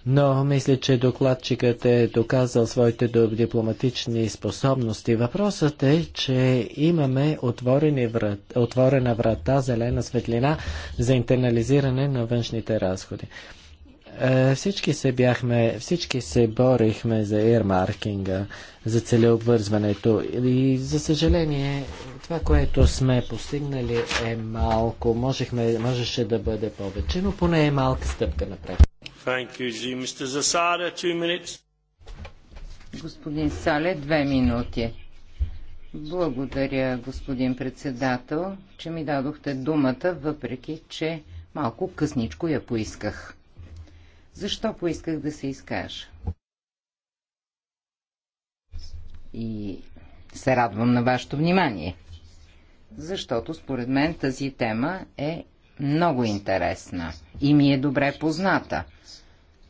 но мисля, че докладчикът е доказал своите дипломатични способности. Въпросът е, че имаме врат, отворена врата, зелена светлина за интернализиране на външните разходи. Е, всички се бяхме, всички се борихме за ермаркинга, за целеобвързването и за съжаление това, което сме постигнали е малко. Можехме, можеше да бъде повече, но поне е малка стъпка напред. Господин Сале, две минути. Благодаря, господин председател, че ми дадохте думата, въпреки че малко късничко я поисках. Защо поисках да се изкажа? И се радвам на вашето внимание защото според мен тази тема е много интересна и ми е добре позната.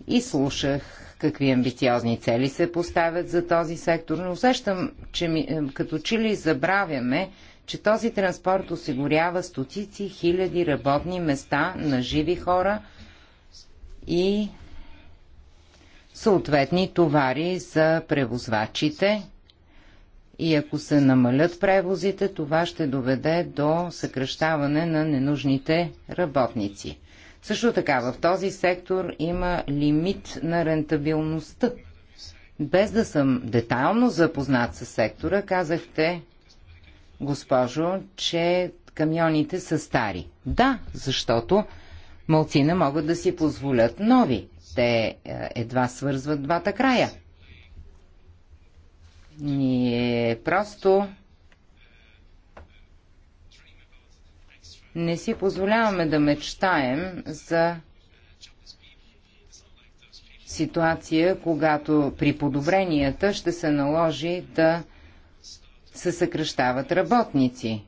И слушах какви амбициозни цели се поставят за този сектор, но усещам, че ми, е, като че ли забравяме, че този транспорт осигурява стотици хиляди работни места на живи хора и съответни товари за превозвачите – и ако се намалят превозите, това ще доведе до съкръщаване на ненужните работници. Също така в този сектор има лимит на рентабилността. Без да съм детайлно запознат с сектора, казахте, госпожо, че камионите са стари. Да, защото малцина могат да си позволят нови. Те е, едва свързват двата края – ние просто не си позволяваме да мечтаем за ситуация, когато при подобренията ще се наложи да се съкръщават работници.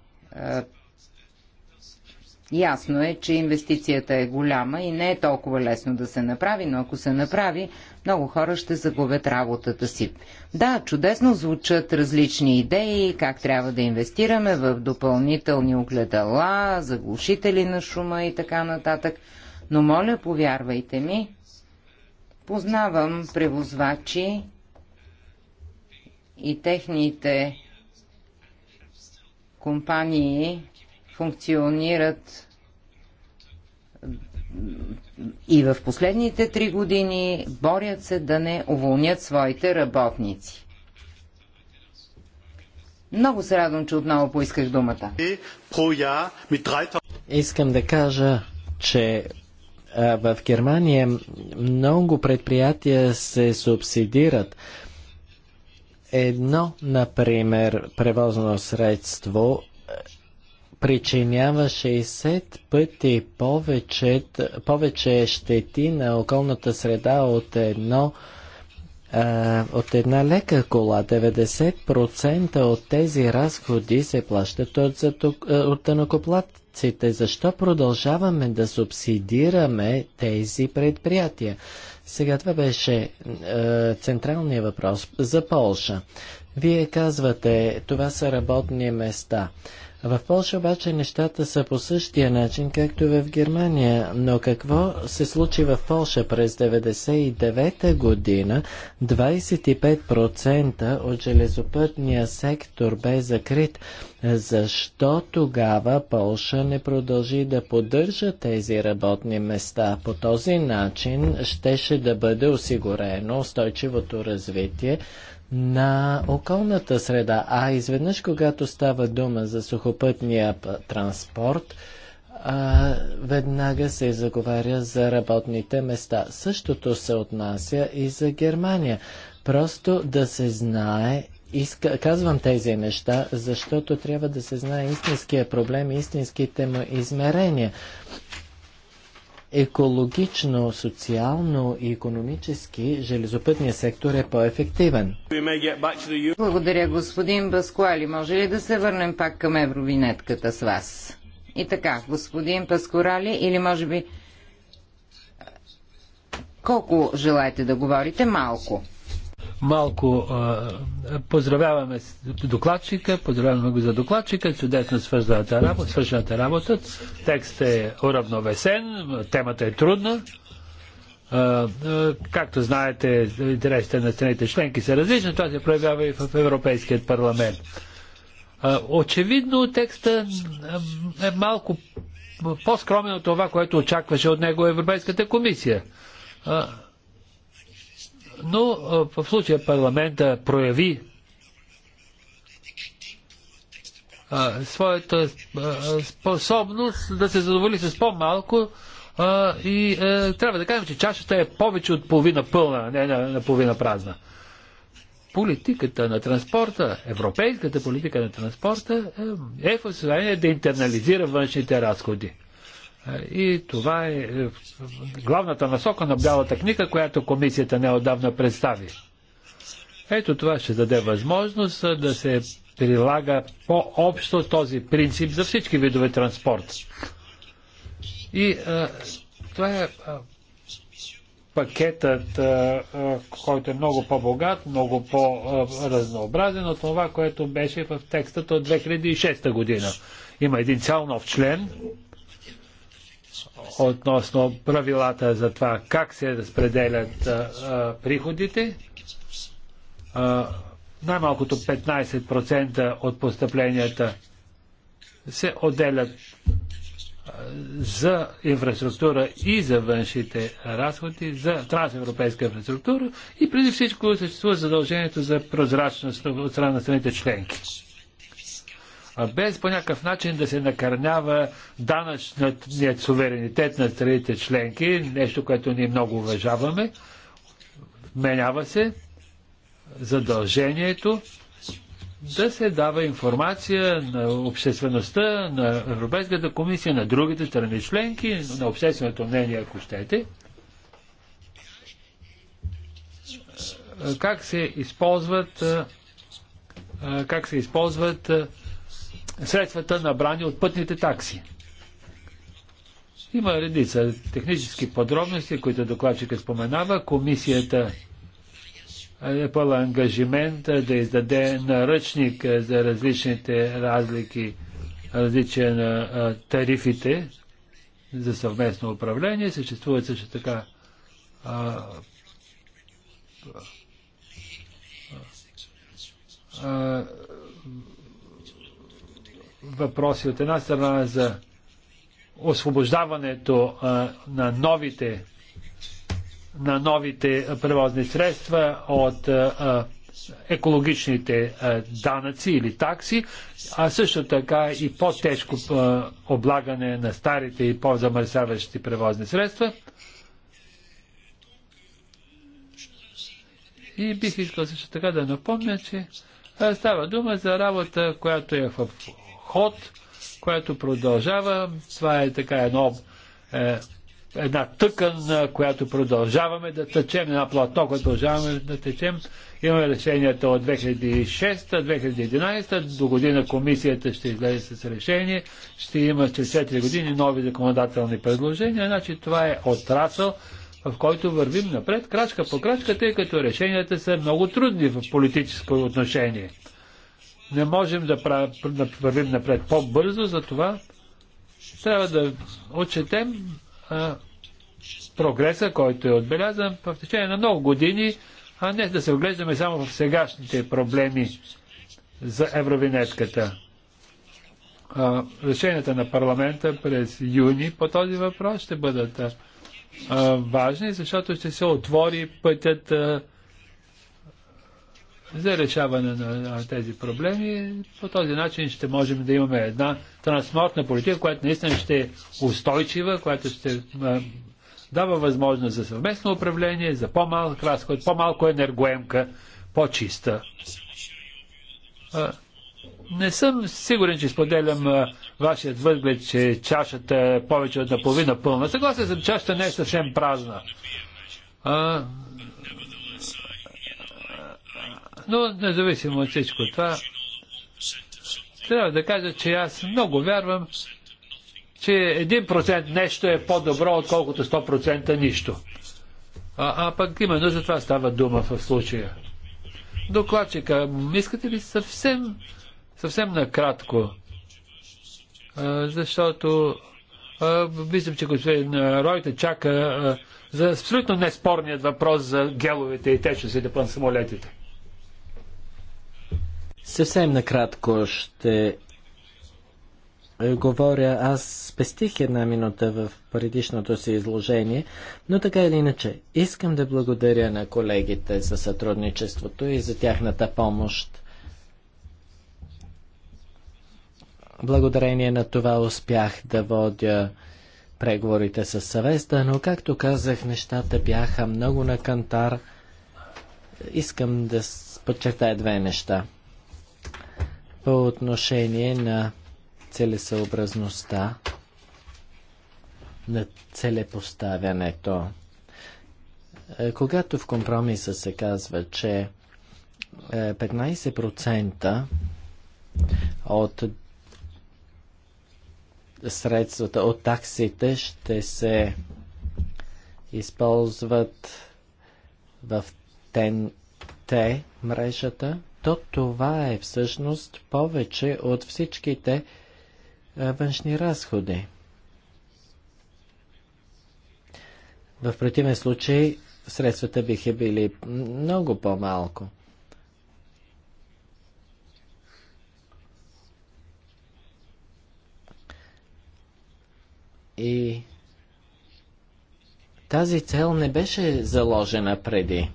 Ясно е, че инвестицията е голяма и не е толкова лесно да се направи, но ако се направи, много хора ще загубят работата си. Да, чудесно звучат различни идеи, как трябва да инвестираме в допълнителни огледала, заглушители на шума и така нататък. Но моля, повярвайте ми, познавам превозвачи и техните компании функционират и в последните три години борят се да не уволнят своите работници. Много се радвам, че отново поисках думата. Искам да кажа, че в Германия много предприятия се субсидират. Едно, например, превозно средство причинява 60 пъти повече, повече щети на околната среда от едно а, от една лека кола. 90% от тези разходи се плащат от, от тънокоплатците. Защо продължаваме да субсидираме тези предприятия? Сега това беше е, централният въпрос за Полша. Вие казвате, това са работни места. В Польша обаче нещата са по същия начин, както в Германия. Но какво се случи в Польша през 1999 година? 25% от железопътния сектор бе закрит. Защо тогава Полша не продължи да поддържа тези работни места? По този начин щеше да бъде осигурено устойчивото развитие на околната среда. А изведнъж, когато става дума за сухопътния транспорт, а, веднага се заговаря за работните места. Същото се отнася и за Германия. Просто да се знае, иска, казвам тези неща, защото трябва да се знае истинския проблем, истинските му измерения екологично, социално и економически железопътния сектор е по-ефективен. Благодаря, господин Баскуали. Може ли да се върнем пак към евровинетката с вас? И така, господин Паскорали, или може би... Колко желаете да говорите? Малко малко а, поздравяваме докладчика, поздравяваме го за докладчика, чудесно свършената работа, свършената работа. Текстът е уравновесен, темата е трудна. А, а, както знаете, интересите на страните членки са различни, това се проявява и в Европейският парламент. А, очевидно текстът е малко по-скромен от това, което очакваше от него Европейската комисия. Но в случая парламента прояви своята способност да се задоволи с по-малко и трябва да кажем, че чашата е повече от половина пълна, не на половина празна. Политиката на транспорта, европейската политика на транспорта е, е в състояние да интернализира външните разходи. И това е, е главната насока на Бялата книга, която комисията неодавна представи. Ето това ще даде възможност да се прилага по-общо този принцип за всички видове транспорт. И а, това е а, пакетът, а, а, който е много по-богат, много по-разнообразен от това, което беше в текстата от 2006 година. Има един цял нов член, относно правилата за това как се разпределят а, а, приходите. най-малкото 15% от постъпленията се отделят за инфраструктура и за външните разходи, за трансевропейска инфраструктура и преди всичко съществува задължението за прозрачност от страна на страните членки без по някакъв начин да се накърнява данъчният суверенитет на страните членки, нещо, което ние много уважаваме. Менява се задължението да се дава информация на обществеността, на Европейската комисия, на другите страни членки, на общественото мнение, ако щете, как се използват как се използват средствата набрани от пътните такси. Има редица технически подробности, които докладчика споменава. Комисията е пълна ангажимент да издаде наръчник за различните разлики, различия на тарифите за съвместно управление. Съществуват също така а, а, въпроси. От една страна за освобождаването а, на новите на новите превозни средства от а, екологичните а, данъци или такси, а също така и по-тежко облагане на старите и по-замърсяващи превозни средства. И бих искал също така да напомня, че става дума за работа, която е в ход, което продължава. Това е така едно, е, една тъкан, е, която продължаваме да течем, една плато, което продължаваме да течем. Имаме решенията от 2006-2011. До година комисията ще излезе с решение. Ще има 4 години нови законодателни предложения. Значи това е отрасъл, в който вървим напред, крачка по крачка, тъй като решенията са много трудни в политическо отношение не можем да, правим, да вървим напред по-бързо, затова трябва да отчетем а, прогреса, който е отбелязан в течение на много години, а не да се оглеждаме само в сегашните проблеми за евровинетката. А, решенията на парламента през юни по този въпрос ще бъдат а, важни, защото ще се отвори пътят а, за решаване на тези проблеми. По този начин ще можем да имаме една транспортна политика, която наистина ще е устойчива, която ще дава възможност за съвместно управление, за по-малък разход, по-малко енергоемка, по-чиста. Не съм сигурен, че споделям а, вашият възглед, че чашата е повече от наполовина пълна. Съгласен съм, чашата не е съвсем празна. А, но независимо от всичко това, трябва да кажа, че аз много вярвам, че 1% нещо е по-добро, отколкото 100% нищо. А, а пък именно за това става дума в случая. Докладчика, искате ли съвсем, съвсем накратко? А, защото виждам, че господин Ройта чака а, за абсолютно неспорният въпрос за геловете и течностите по самолетите. Съвсем накратко ще е, говоря. Аз спестих една минута в предишното си изложение, но така или иначе, искам да благодаря на колегите за сътрудничеството и за тяхната помощ. Благодарение на това успях да водя преговорите с съвеста, но както казах, нещата бяха много на кантар. Искам да подчертая две неща – по отношение на целесъобразността, на целепоставянето. Е, когато в компромиса се казва, че 15% е, от средствата, от таксите ще се използват в ТНТ мрежата, то това е всъщност повече от всичките е, външни разходи. В противен случай средствата биха били много по-малко. И тази цел не беше заложена преди.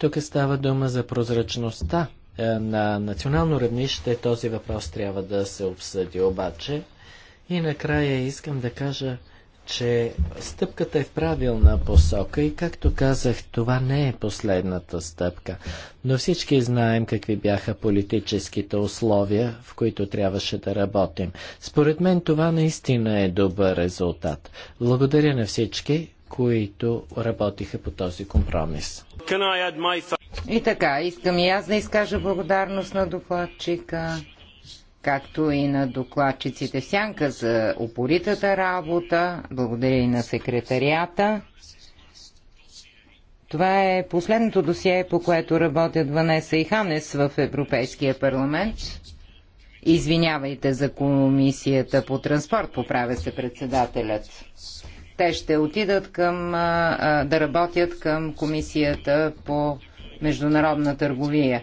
Тук става дума за прозрачността. Е, на национално равнище този въпрос трябва да се обсъди обаче. И накрая искам да кажа, че стъпката е в правилна посока и както казах, това не е последната стъпка. Но всички знаем какви бяха политическите условия, в които трябваше да работим. Според мен това наистина е добър резултат. Благодаря на всички които работиха по този компромис. И така, искам и аз да изкажа благодарност на докладчика, както и на докладчиците сянка за упоритата работа. Благодаря и на секретарията. Това е последното досие, по което работят Ванеса и Ханес в Европейския парламент. Извинявайте за комисията по транспорт, поправя се председателят. Те ще отидат към, да работят към комисията по международна търговия.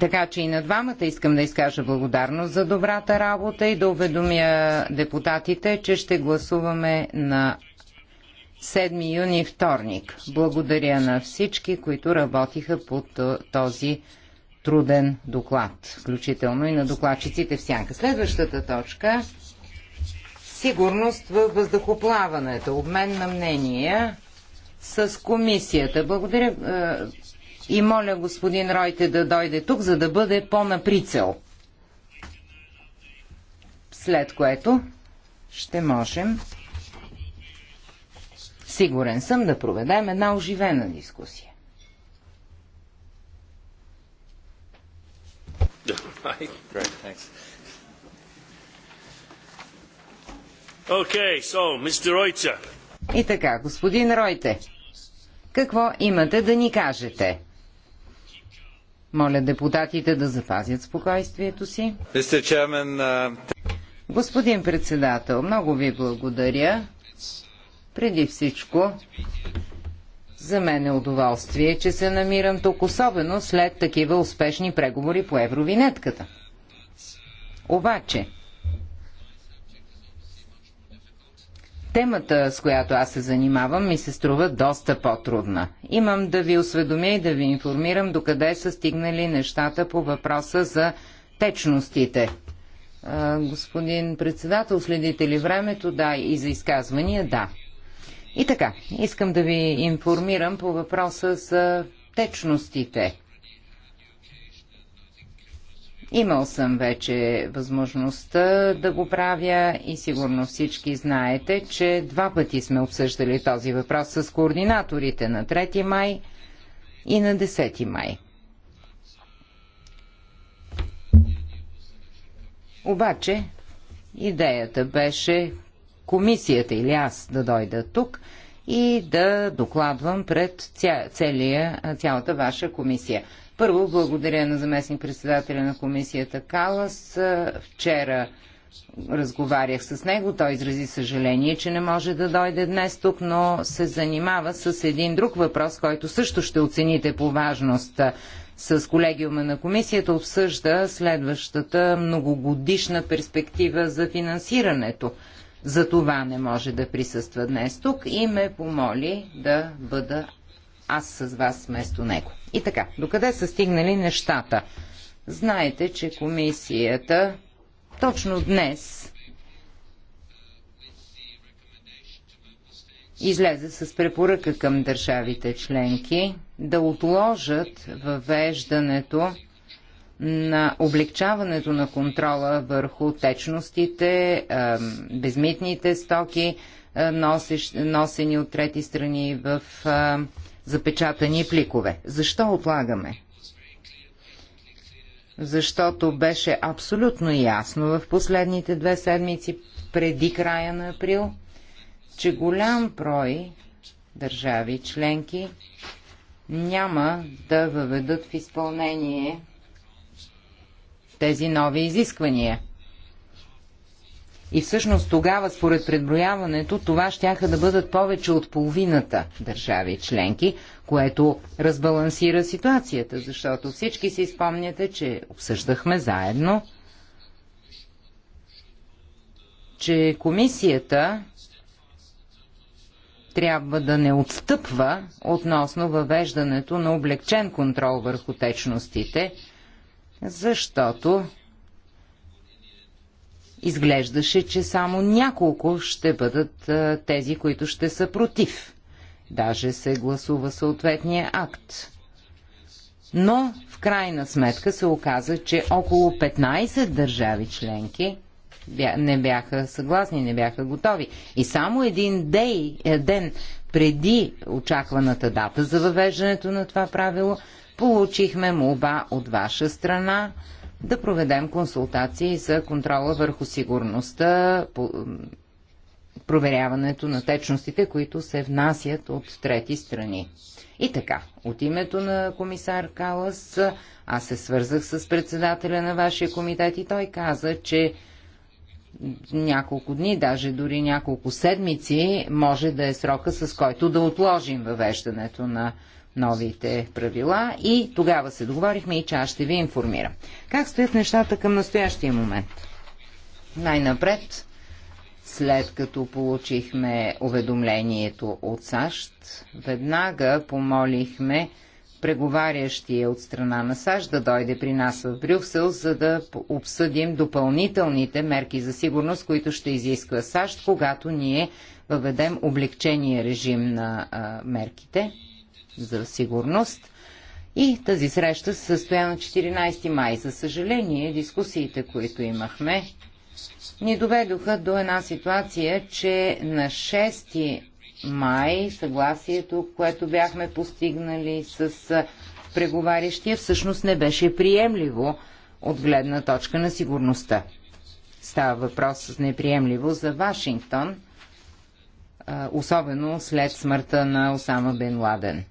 Така че и на двамата искам да изкажа благодарност за добрата работа и да уведомя депутатите, че ще гласуваме на 7 юни вторник. Благодаря на всички, които работиха по този труден доклад, включително и на докладчиците в сянка. Следващата точка сигурност във въздухоплаването, обмен на мнения с комисията. Благодаря е, и моля господин Ройте да дойде тук, за да бъде по наприцел След което ще можем, сигурен съм, да проведем една оживена дискусия. Great, thanks. Okay, so, И така, господин Ройте, какво имате да ни кажете? Моля депутатите да запазят спокойствието си. Господин председател, много ви благодаря. Преди всичко, за мен е удоволствие, че се намирам тук, особено след такива успешни преговори по евровинетката. Обаче, Темата, с която аз се занимавам, ми се струва доста по-трудна. Имам да ви осведомя и да ви информирам докъде са стигнали нещата по въпроса за течностите. А, господин председател, следите ли времето? Да, и за изказвания? Да. И така, искам да ви информирам по въпроса за течностите. Имал съм вече възможността да го правя и сигурно всички знаете, че два пъти сме обсъждали този въпрос с координаторите на 3 май и на 10 май. Обаче, идеята беше комисията или аз да дойда тук и да докладвам пред ця... целия, цялата ваша комисия. Първо, благодаря на заместник председателя на комисията Калас. Вчера разговарях с него. Той изрази съжаление, че не може да дойде днес тук, но се занимава с един друг въпрос, който също ще оцените по важност. С колегиума на комисията обсъжда следващата многогодишна перспектива за финансирането. За това не може да присъства днес тук и ме помоли да бъда аз с вас вместо него. И така, докъде са стигнали нещата? Знаете, че комисията точно днес излезе с препоръка към държавите членки да отложат въвеждането на облегчаването на контрола върху течностите, безмитните стоки, носени от трети страни в запечатани пликове. Защо отлагаме? Защото беше абсолютно ясно в последните две седмици преди края на април, че голям брой държави членки няма да въведат в изпълнение тези нови изисквания. И всъщност тогава, според предброяването, това щяха да бъдат повече от половината държави членки, което разбалансира ситуацията, защото всички си спомняте, че обсъждахме заедно, че комисията трябва да не отстъпва относно въвеждането на облегчен контрол върху течностите, защото изглеждаше, че само няколко ще бъдат а, тези, които ще са против. Даже се гласува съответния акт. Но в крайна сметка се оказа, че около 15 държави членки не бяха съгласни, не бяха готови. И само един дей, е, ден преди очакваната дата за въвеждането на това правило, получихме молба от ваша страна да проведем консултации за контрола върху сигурността, проверяването на течностите, които се внасят от трети страни. И така, от името на комисар Калас, аз се свързах с председателя на вашия комитет и той каза, че няколко дни, даже дори няколко седмици, може да е срока, с който да отложим въвеждането на новите правила и тогава се договорихме и че аз ще ви информирам. Как стоят нещата към настоящия момент? Най-напред, след като получихме уведомлението от САЩ, веднага помолихме преговарящия от страна на САЩ да дойде при нас в Брюксел, за да обсъдим допълнителните мерки за сигурност, които ще изисква САЩ, когато ние въведем облегчения режим на а, мерките за сигурност. И тази среща се състоя на 14 май. За съжаление, дискусиите, които имахме, ни доведоха до една ситуация, че на 6 май съгласието, което бяхме постигнали с преговарящия, всъщност не беше приемливо от гледна точка на сигурността. Става въпрос с неприемливо за Вашингтон, особено след смъртта на Осама Бен Ладен.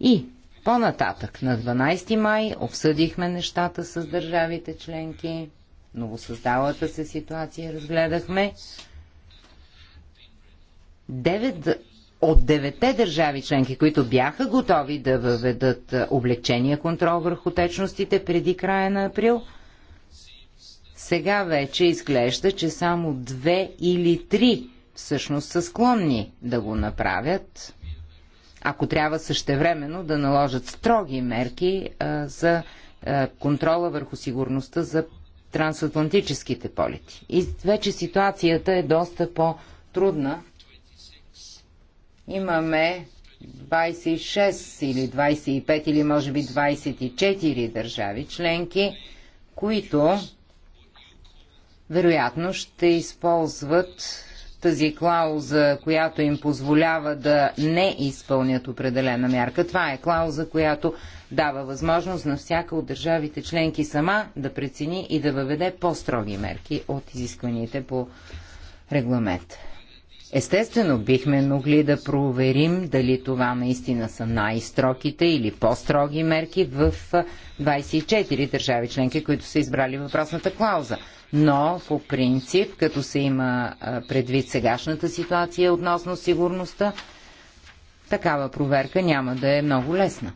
И по-нататък, на 12 май, обсъдихме нещата с държавите членки, новосъздалата се ситуация разгледахме. Девет от девете държави членки, които бяха готови да въведат облегчения контрол върху течностите преди края на април, сега вече изглежда, че само две или три всъщност са склонни да го направят ако трябва същевременно да наложат строги мерки а, за а, контрола върху сигурността за трансатлантическите полети. И вече ситуацията е доста по-трудна. Имаме 26 или 25 или може би 24 държави членки, които вероятно ще използват тази клауза, която им позволява да не изпълнят определена мярка. Това е клауза, която дава възможност на всяка от държавите членки сама да прецени и да въведе по-строги мерки от изискваните по регламент. Естествено, бихме могли да проверим дали това наистина са най-строките или по-строги мерки в 24 държави членки, които са избрали въпросната клауза. Но по принцип, като се има предвид сегашната ситуация относно сигурността, такава проверка няма да е много лесна.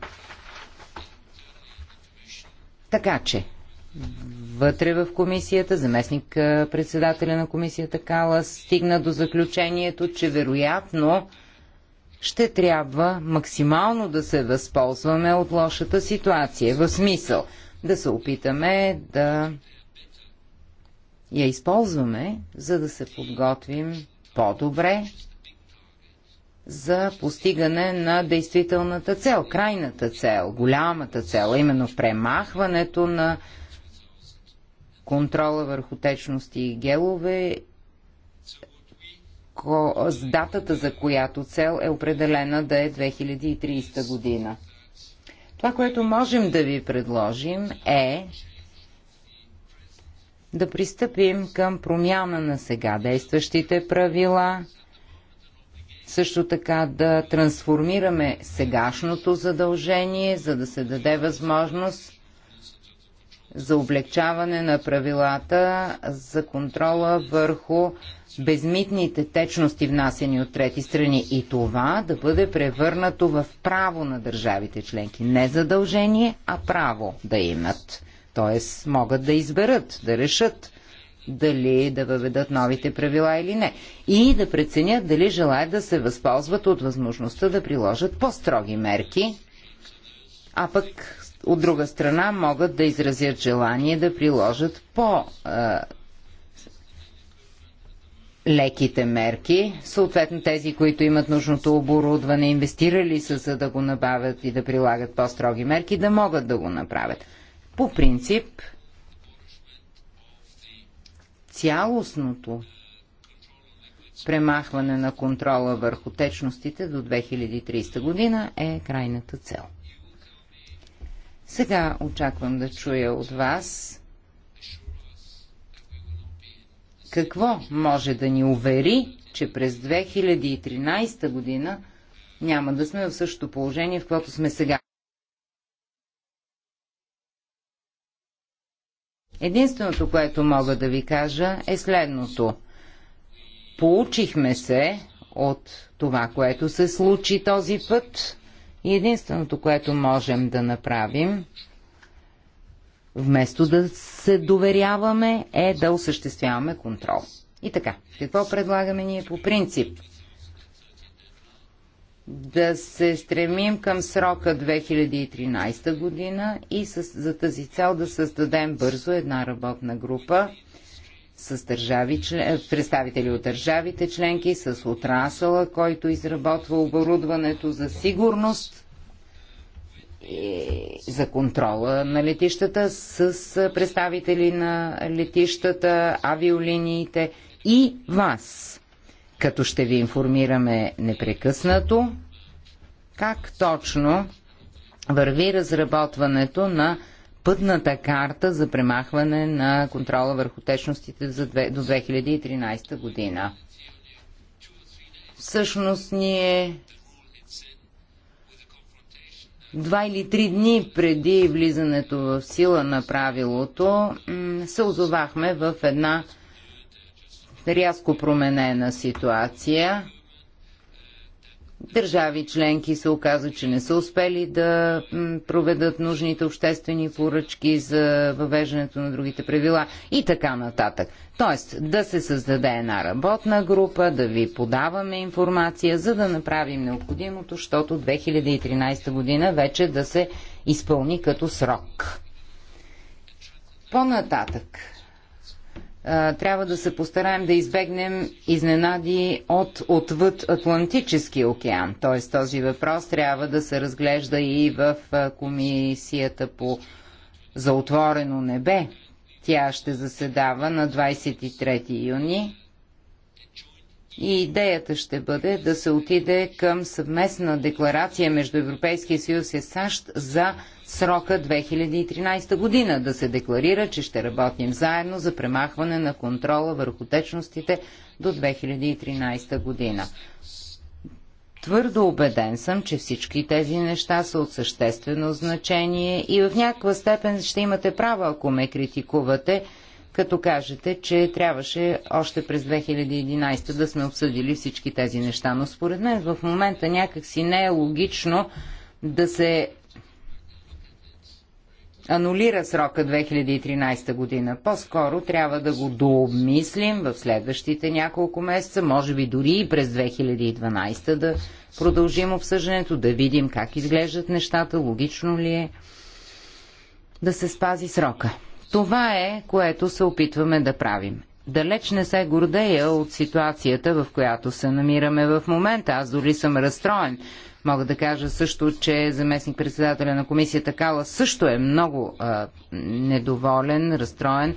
Така че, вътре в комисията, заместник председателя на комисията Кала стигна до заключението, че вероятно ще трябва максимално да се възползваме от лошата ситуация. В смисъл да се опитаме да я използваме, за да се подготвим по-добре за постигане на действителната цел, крайната цел, голямата цел, именно премахването на контрола върху течности и гелове, ко... с датата за която цел е определена да е 2030 година. Това, което можем да ви предложим е да пристъпим към промяна на сега действащите правила, също така да трансформираме сегашното задължение, за да се даде възможност за облегчаване на правилата за контрола върху безмитните течности, внасени от трети страни. И това да бъде превърнато в право на държавите членки. Не задължение, а право да имат. Тоест могат да изберат, да решат дали да въведат новите правила или не. И да преценят дали желаят да се възползват от възможността да приложат по-строги мерки, а пък от друга страна могат да изразят желание да приложат по леките мерки, съответно тези, които имат нужното оборудване, инвестирали са за да го набавят и да прилагат по-строги мерки, да могат да го направят. По принцип, цялостното премахване на контрола върху течностите до 2030 година е крайната цел. Сега очаквам да чуя от вас какво може да ни увери, че през 2013 година няма да сме в същото положение, в което сме сега. Единственото, което мога да ви кажа е следното. Получихме се от това, което се случи този път. И единственото, което можем да направим, вместо да се доверяваме, е да осъществяваме контрол. И така, какво предлагаме ние по принцип? Да се стремим към срока 2013 година и за тази цел да създадем бързо една работна група, с държави, е, представители от държавите членки, с отрасъла, който изработва оборудването за сигурност и за контрола на летищата, с представители на летищата, авиолиниите и вас, като ще ви информираме непрекъснато как точно върви разработването на пътната карта за премахване на контрола върху течностите за две, до 2013 година. Всъщност ние два или три дни преди влизането в сила на правилото се озовахме в една рязко променена ситуация Държави членки се оказа, че не са успели да проведат нужните обществени поръчки за въвеждането на другите правила и така нататък. Тоест да се създаде една работна група, да ви подаваме информация, за да направим необходимото, защото 2013 година вече да се изпълни като срок. По-нататък трябва да се постараем да избегнем изненади от отвъд Атлантически океан. Т.е. този въпрос трябва да се разглежда и в комисията по за отворено небе. Тя ще заседава на 23 юни и идеята ще бъде да се отиде към съвместна декларация между Европейския съюз и САЩ за срока 2013 година да се декларира, че ще работим заедно за премахване на контрола върху течностите до 2013 година. Твърдо убеден съм, че всички тези неща са от съществено значение и в някаква степен ще имате право, ако ме критикувате, като кажете, че трябваше още през 2011 да сме обсъдили всички тези неща. Но според мен в момента някакси не е логично да се анулира срока 2013 година. По-скоро трябва да го дообмислим в следващите няколко месеца, може би дори и през 2012 да продължим обсъждането, да видим как изглеждат нещата, логично ли е да се спази срока. Това е, което се опитваме да правим. Далеч не се гордея от ситуацията, в която се намираме в момента. Аз дори съм разстроен, Мога да кажа също, че заместник председателя на комисията Кала също е много а, недоволен, разстроен.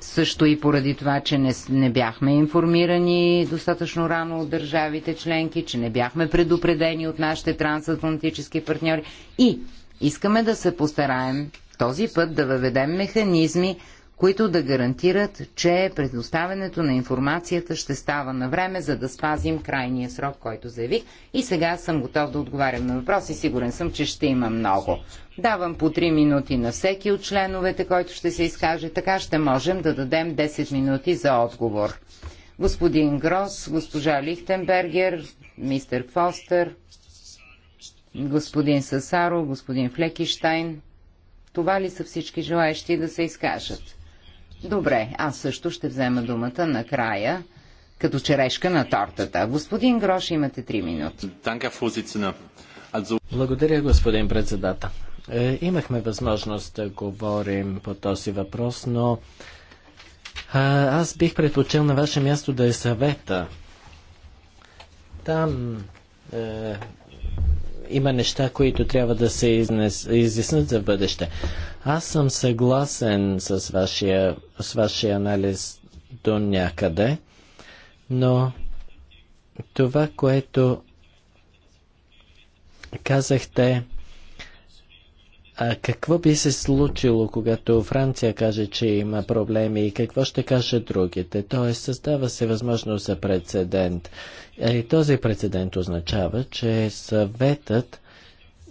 Също и поради това, че не, не бяхме информирани достатъчно рано от държавите членки, че не бяхме предупредени от нашите трансатлантически партньори. И искаме да се постараем този път да въведем механизми, които да гарантират, че предоставянето на информацията ще става на време, за да спазим крайния срок, който заявих. И сега съм готов да отговарям на въпроси. Сигурен съм, че ще има много. Давам по 3 минути на всеки от членовете, който ще се изкаже. Така ще можем да дадем 10 минути за отговор. Господин Грос, госпожа Лихтенбергер, мистер Фостер, господин Сасаро, господин Флекиштайн. Това ли са всички желаящи да се изкажат? Добре, аз също ще взема думата накрая, като черешка на тортата. Господин Грош, имате три минути. Благодаря, господин председател. Е, имахме възможност да говорим по този въпрос, но а, аз бих предпочел на ваше място да е съвета. Там е, има неща, които трябва да се изнес, изяснат за бъдеще. Аз съм съгласен с вашия, с вашия анализ до някъде, но това, което казахте, а какво би се случило, когато Франция каже, че има проблеми и какво ще каже другите? Тоест, създава се възможност за прецедент. Е, и този прецедент означава, че съветът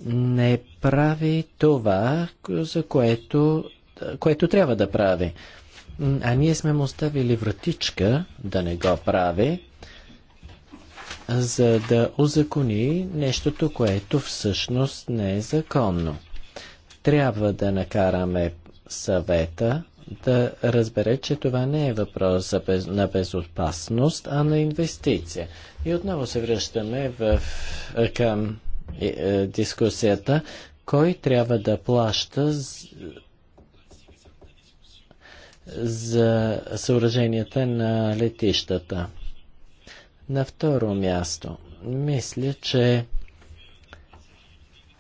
не прави това, за което, което трябва да прави. А ние сме му оставили вратичка да не го прави, за да озакони нещото, което всъщност не е законно. Трябва да накараме съвета да разбере, че това не е въпрос за без, на безопасност, а на инвестиция. И отново се връщаме в, към е, е, дискусията, кой трябва да плаща з, за съоръженията на летищата. На второ място, мисля, че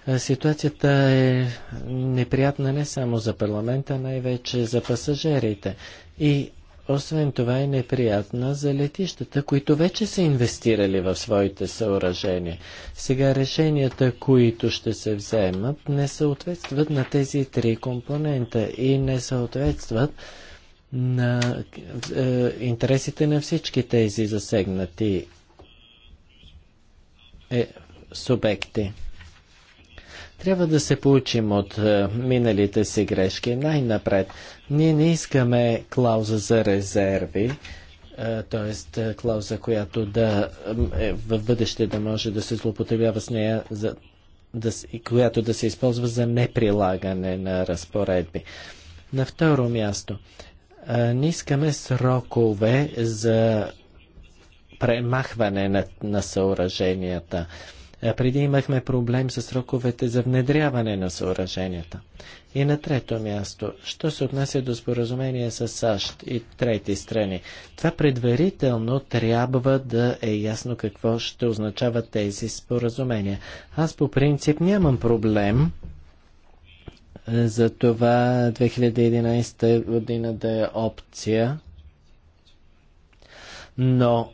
е, ситуацията е неприятна не само за парламента, най-вече за пасажирите. И освен това е неприятна за летищата, които вече са инвестирали в своите съоръжения. Сега решенията, които ще се вземат, не съответстват на тези три компонента и не съответстват на е, интересите на всички тези засегнати е, субекти. Трябва да се получим от е, миналите си грешки най-напред. Ние не искаме клауза за резерви, т.е. Е, клауза, която да е, в бъдеще да може да се злоупотребява с нея, за, да, която да се използва за неприлагане на разпоредби. На второ място, не искаме срокове за премахване на, на съоръженията. Е, преди имахме проблем с сроковете за внедряване на съоръженията. И на трето място, що се отнася до споразумение с САЩ и трети страни, това предварително трябва да е ясно какво ще означават тези споразумения. Аз по принцип нямам проблем е, за това 2011 година да е опция, но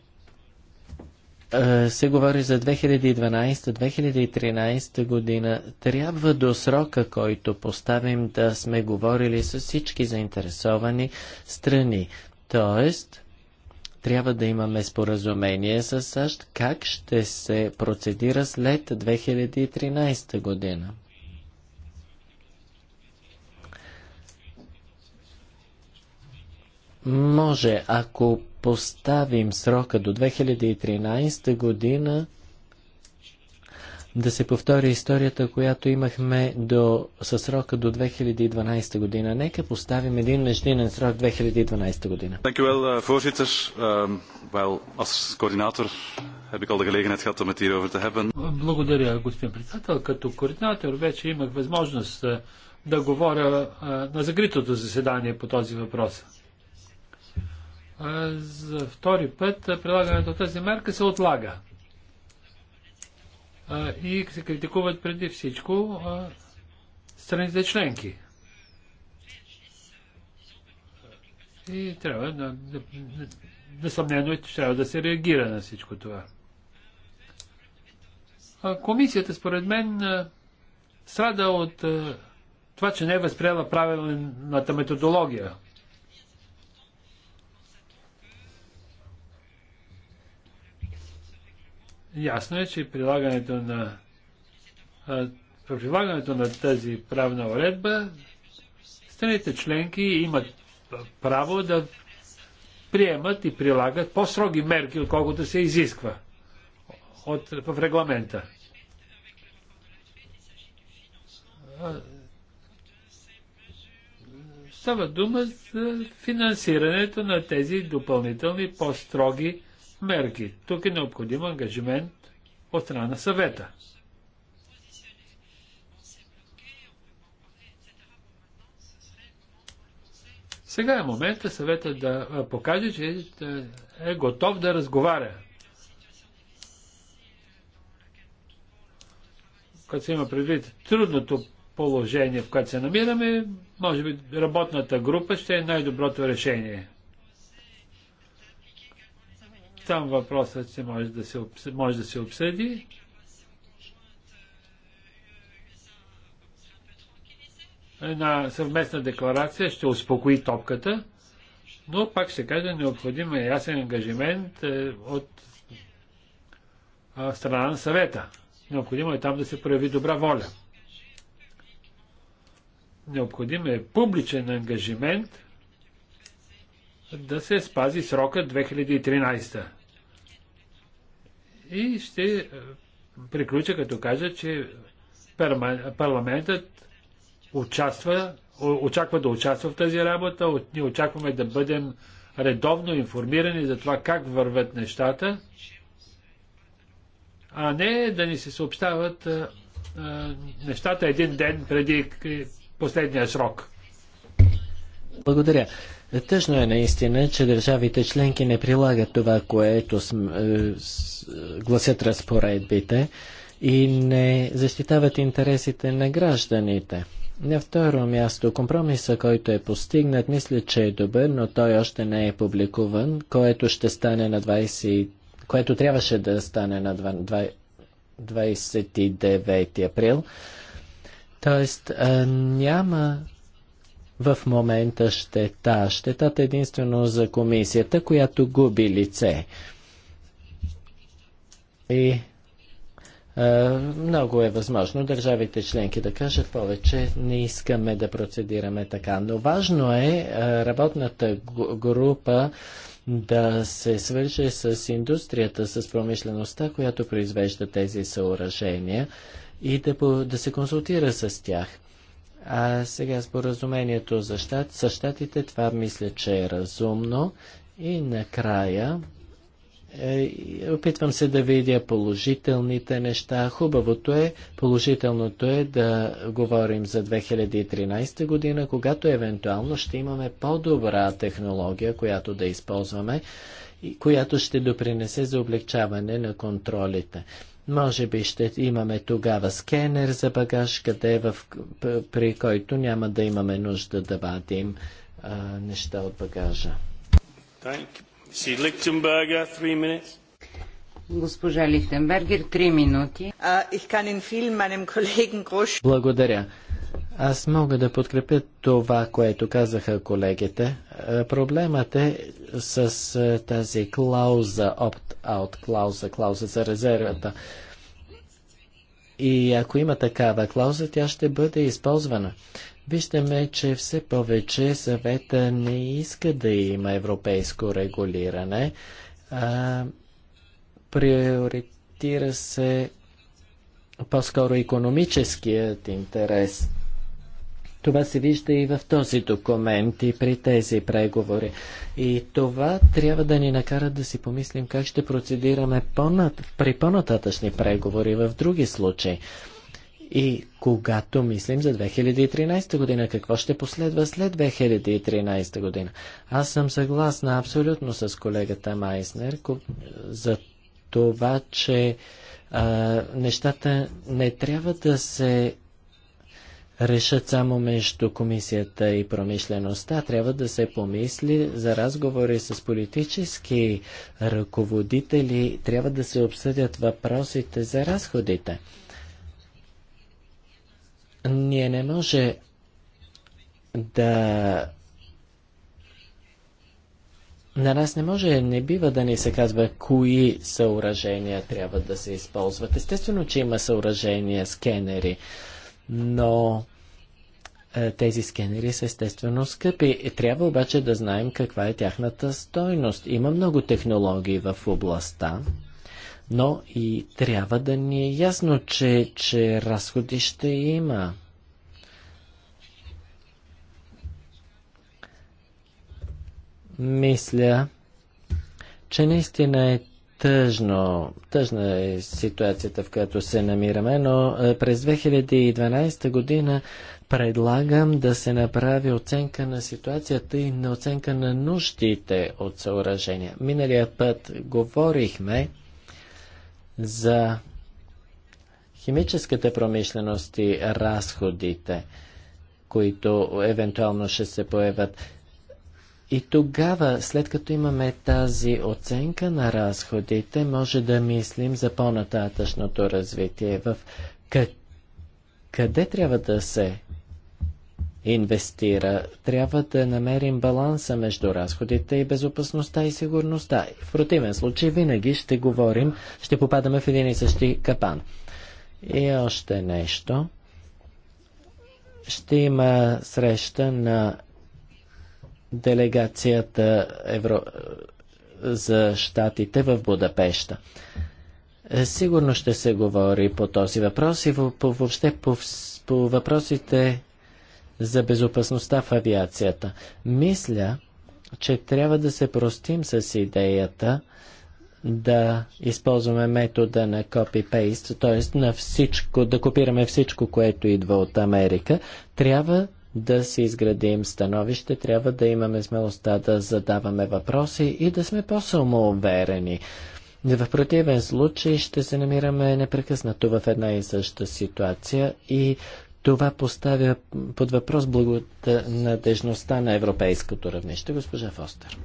е, се говори за 2012-2013 година. Трябва до срока, който поставим, да сме говорили с всички заинтересовани страни. Тоест, трябва да имаме споразумение с САЩ как ще се процедира след 2013 година. Може, ако поставим срока до 2013 година, да се повтори историята, която имахме до, със срока до 2012 година. Нека поставим един междинен срок 2012 година. Dank u wel, eh, voorzitter. Ehm, als coördinator heb ik al de gelegenheid gehad om het hierover te hebben. Благодаря, господин председател. Като координатор вече имах възможност eh, да говоря eh, на закритото заседание по този въпрос за втори път прилагането на тази мерка се отлага. И се критикуват преди всичко страните членки. И трябва, несъмнено, трябва да се реагира на всичко това. Комисията, според мен, страда от това, че не е възприела правилната методология Ясно е, че прилагането на, прилагането на тази правна уредба страните членки имат право да приемат и прилагат по-строги мерки, отколкото се изисква от, в регламента. Става дума за финансирането на тези допълнителни, по-строги мерки. Тук е необходим ангажимент от страна на съвета. Сега е момента съвета да покаже, че е готов да разговаря. Като се има предвид трудното положение, в което се намираме, може би работната група ще е най-доброто решение. Там въпросът се може да се, обсъди, може да се обсъди. Една съвместна декларация ще успокои топката, но пак ще кажа, необходим е ясен ангажимент е, от страна на съвета. Необходимо е там да се прояви добра воля. Необходим е публичен ангажимент да се спази срока 2013. И ще е, приключа като кажа, че парламентът участва, очаква да участва в тази работа. Ние очакваме да бъдем редовно информирани за това как върват нещата, а не да ни се съобщават е, е, нещата един ден преди последния срок. Благодаря. Е, тъжно е наистина, че държавите членки не прилагат това, което е, е, гласят разпоредбите и не защитават интересите на гражданите. На второ място, компромиса, който е постигнат, мисля, че е добър, но той още не е публикуван, което ще стане на 20... което трябваше да стане на 29 април. Тоест, няма в момента щета. Щетата единствено за комисията, която губи лице. И много е възможно държавите членки да кажат повече, не искаме да процедираме така. Но важно е работната група да се свърже с индустрията, с промишлеността, която произвежда тези съоръжения и да, да се консултира с тях. А сега споразумението за щат, с щатите, това мисля, че е разумно. И накрая е, опитвам се да видя положителните неща. Хубавото е, положителното е да говорим за 2013 година, когато евентуално ще имаме по-добра технология, която да използваме и която ще допринесе за облегчаване на контролите. Може би ще имаме тогава скенер за багаж, къде е в, при който няма да имаме нужда да вадим а, неща от багажа. Госпожа Лихтенбергер, 3 минути. Благодаря. Аз мога да подкрепя това, което казаха колегите. Е, проблемът е с е, тази клауза, опт-аут клауза, клауза за резервата. И ако има такава клауза, тя ще бъде използвана. Виждаме, че все повече съвета не иска да има европейско регулиране. А, приоритира се по-скоро економическият интерес. Това се вижда и в този документ и при тези преговори. И това трябва да ни накара да си помислим как ще процедираме по при по-нататъчни преговори в други случаи. И когато мислим за 2013 година, какво ще последва след 2013 година? Аз съм съгласна абсолютно с колегата Майснер за това, че а, нещата не трябва да се решат само между комисията и промишлеността. Трябва да се помисли за разговори с политически ръководители. Трябва да се обсъдят въпросите за разходите. Ние не може да на нас не може, не бива да ни се казва кои съоръжения трябва да се използват. Естествено, че има съоръжения, скенери но е, тези скенери са естествено скъпи. Трябва обаче да знаем каква е тяхната стойност. Има много технологии в областта, но и трябва да ни е ясно, че, че разходи ще има. Мисля, че наистина е тъжно. Тъжна е ситуацията, в която се намираме, но е, през 2012 година предлагам да се направи оценка на ситуацията и на оценка на нуждите от съоръжения. Миналия път говорихме за химическата промишленост и разходите, които евентуално ще се появят. И тогава, след като имаме тази оценка на разходите, може да мислим за по-нататъчното развитие. В къде трябва да се инвестира? Трябва да намерим баланса между разходите и безопасността и сигурността. В противен случай винаги ще говорим, ще попадаме в един и същи капан. И още нещо. Ще има среща на делегацията Евро... за щатите в Будапешта. Е, сигурно ще се говори по този въпрос и въобще по, по въпросите за безопасността в авиацията. Мисля, че трябва да се простим с идеята да използваме метода на копи-пейст, т.е. на всичко, да копираме всичко, което идва от Америка. Трябва да си изградим становище, трябва да имаме смелостта да задаваме въпроси и да сме по-самоуверени. В противен случай ще се намираме непрекъснато в една и съща ситуация и това поставя под въпрос благонадежността на европейското равнище. Госпожа Фостер.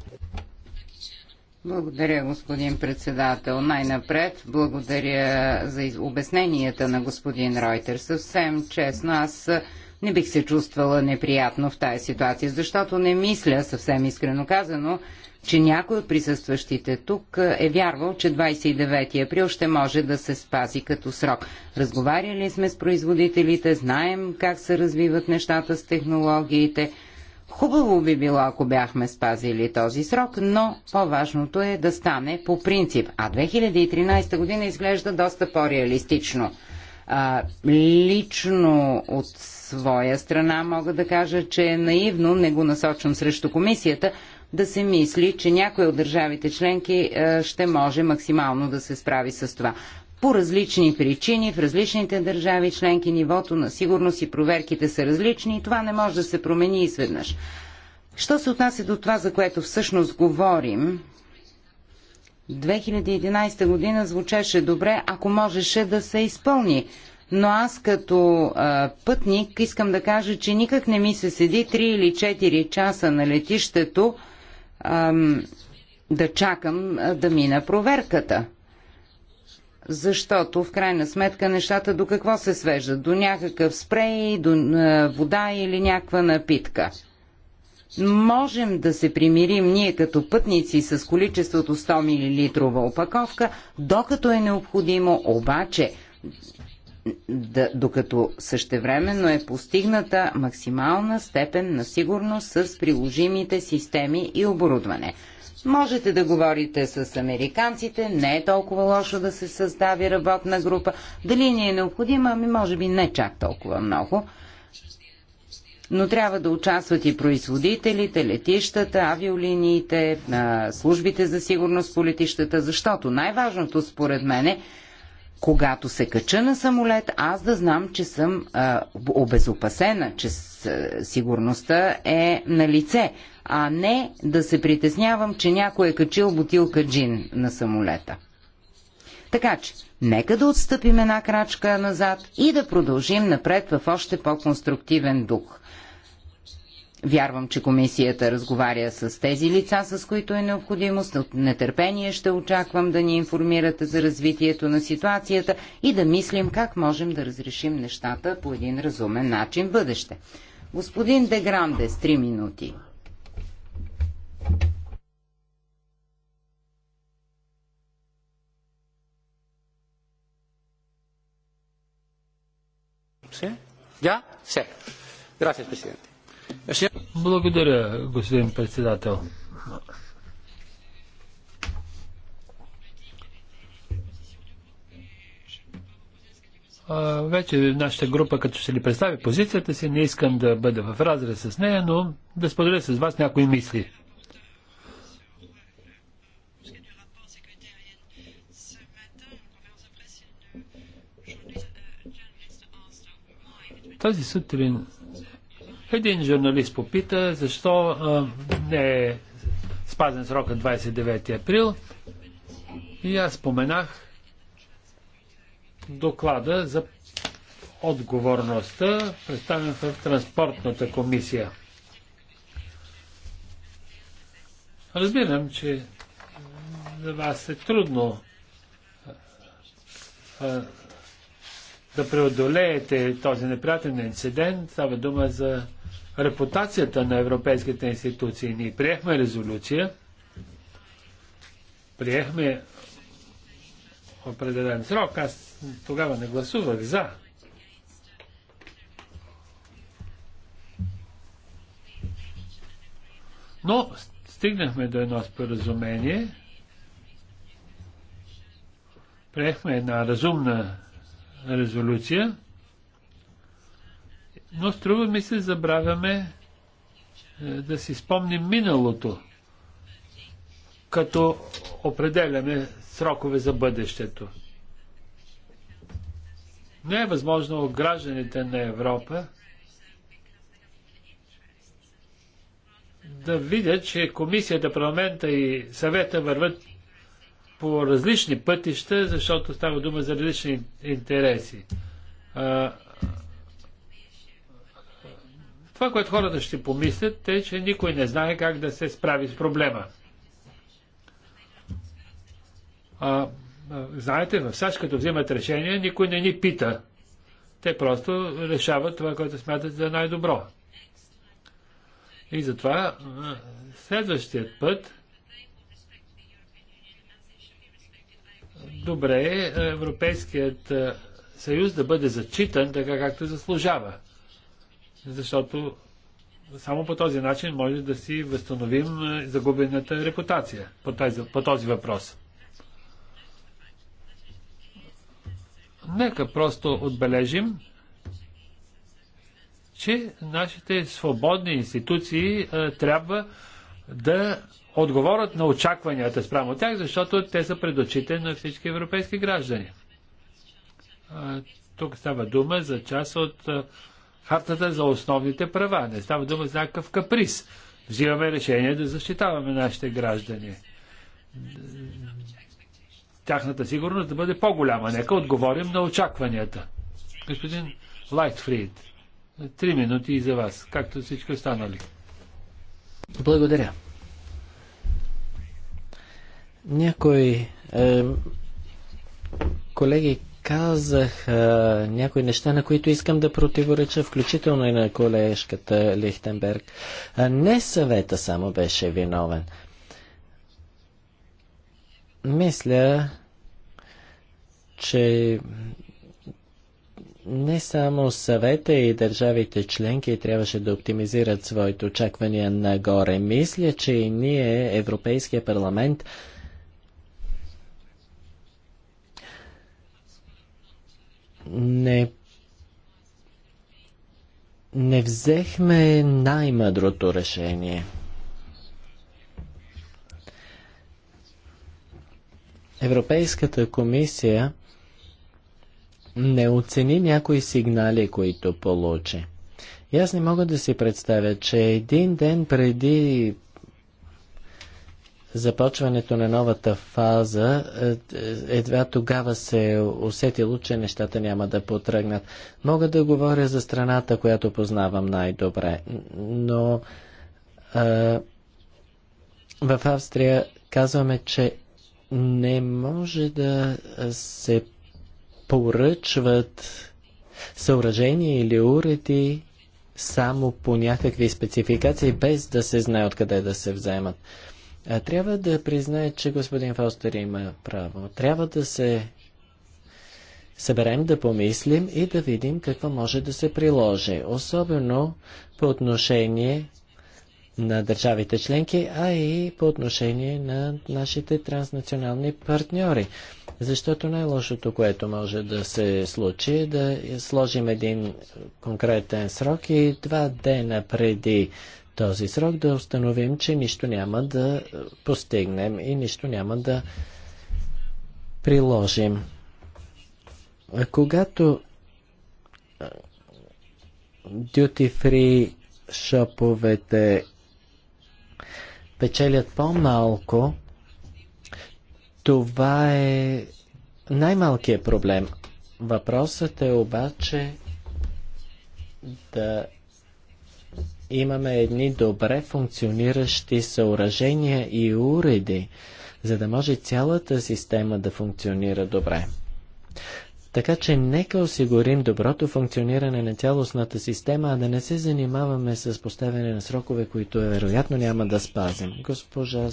Благодаря, господин председател. Най-напред благодаря за обясненията на господин Ройтер. Съвсем честно, аз не бих се чувствала неприятно в тази ситуация, защото не мисля, съвсем искрено казано, че някой от присъстващите тук е, е вярвал, че 29 април ще може да се спази като срок. Разговаряли сме с производителите, знаем как се развиват нещата с технологиите. Хубаво би било, ако бяхме спазили този срок, но по-важното е да стане по принцип. А 2013 година изглежда доста по-реалистично. лично от своя страна мога да кажа, че е наивно, не го насочвам срещу комисията, да се мисли, че някоя от държавите членки е, ще може максимално да се справи с това. По различни причини в различните държави членки нивото на сигурност и проверките са различни и това не може да се промени изведнъж. Що се отнася до това, за което всъщност говорим, 2011 година звучеше добре, ако можеше да се изпълни но аз като а, пътник искам да кажа, че никак не ми се седи 3 или 4 часа на летището а, да чакам а, да мина проверката. Защото в крайна сметка нещата до какво се свеждат? До някакъв спрей, до а, вода или някаква напитка. Можем да се примирим ние като пътници с количеството 100 мл опаковка, докато е необходимо, обаче да, докато същевременно е постигната максимална степен на сигурност с приложимите системи и оборудване. Можете да говорите с американците, не е толкова лошо да се създави работна група. Дали ни е необходима, ами може би не чак толкова много. Но трябва да участват и производителите, летищата, авиолиниите, службите за сигурност по летищата, защото най-важното според мен е, когато се кача на самолет, аз да знам, че съм а, обезопасена, че с, а, сигурността е на лице, а не да се притеснявам, че някой е качил бутилка джин на самолета. Така че, нека да отстъпим една крачка назад и да продължим напред в още по-конструктивен дух. Вярвам, че комисията разговаря с тези лица, с които е необходимо. От нетърпение ще очаквам да ни информирате за развитието на ситуацията и да мислим как можем да разрешим нещата по един разумен начин бъдеще. Господин Дегранде с 3 минути. ¿Sí? ¿Ya? Sí. Gracias, благодаря, господин председател. вече нашата група, като ще ли представи позицията си, не искам да бъда в разрез с нея, но да споделя с вас някои мисли. Тази сутрин един журналист попита защо а, не е спазен срока 29 април и аз споменах доклада за отговорността, представен в Транспортната комисия. Разбирам, че за вас е трудно а, да преодолеете този неприятен инцидент. Става дума за репутацията на европейските институции. Ние приехме резолюция, приехме определен срок. Аз тогава не гласувах за. Но стигнахме до едно споразумение. Приехме една разумна резолюция. Но струва ми се, забравяме е, да си спомним миналото, като определяме срокове за бъдещето. Не е възможно гражданите на Европа да видят, че комисията, парламента и съвета върват по различни пътища, защото става дума за различни интереси. Това, което хората ще помислят, е, че никой не знае как да се справи с проблема. А, знаете, в САЩ, като взимат решение, никой не ни пита. Те просто решават това, което смятат за най-добро. И затова следващият път добре е Европейският съюз да бъде зачитан така, както заслужава защото само по този начин може да си възстановим загубената репутация по този, по този въпрос. Нека просто отбележим, че нашите свободни институции а, трябва да отговорят на очакванията спрямо тях, защото те са пред очите на всички европейски граждани. А, тук става дума за част от а, хартата за основните права. Не става дума за някакъв каприз. Взимаме решение да защитаваме нашите граждани. Тяхната сигурност да бъде по-голяма. Нека отговорим на очакванията. Господин Лайтфрид, три минути и за вас, както всички останали. Благодаря. Някои е, колеги казах а, някои неща, на които искам да противореча, включително и на колежката Лихтенберг. А не съвета само беше виновен. Мисля, че не само съвета и държавите членки трябваше да оптимизират своите очаквания нагоре. Мисля, че и ние, Европейския парламент, не не взехме най-мъдрото решение. Европейската комисия не оцени някои сигнали, които получи. И аз не мога да си представя, че един ден преди започването на новата фаза, е, е, едва тогава се е усетило, че нещата няма да потръгнат. Мога да говоря за страната, която познавам най-добре, но а, в Австрия казваме, че не може да се поръчват съоръжения или уреди само по някакви спецификации, без да се знае откъде да се вземат. Трябва да признае, че господин Фостер има право. Трябва да се съберем да помислим и да видим какво може да се приложи, особено по отношение на държавите членки, а и по отношение на нашите транснационални партньори. Защото най-лошото, което може да се случи е да сложим един конкретен срок и два дена преди този срок да установим, че нищо няма да постигнем и нищо няма да приложим. А когато duty free шоповете печелят по-малко, това е най-малкият проблем. Въпросът е обаче да имаме едни добре функциониращи съоръжения и уреди, за да може цялата система да функционира добре. Така че нека осигурим доброто функциониране на цялостната система, а да не се занимаваме с поставяне на срокове, които е вероятно няма да спазим. Госпожа...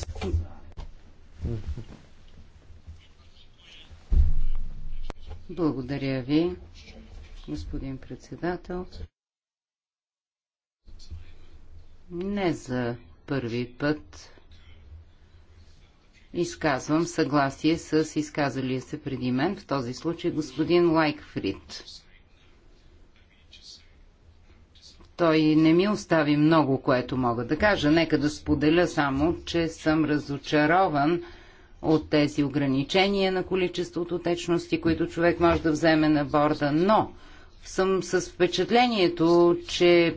Благодаря ви, господин председател. Не за първи път изказвам съгласие с изказалия се преди мен, в този случай господин Лайкфрид. Той не ми остави много, което мога да кажа. Нека да споделя само, че съм разочарован от тези ограничения на количеството течности, които човек може да вземе на борда, но съм с впечатлението, че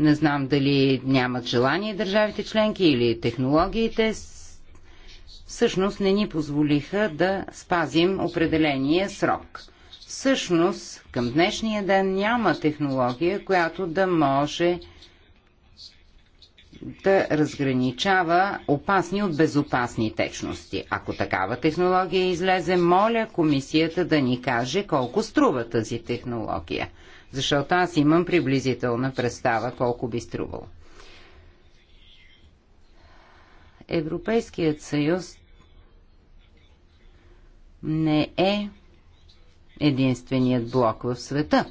не знам дали нямат желание държавите членки или технологиите. Всъщност не ни позволиха да спазим определения срок. Всъщност към днешния ден няма технология, която да може да разграничава опасни от безопасни течности. Ако такава технология излезе, моля комисията да ни каже колко струва тази технология. Защото аз имам приблизителна представа колко би струвал. Европейският съюз не е единственият блок в света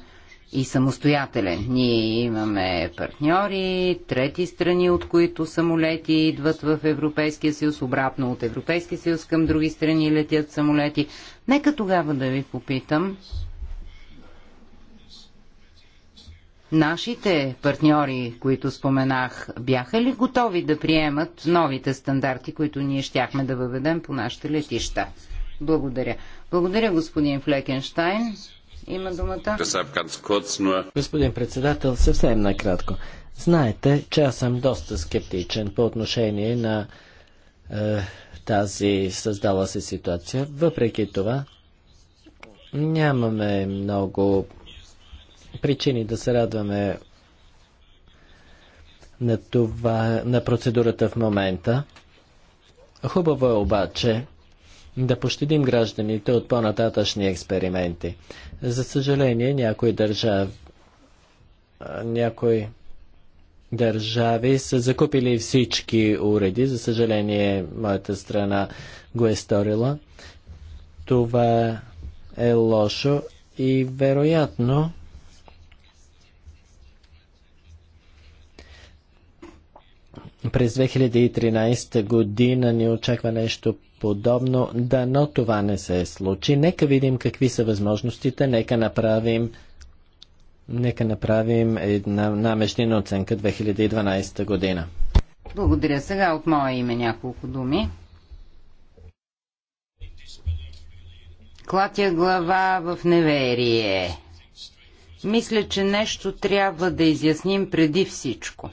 и самостоятелен. Ние имаме партньори, трети страни, от които самолети идват в Европейския съюз, обратно от Европейския съюз към други страни летят самолети. Нека тогава да ви попитам, Нашите партньори, които споменах, бяха ли готови да приемат новите стандарти, които ние щяхме да въведем по нашите летища? Благодаря. Благодаря, господин Флекенштайн. Има думата. Господин председател, съвсем накратко. Знаете, че аз съм доста скептичен по отношение на е, тази създала се ситуация. Въпреки това, нямаме много причини да се радваме на, това, на процедурата в момента. Хубаво е обаче да пощадим гражданите от по-нататъчни експерименти. За съжаление, някои държави, някои държави са закупили всички уреди. За съжаление, моята страна го е сторила. Това е лошо и вероятно През 2013 година ни очаква нещо подобно, да, но това не се случи. Нека видим какви са възможностите, нека направим нека направим една намещина оценка 2012 година. Благодаря. Сега от мое име няколко думи. Клатя глава в неверие. Мисля, че нещо трябва да изясним преди всичко.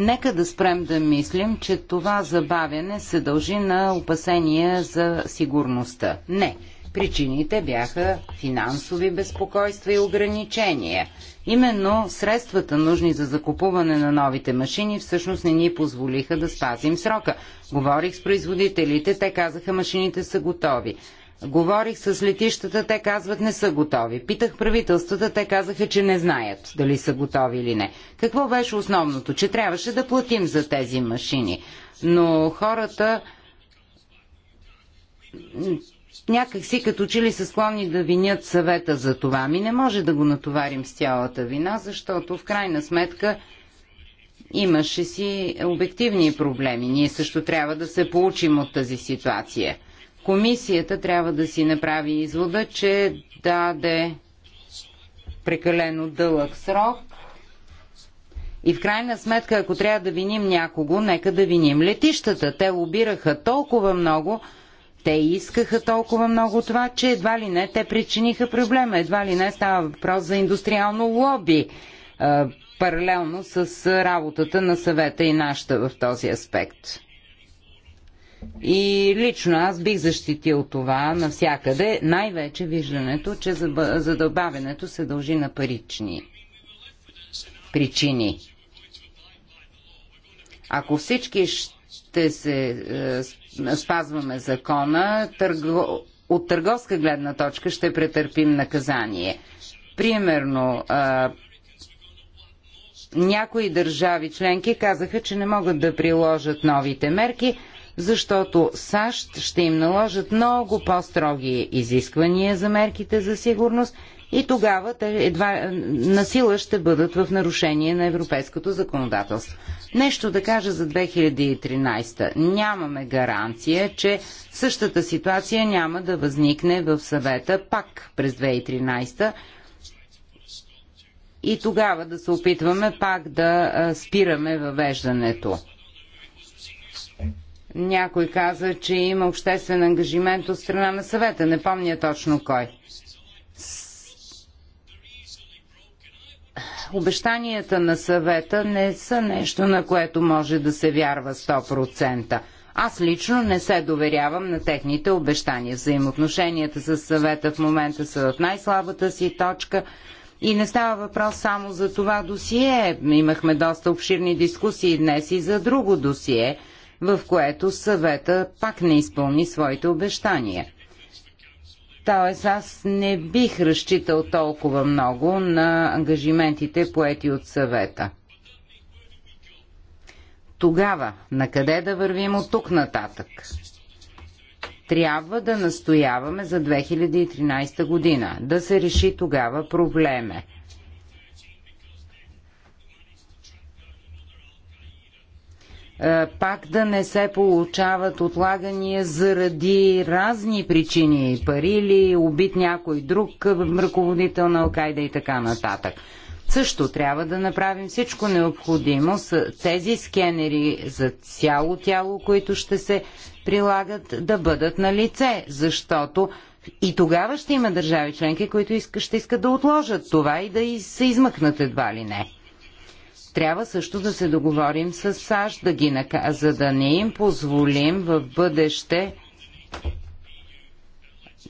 Нека да спрем да мислим, че това забавяне се дължи на опасения за сигурността. Не. Причините бяха финансови безпокойства и ограничения. Именно средствата, нужни за закупуване на новите машини, всъщност не ни позволиха да спазим срока. Говорих с производителите, те казаха машините са готови. Говорих с летищата, те казват не са готови. Питах правителствата, те казаха, че не знаят дали са готови или не. Какво беше основното? Че трябваше да платим за тези машини. Но хората някак си като че ли са склонни да винят съвета за това. Ми не може да го натоварим с цялата вина, защото в крайна сметка имаше си обективни проблеми. Ние също трябва да се получим от тази ситуация – Комисията трябва да си направи извода, че даде прекалено дълъг срок и в крайна сметка, ако трябва да виним някого, нека да виним летищата. Те лобираха толкова много, те искаха толкова много това, че едва ли не те причиниха проблема. Едва ли не става въпрос за индустриално лоби, паралелно с работата на съвета и нашата в този аспект. И лично аз бих защитил това навсякъде, най-вече виждането, че задълбавянето се дължи на парични причини. Ако всички ще се е, спазваме закона, от търговска гледна точка ще претърпим наказание. Примерно, е, някои държави членки казаха, че не могат да приложат новите мерки, защото САЩ ще им наложат много по-строги изисквания за мерките за сигурност и тогава те едва насила ще бъдат в нарушение на европейското законодателство. Нещо да кажа за 2013. Нямаме гаранция, че същата ситуация няма да възникне в съвета пак през 2013 и тогава да се опитваме пак да спираме въвеждането. Някой каза, че има обществен ангажимент от страна на съвета. Не помня точно кой. Обещанията на съвета не са нещо, на което може да се вярва 100%. Аз лично не се доверявам на техните обещания. Взаимоотношенията с съвета в момента са в най-слабата си точка. И не става въпрос само за това досие. Имахме доста обширни дискусии днес и за друго досие – в което съвета пак не изпълни своите обещания. Тоест аз не бих разчитал толкова много на ангажиментите поети от съвета. Тогава, на къде да вървим от тук нататък? Трябва да настояваме за 2013 година, да се реши тогава проблеме Е, пак да не се получават отлагания заради разни причини. Пари или убит някой друг е, ръководител на Алкайда и така нататък. Също трябва да направим всичко необходимо с тези скенери за цяло тяло, които ще се прилагат да бъдат на лице, защото и тогава ще има държави членки, които иска, ще искат да отложат това и да се измъкнат едва ли не трябва също да се договорим с САЩ, да ги наказ... за да не им позволим в бъдеще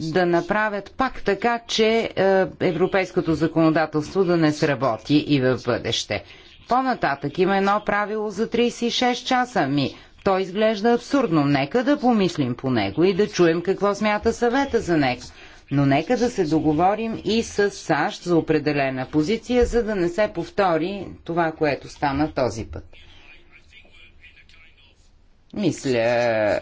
да направят пак така, че е, европейското законодателство да не сработи и в бъдеще. По-нататък има едно правило за 36 часа. Ми, то изглежда абсурдно. Нека да помислим по него и да чуем какво смята съвета за него. Но нека да се договорим и с САЩ за определена позиция, за да не се повтори това, което стана този път. Мисля,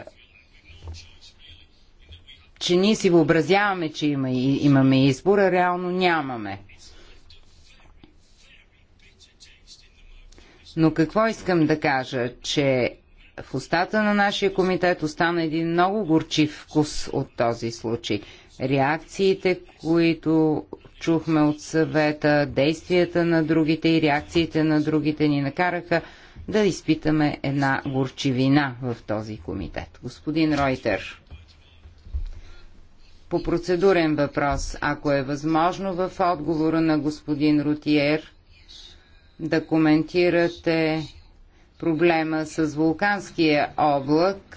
че ние си въобразяваме, че има, имаме избор, а реално нямаме. Но какво искам да кажа, че в устата на нашия комитет остана един много горчив вкус от този случай реакциите, които чухме от съвета, действията на другите и реакциите на другите ни накараха да изпитаме една горчивина в този комитет. Господин Ройтер, по процедурен въпрос, ако е възможно в отговора на господин Рутиер да коментирате проблема с вулканския облак,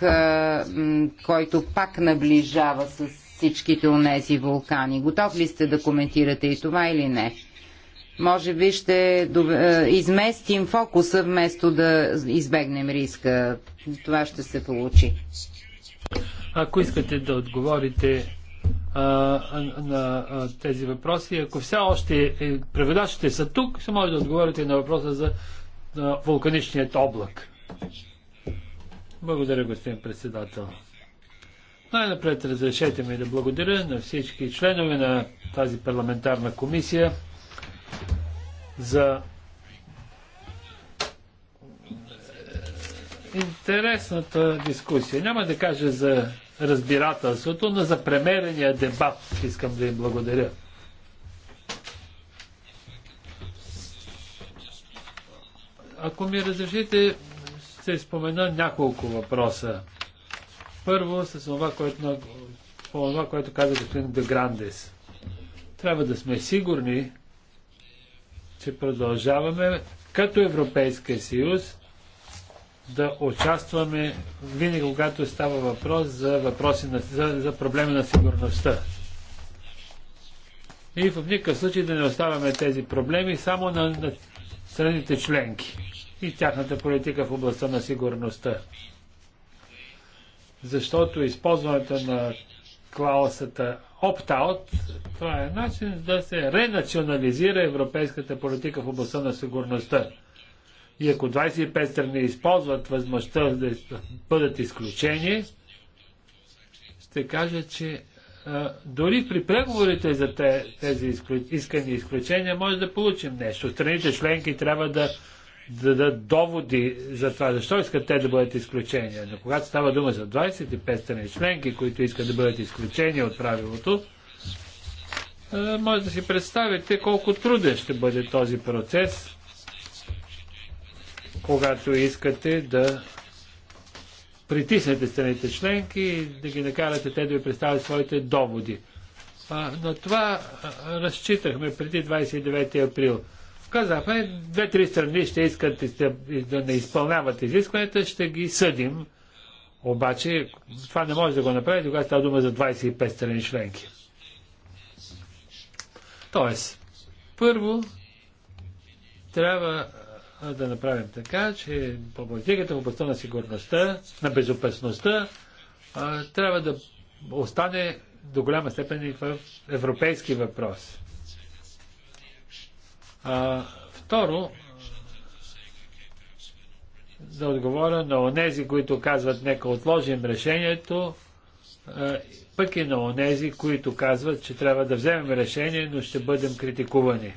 който пак наближава с всичките онези вулкани. Готов ли сте да коментирате и това или не? Може би ще е, изместим фокуса вместо да избегнем риска. Това ще се получи. Ако искате да отговорите а, на а, тези въпроси, ако все още е, преведачите са тук, ще може да отговорите на въпроса за на вулканичният облак. Благодаря, господин председател. Най-напред разрешете ми да благодаря на всички членове на тази парламентарна комисия за е, интересната дискусия. Няма да кажа за разбирателството, но за премерения дебат искам да им благодаря. Ако ми разрешите, ще спомена няколко въпроса първо с това, което, това, което каза господин Деграндес. Трябва да сме сигурни, че продължаваме като Европейския съюз да участваме винаги, когато става въпрос за, въпроси на, за, за проблеми на сигурността. И в никакъв случай да не оставяме тези проблеми само на, на страните членки и тяхната политика в областта на сигурността защото използването на клаусата opt-out, това е начин да се ренационализира европейската политика в областта на сигурността. И ако 25 страни използват възможността да бъдат изключени, ще кажа, че а, дори при преговорите за те, тези изклю... искани изключения може да получим нещо. Страните членки трябва да дадат доводи за това, защо искат те да бъдат изключени. Но когато става дума за 25 страни членки, които искат да бъдат изключени от правилото, може да си представите колко труден ще бъде този процес, когато искате да притиснете страните членки и да ги накарате те да ви представят своите доводи. на това разчитахме преди 29 април. Казахме, две-три страни ще искат да не изпълняват изискването, ще ги съдим. Обаче това не може да го направи, когато става дума за 25 страни членки. Тоест, първо трябва да направим така, че по политиката в областта на сигурността, на безопасността, трябва да остане до голяма степен и в европейски въпрос. А, второ, да отговоря на онези, които казват нека отложим решението, пък и на онези, които казват, че трябва да вземем решение, но ще бъдем критикувани.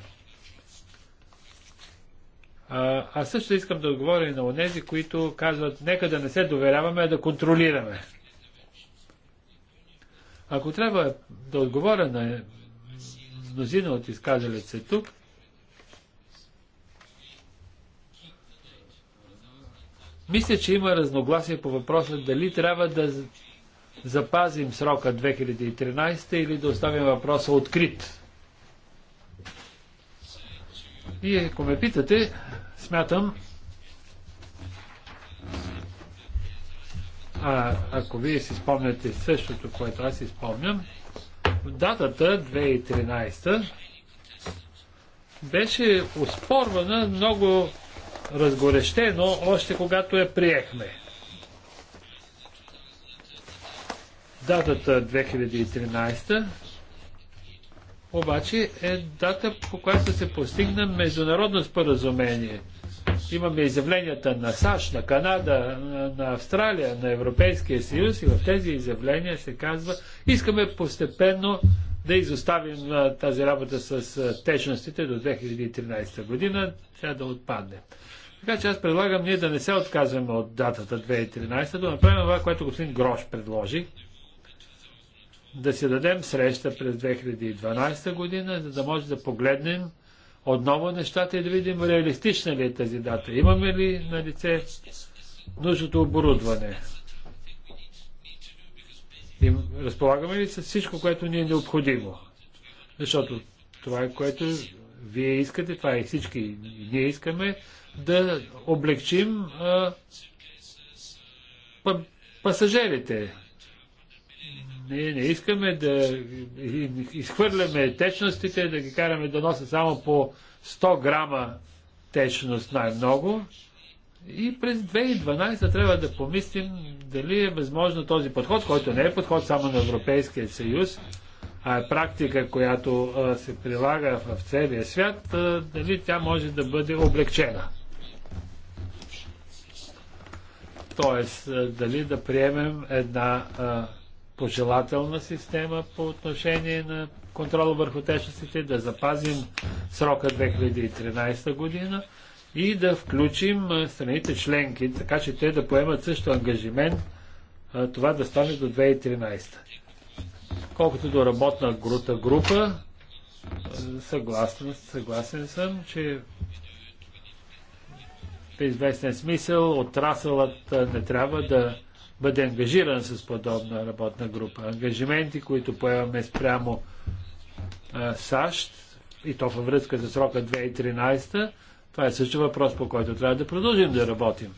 А, а също искам да отговоря и на онези, които казват, нека да не се доверяваме, а да контролираме. Ако трябва да отговоря на мнозина от изказалите се тук, Мисля, че има разногласие по въпроса дали трябва да запазим срока 2013 или да оставим въпроса открит. И ако ме питате, смятам, а, ако вие си спомняте същото, което аз си спомням, датата 2013 беше оспорвана много разгорещено, още когато я приехме. Датата 2013 обаче е дата, по която се постигна международно споразумение. Имаме изявленията на САЩ, на Канада, на Австралия, на Европейския съюз и в тези изявления се казва, искаме постепенно да изоставим тази работа с течностите до 2013 година, тя да отпадне. Така че аз предлагам ние да не се отказваме от датата 2013, да направим това, което господин Грош предложи. Да си дадем среща през 2012 година, за да може да погледнем отново нещата и да видим реалистична ли е тази дата. Имаме ли на лице нужното оборудване? И разполагаме ли с всичко, което ни е необходимо? Защото това е което вие искате, това и е всички ние искаме, да облегчим пасажирите. Ние не искаме да изхвърляме течностите, да ги караме да носят само по 100 грама течност най-много. И през 2012 трябва да помислим дали е възможно този подход, който не е подход само на Европейския съюз, а е практика, която се прилага в целия свят, дали тя може да бъде облегчена. Тоест, дали да приемем една а, пожелателна система по отношение на контрола върху течностите, да запазим срока 2013 година и да включим страните членки, така че те да поемат също ангажимент а, това да стане до 2013. Колкото до работна група, група съгласен, съгласен съм, че в известен смисъл отрасълът не трябва да бъде ангажиран с подобна работна група. Ангажименти, които поемаме спрямо а, САЩ, и то във връзка за срока 2013, това е също въпрос, по който трябва да продължим да работим.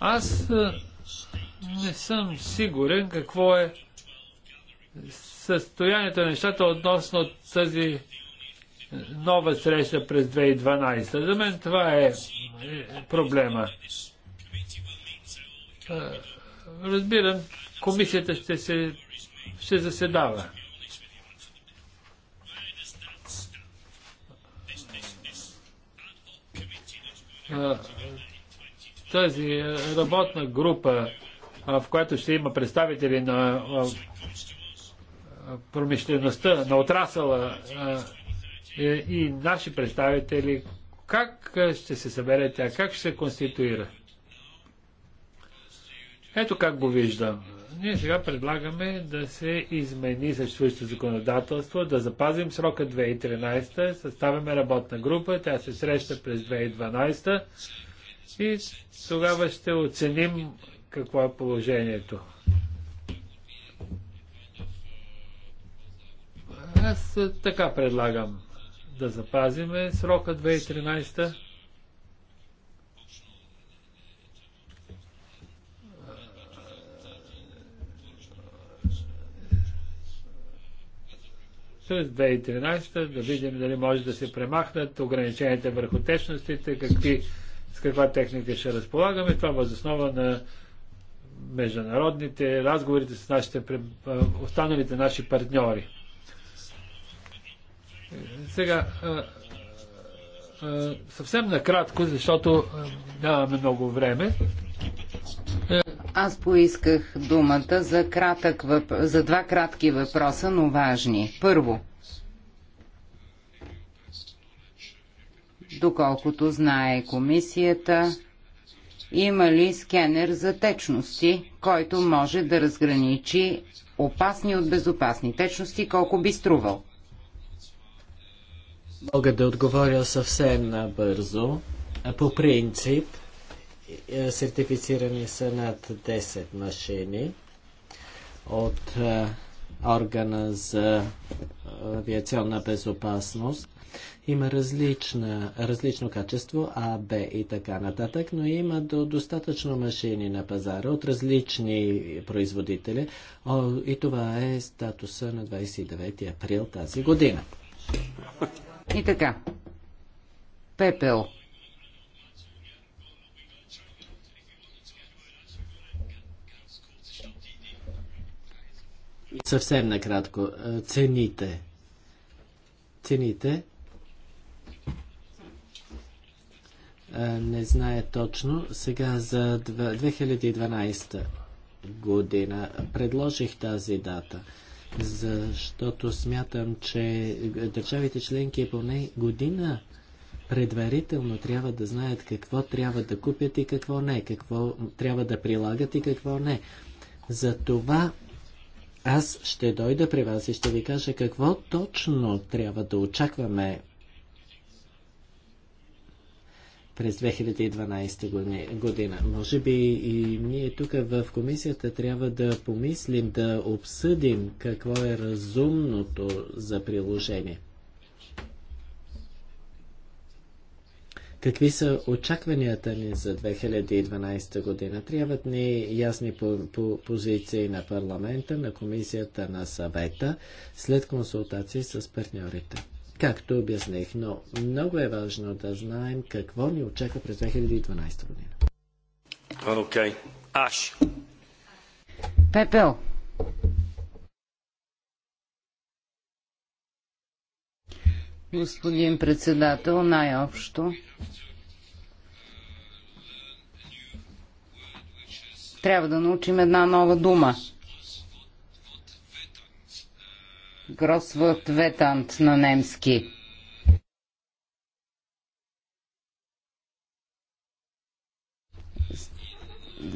Аз не съм сигурен какво е състоянието на нещата относно тази нова среща през 2012. За мен това е, е проблема. Разбирам, комисията ще, се, ще заседава. Тази работна група, в която ще има представители на промишлеността, на отрасъла е, и наши представители, как ще се събере тя, как ще се конституира. Ето как го виждам. Ние сега предлагаме да се измени съществуващото законодателство, да запазим срока 2013, съставяме работна група, тя се среща през 2012 и тогава ще оценим какво е положението. Аз е, така предлагам да запазиме срока 2013 е, през 2013 да видим дали може да се премахнат ограниченията върху течностите, какви, с каква техника ще разполагаме. Това възоснова на международните разговорите с нашите, останалите наши партньори. Сега, а, а, съвсем накратко, защото нямаме много време. Аз поисках думата за, кратък въп... за два кратки въпроса, но важни. Първо, доколкото знае комисията, има ли скенер за течности, който може да разграничи опасни от безопасни течности, колко би струвал? Мога да отговоря съвсем набързо. По принцип, е, сертифицирани са над 10 машини от е, органа за е, авиационна безопасност. Има различна, различно качество А, Б и така нататък, но има до, достатъчно машини на пазара от различни производители и това е статуса на 29 април тази година. И така. Пепел. Съвсем накратко. Е, цените. Цените. Е, не знае точно. Сега за 2012 година предложих тази дата защото смятам, че държавите членки е поне година предварително трябва да знаят какво трябва да купят и какво не, какво трябва да прилагат и какво не. За това аз ще дойда при вас и ще ви кажа какво точно трябва да очакваме през 2012 година. Може би и ние тук в комисията трябва да помислим, да обсъдим какво е разумното за приложение. Какви са очакванията ни за 2012 година? Трябват ни ясни по, по, позиции на парламента, на комисията, на съвета, след консултации с партньорите както обясних, но много е важно да знаем какво ни очаква през 2012 година. Окей. Okay. Аш. Пепел. Господин председател, най-общо. Трябва да научим една нова дума – Ветант на немски.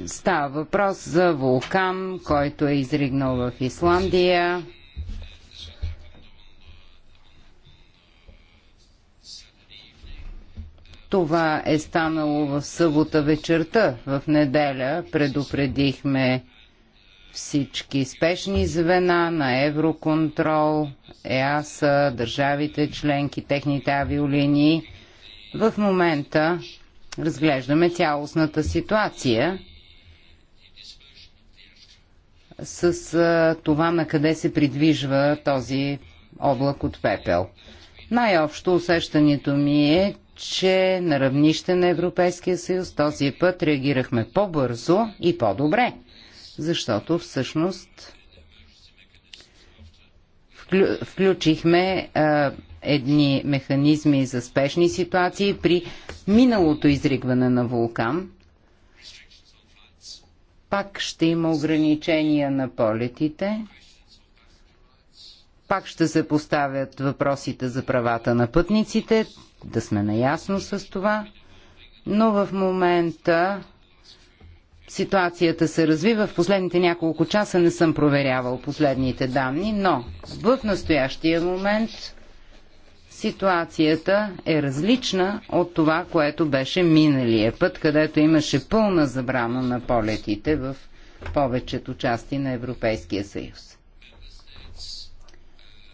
Става въпрос за вулкан, който е изригнал в Исландия. Това е станало в събота вечерта. В неделя предупредихме всички спешни звена на Евроконтрол, ЕАСА, държавите членки, техните авиолинии. В момента разглеждаме цялостната ситуация с а, това на къде се придвижва този облак от пепел. Най-общо усещането ми е, че на равнище на Европейския съюз този път реагирахме по-бързо и по-добре защото всъщност включихме а, едни механизми за спешни ситуации при миналото изригване на вулкан. Пак ще има ограничения на полетите. Пак ще се поставят въпросите за правата на пътниците, да сме наясно с това. Но в момента ситуацията се развива. В последните няколко часа не съм проверявал последните данни, но в настоящия момент ситуацията е различна от това, което беше миналия път, където имаше пълна забрана на полетите в повечето части на Европейския съюз.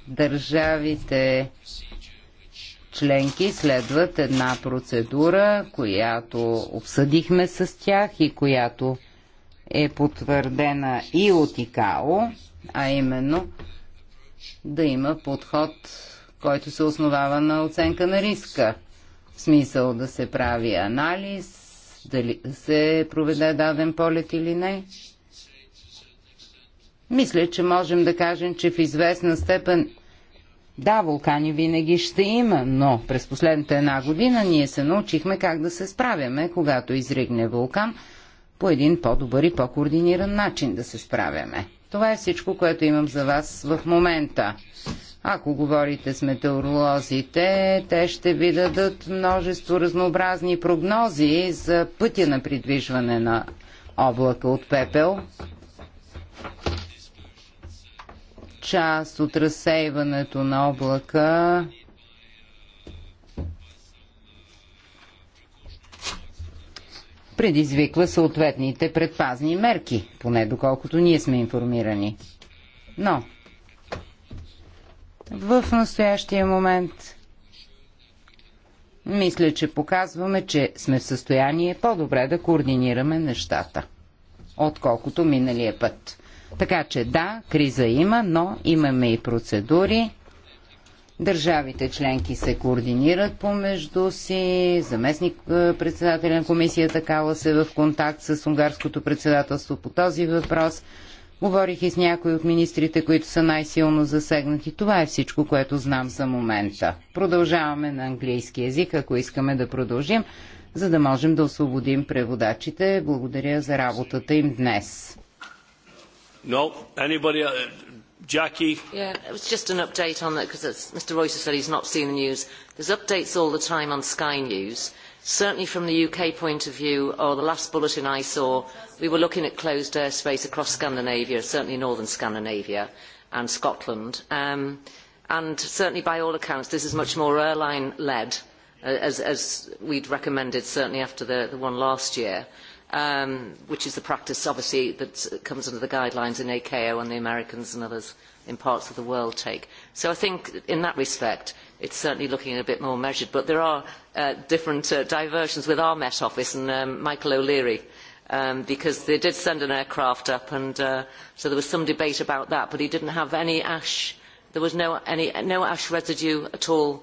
Държавите членки следват една процедура, която обсъдихме с тях и която е потвърдена и от ИКАО, а именно да има подход, който се основава на оценка на риска. В смисъл да се прави анализ, дали се проведе даден полет или не. Мисля, че можем да кажем, че в известна степен да, вулкани винаги ще има, но през последната една година ние се научихме как да се справяме, когато изригне вулкан, по един по-добър и по-координиран начин да се справяме. Това е всичко, което имам за вас в момента. Ако говорите с метеоролозите, те ще ви дадат множество разнообразни прогнози за пътя на придвижване на облака от пепел част от разсейването на облака предизвиква съответните предпазни мерки, поне доколкото ние сме информирани. Но в настоящия момент мисля, че показваме, че сме в състояние по-добре да координираме нещата, отколкото миналия път. Така че да, криза има, но имаме и процедури. Държавите членки се координират помежду си. Заместник е, председателя на комисията Кала се е в контакт с унгарското председателство по този въпрос. Говорих и с някои от министрите, които са най-силно засегнати. Това е всичко, което знам за момента. Продължаваме на английски язик, ако искаме да продължим, за да можем да освободим преводачите. Благодаря за работата им днес. No. Anybody? Uh, Jackie? Yeah, it was just an update on that because Mr. Royce said he's not seen the news. There's updates all the time on Sky News. Certainly from the UK point of view, or the last bulletin I saw, we were looking at closed airspace across Scandinavia, certainly northern Scandinavia and Scotland. Um, and certainly by all accounts, this is much more airline-led, as, as we'd recommended certainly after the, the one last year which is the practice, obviously, that comes under the guidelines in ACAO and the Americans and others in parts of the world take. So I think in that respect, it is certainly looking a bit more measured. But there are different diversions with our Met Office and Michael O'Leary, because they did send an aircraft up, and so there was some debate about that, but he didn't have any ash. There was no, any, no ash residue at all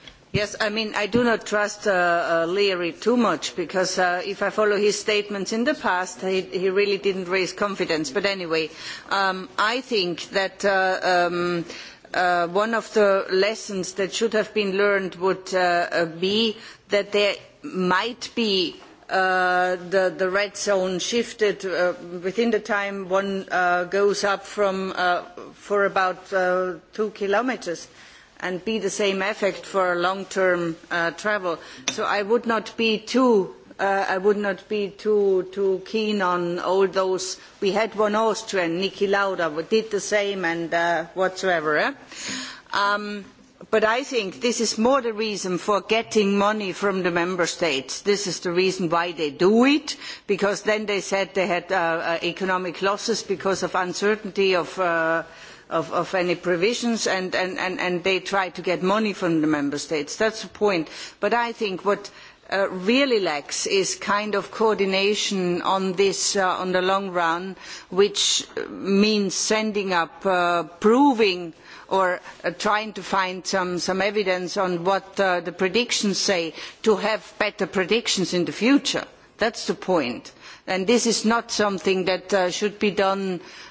Yes, I mean, I do not trust Leary too much because if I follow his statements in the past, he, he really didn't raise confidence. But anyway, I think that one of the lessons that should have been learned would be that there might be the red zone shifted within the time one goes up from for about two kilometres and be the same effect for long-term travel. So I would not be too I would not be too keen on all those. We had one Austrian, Niki Lauda, who did the same and whatsoever. But I think this is more the reason for getting money from the member states. This is the reason why they do it, because then they said they had economic losses because of uncertainty of of, any provisions and, and, and, and they try to get money from the member states. That's the point. But I think what really lacks is kind of coordination on this on the long run, which means sending up, proving or trying to find some evidence on what the predictions say to have better predictions in the future. That is the point. And this is not something that should be done uh,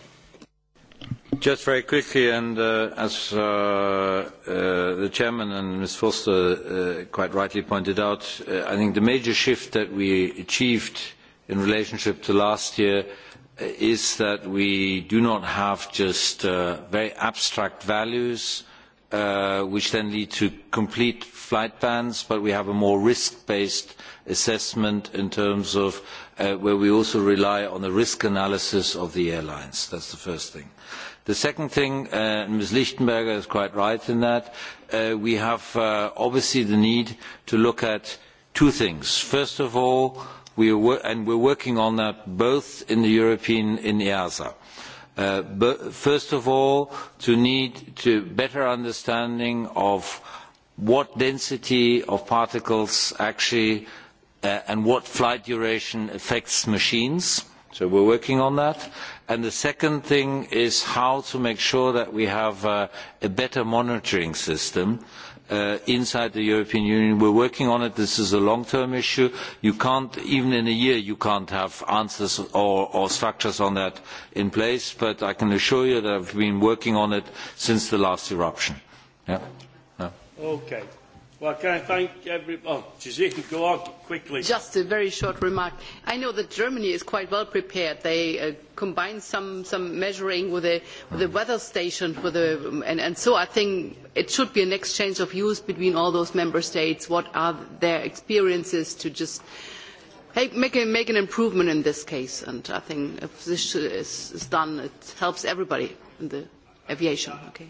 Just very quickly, and as the chairman and Ms. Foster quite rightly pointed out, I think the major shift that we achieved in relationship to last year is that we do not have just very abstract values, which then lead to complete flight bans, but we have a more risk-based assessment in terms of where we also rely on the risk analysis of the airlines. That's the first thing. The second thing, and Ms. Lichtenberger is quite right in that, we have obviously the need to look at two things. First of all, we are we're working on that both in the European in EASA. First of all, to need to better understanding of what density of particles actually and what flight duration affects machines. So We're working on that. And the second thing is how to make sure that we have a better monitoring system inside the European Union. We are working on it. This is a long-term issue. You can't, even in a year, you can't have answers or, structures on that in place, but I can assure you that I have been working on it since the last eruption. Well, can I thank Oh, go on quickly. Just a very short remark. I know that Germany is quite well prepared. They uh, combine some, some measuring with the with the weather station, with the and, and so I think it should be an exchange of views between all those member states. What are their experiences to just hey, make, a, make an improvement in this case? And I think if this is, is done, it helps everybody in the aviation. Okay.